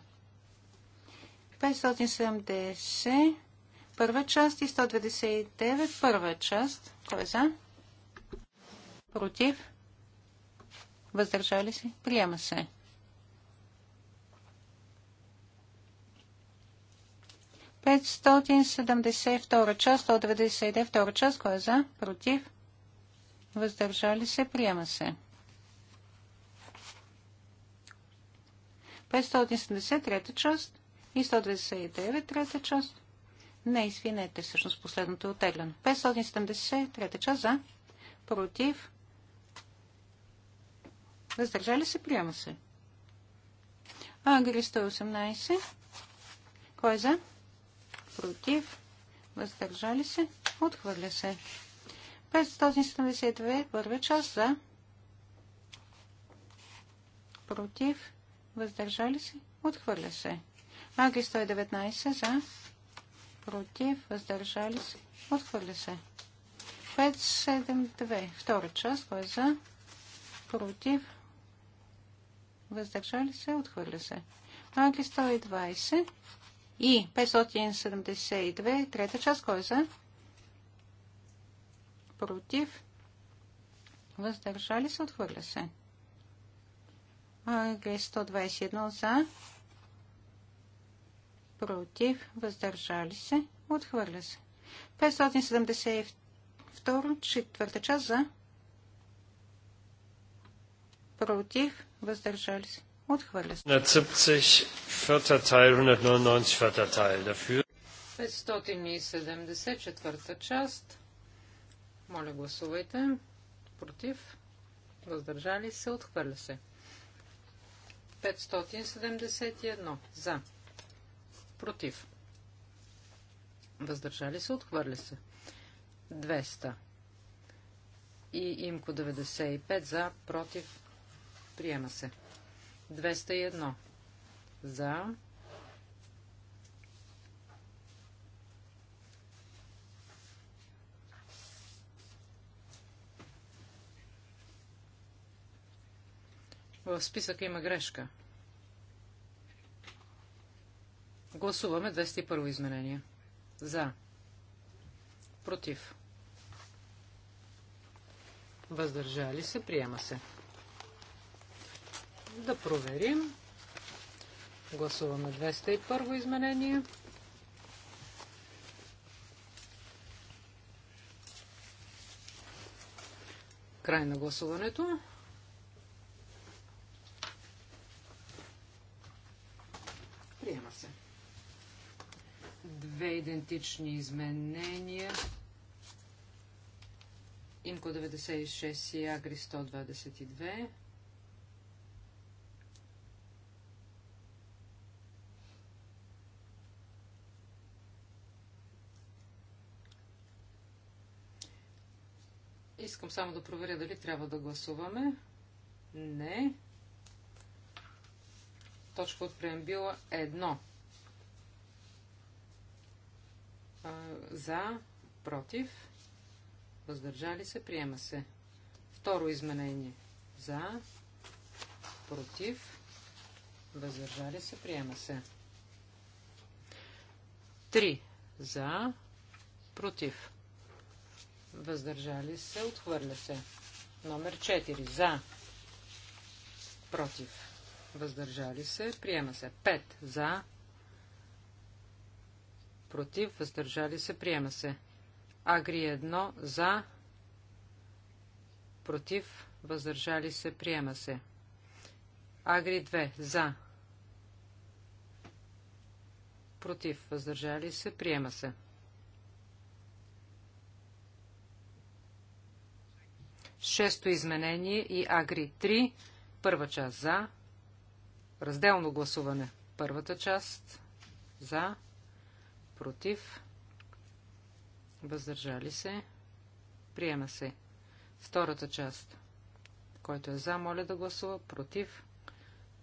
570 първа част и 199 първа част. Кой е за? Против? Въздържали се? Приема се. 572 част, 192 част, кой е за, против, въздържали се, приема се. 570 трета част и 129 трета част. Не, извинете, всъщност последното е отеглено. 570 трета част за, против, въздържали се, приема се. Агри 118. Кой е за? против, въздържали се, отхвърля се. 572, първа част за, против, въздържали се, отхвърля се. Аги 119 за, против, въздържали се, отхвърля се. 572, втора част, кой е за, против, въздържали се, отхвърля се. Аги 120 и 572, трета част, кой е за? Против. Въздържали се, отхвърля се. г 121 за. Против. Въздържали се, отхвърля се. 572, четвърта част за. Против. Въздържали се. Отхвърля се. 170, 199, 570, четвърта част. Моля, гласувайте. Против. Въздържали се. Отхвърля се. 571. За. Против. Въздържали се. Отхвърля се. 200. И имко 95. За. Против. Приема се. 571. 201 за, В списъка има грешка. Гласуваме 201 изменение. За. Против. Въздържали се. Приема се. Да проверим. Гласуваме 201 изменение. Край на гласуването. Приема се. Две идентични изменения. Инко 96 и Агри 122. Искам само да проверя дали трябва да гласуваме. Не. Точка от преамбила 1. За, против, въздържали се, приема се. Второ изменение. За, против, въздържали се, приема се. 3. За, против, въздържали се, отхвърля се. Номер 4 за, против, въздържали се, приема се. 5 за, против, въздържали се, приема се. Агри 1 за, против, въздържали се, приема се. Агри 2 за, против, въздържали се, приема се. Шесто изменение и Агри 3. Първа част за. Разделно гласуване. Първата част за. Против. Въздържали се. Приема се. Втората част. Който е за, моля да гласува. Против.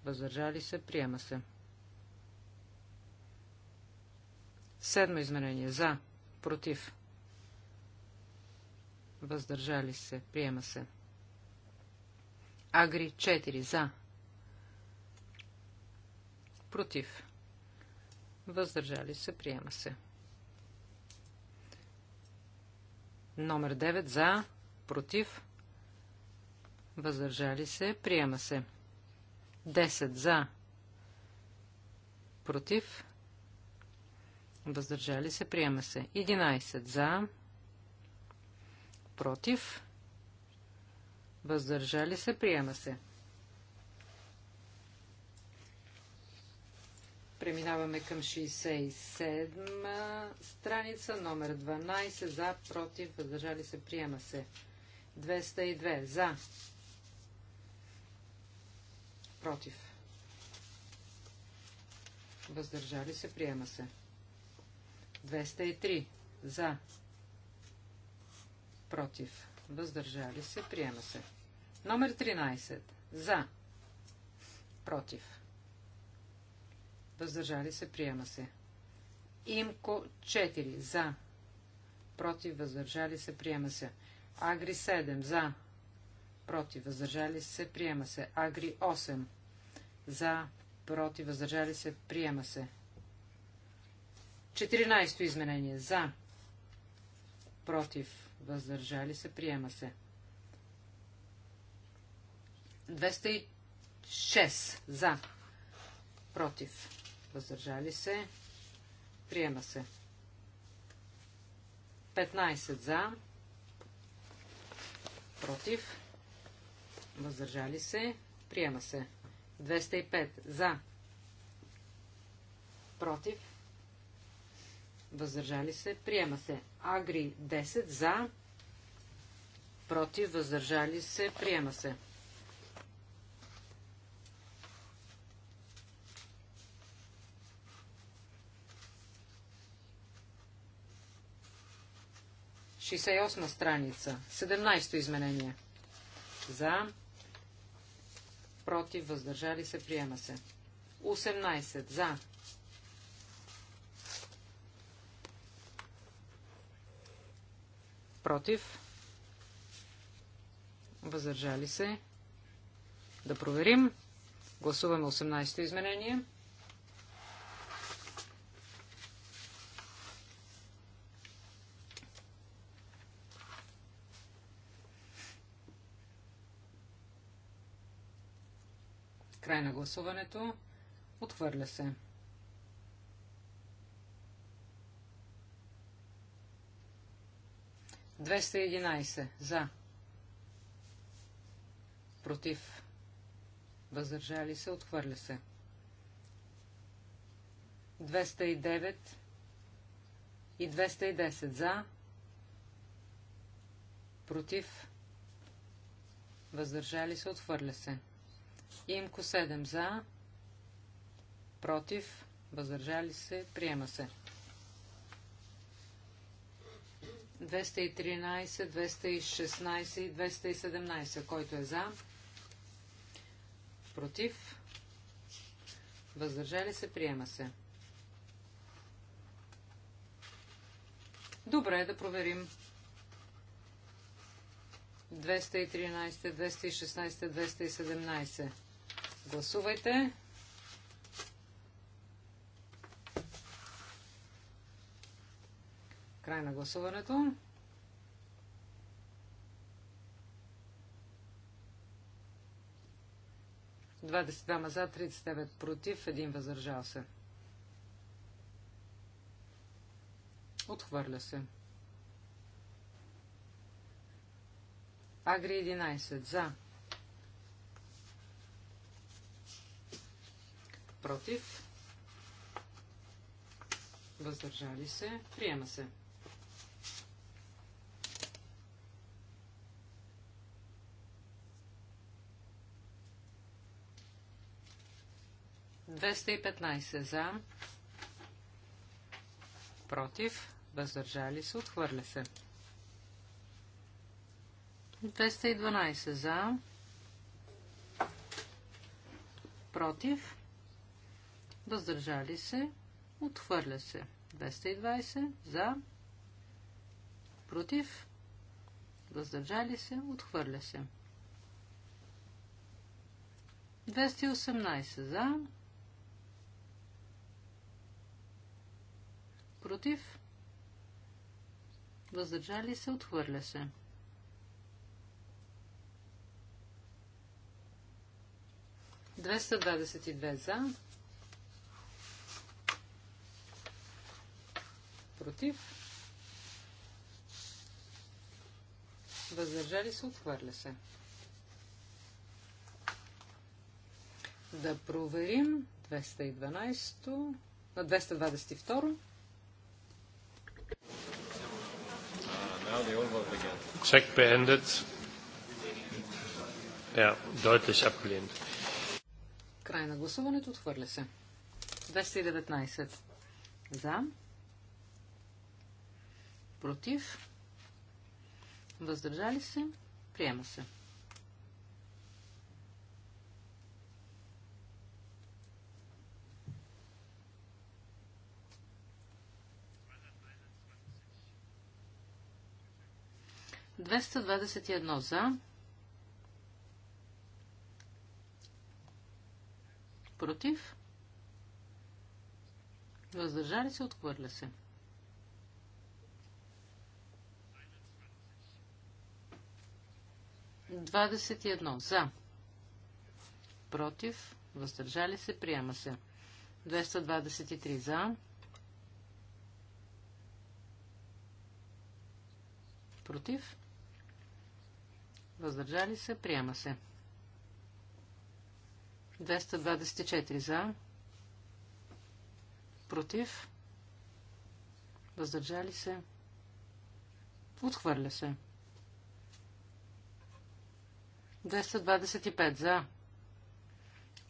Въздържали се. Приема се. Седмо изменение. За. Против въздържали се, приема се. Агри 4 за, против, въздържали се, приема се. Номер 9 за, против, въздържали се, приема се. 10 за, против, въздържали се, приема се. 11 за, против, въздържали се, приема се. Преминаваме към 67 страница, номер 12, за, против, въздържали се, приема се. 202, за, против, въздържали се, приема се. 203, за, против, въздържали се, приема се. Номер 13. За, против, въздържали се, приема се. Имко 4. За, против, въздържали се, приема се. Агри 7. За, против, въздържали се, приема се. Агри 8. За, против, въздържали се, приема се. 14 изменение. За, против, въздържали се, приема се. 206 за, против, въздържали се, приема се. 15 за, против, въздържали се, приема се. 205 за, против, въздържали се, приема се. Агри 10 за, против, въздържали се, приема се. Шестдесет осма страница, 17 изменение. За, против, въздържали се, приема се. 18 за, Против. Въздържали се. Да проверим. Гласуваме 18-то изменение. Край на гласуването. Отхвърля се. 211 за. Против. Въздържали се. Отхвърля се. 209 и 210 за. Против. Въздържали се. Отхвърля се. Имко 7 за. Против. Въздържали се. Приема се. 213, 216 и 217. Който е за? Против? Въздържали се? Приема се. Добре, да проверим. 213, 216, 217. Гласувайте. Край на гласуването. Двадесет за, 39 против, един въздържал се. Отхвърля се. Агри 11 за. Против. Въздържали се. Приема се. 215 за, против, въздържали се, отхвърля се. 212 за, против, въздържали се, отхвърля се. 220 за, против, въздържали се, отхвърля се. 218 за, Против. Въздържали се. Отхвърля се. Двеста двадесет и две за. Против. Въздържали се. Отхвърля се. Да проверим 212, 222. Check beendet. Ja, deutlich abgelehnt. Край на гласуването отхвърля се. 219 за, против, въздържали се, приема се. 221 за, против, въздържали се, отхвърля се. 21 за, против, въздържали се, приема се. 223 за, против, въздържали се, приема се. 224 за, против, въздържали се, отхвърля се. 225 за,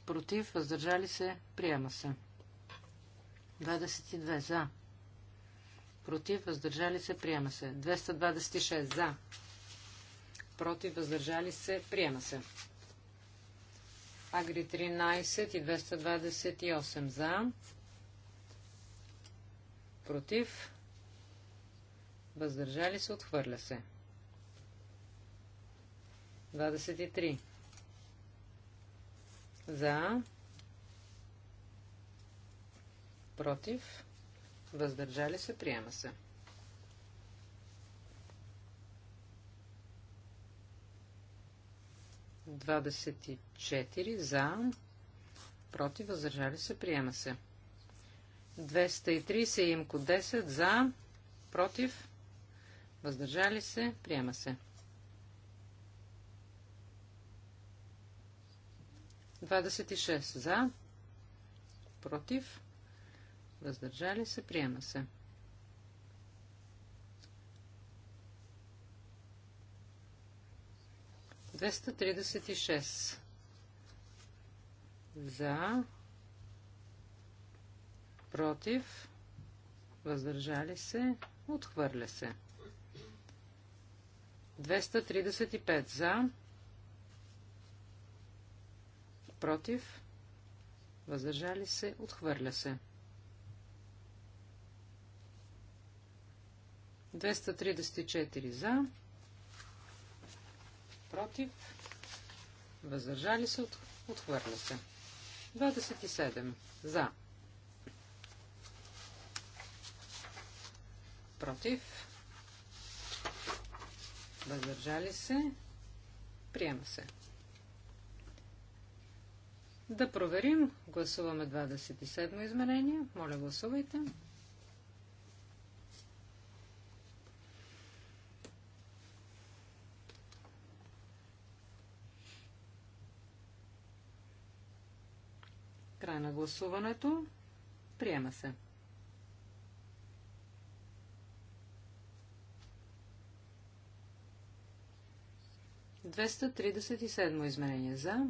против, въздържали се, приема се. 22 за, против, въздържали се, приема се. 226 за, против, въздържали се, приема се. Агри 13 и 228 за, против, въздържали се, отхвърля се. 23 за, против, въздържали се, приема се. 24 за, против, въздържали се, приема се. 230 имко 10 за, против, въздържали се, приема се. 26 за, против, въздържали се, приема се. 236. За. Против. Въздържали се. Отхвърля се. 235 за. Против. Въздържали се. Отхвърля се. 234 за против, въздържали се, от, отхвърля се. 27 за, против, въздържали се, приема се. Да проверим. Гласуваме 27 изменение. Моля, гласувайте. Гласувайте. на гласуването. Приема се. Двеста тридесет и седмо изменение за.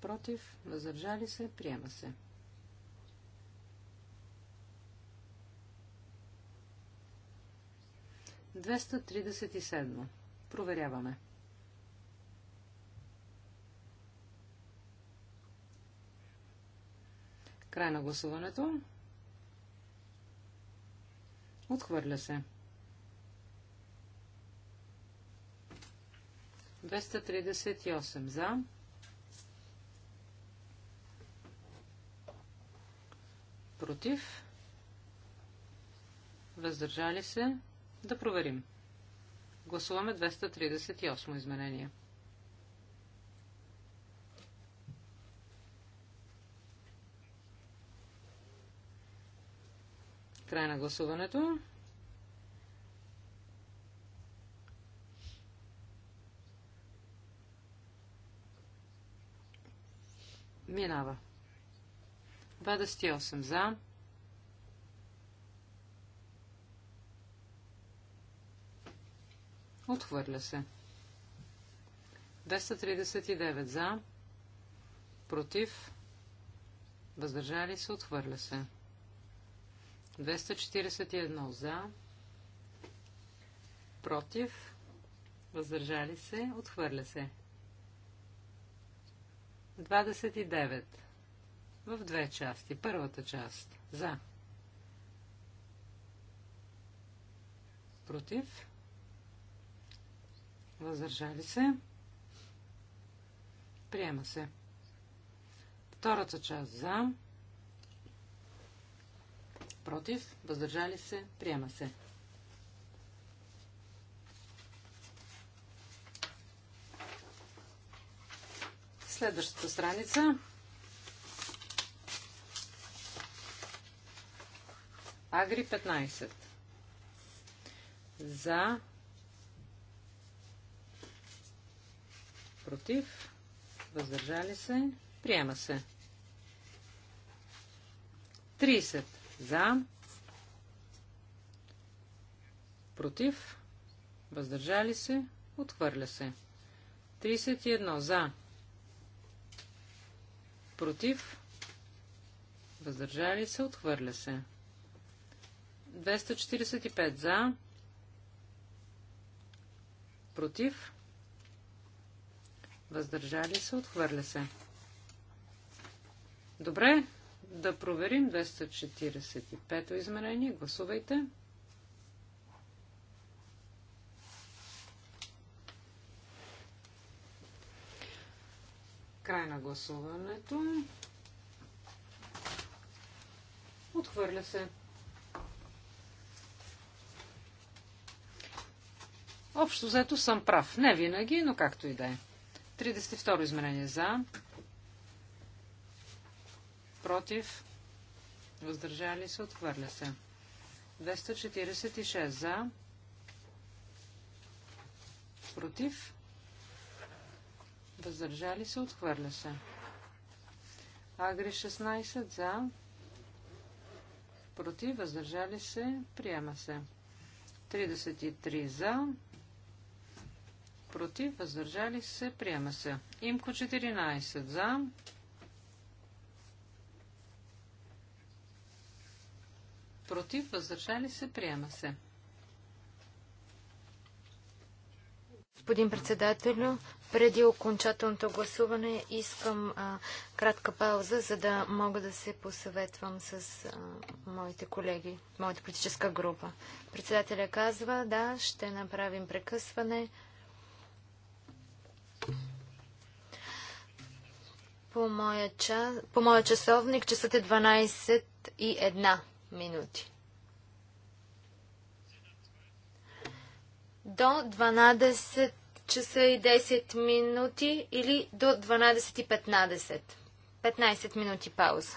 Против. Въздържали се. Приема се. 237. Проверяваме. Край на гласуването. Отхвърля се. 238 за. Против. Въздържали се. Да проверим. Гласуваме 238 изменения. 238. Край на гласуването. Минава. 28 за. Отхвърля се. 239 за. Против. Въздържали се. Отхвърля се. 241 за, против, въздържали се, отхвърля се. 29. В две части. Първата част. За. Против. Въздържали се. Приема се. Втората част. За против, въздържали се, приема се. Следващата страница. Агри 15. За. Против. Въздържали се. Приема се. За. Против. Въздържали се. Отхвърля се. 31. За. Против. Въздържали се. Отхвърля се. 245. За. Против. Въздържали се. Отхвърля се. Добре, да проверим 245-то измерение. Гласувайте. Край на гласуването. Отхвърля се. Общо взето съм прав. Не винаги, но както и да е. 32 измерение за, против, въздържали се, отхвърля се. 246 за, против, въздържали се, отхвърля се. Агри 16 за, против, въздържали се, приема се. 33 за, против, въздържали се, приема се. Имко 14 за, против, въздържали се, приема се. Господин председател, преди окончателното гласуване искам а, кратка пауза, за да мога да се посъветвам с а, моите колеги, моята политическа група. Председателя казва, да, ще направим прекъсване. По моя, час, по моя часовник часът е 12 и 1 минути. До 12 часа и 10 минути или до 12.15. 15 минути пауза.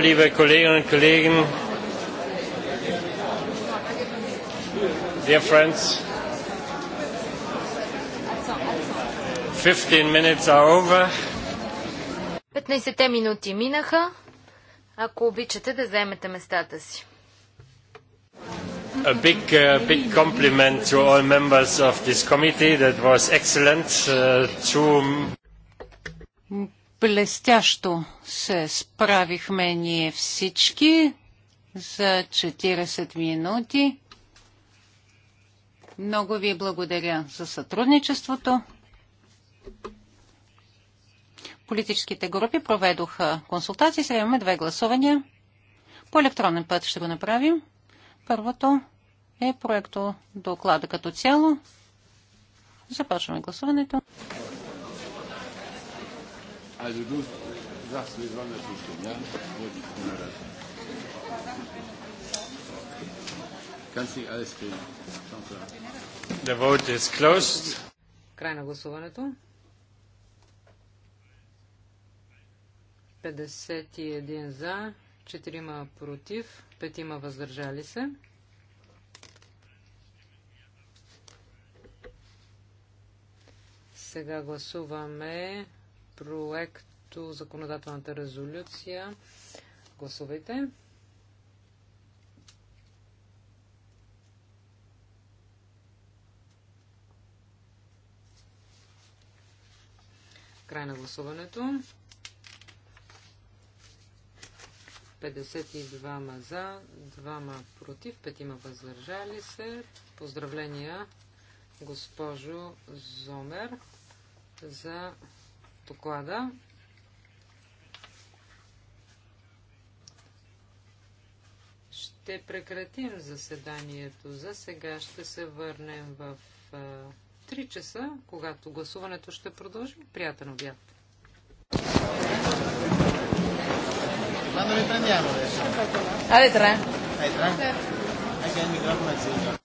liebe Kolleginnen und Kollegen, dear friends. 15 minutes are over. 15-те минути минаха. Ако обичате да вземете местата си. A big, uh, big compliment to all members of this committee. That was excellent. Uh, to... Блестящо се справихме ние всички за 40 минути. Много ви благодаря за сътрудничеството. Политическите групи проведоха консултации. Сега имаме две гласувания. По електронен път ще го направим. Първото е проекто доклада като цяло. Започваме гласуването. Also du sagst, wir sollen das nicht tun, ja? Kannst nicht alles kriegen. The vote is closed. Край на гласуването. 51 за, 4 против, 5 въздържали се. Сега гласуваме проекто законодателната резолюция. Гласувайте. Край на гласуването. 52 за, 2 против, 5 въздържали се. Поздравления, госпожо Зомер, за доклада. Ще прекратим заседанието. За сега ще се върнем в 3 часа, когато гласуването ще продължи. Приятен обяд! Quando riprendiamo adesso? Alle 3. Alle 3? Sì. Anche il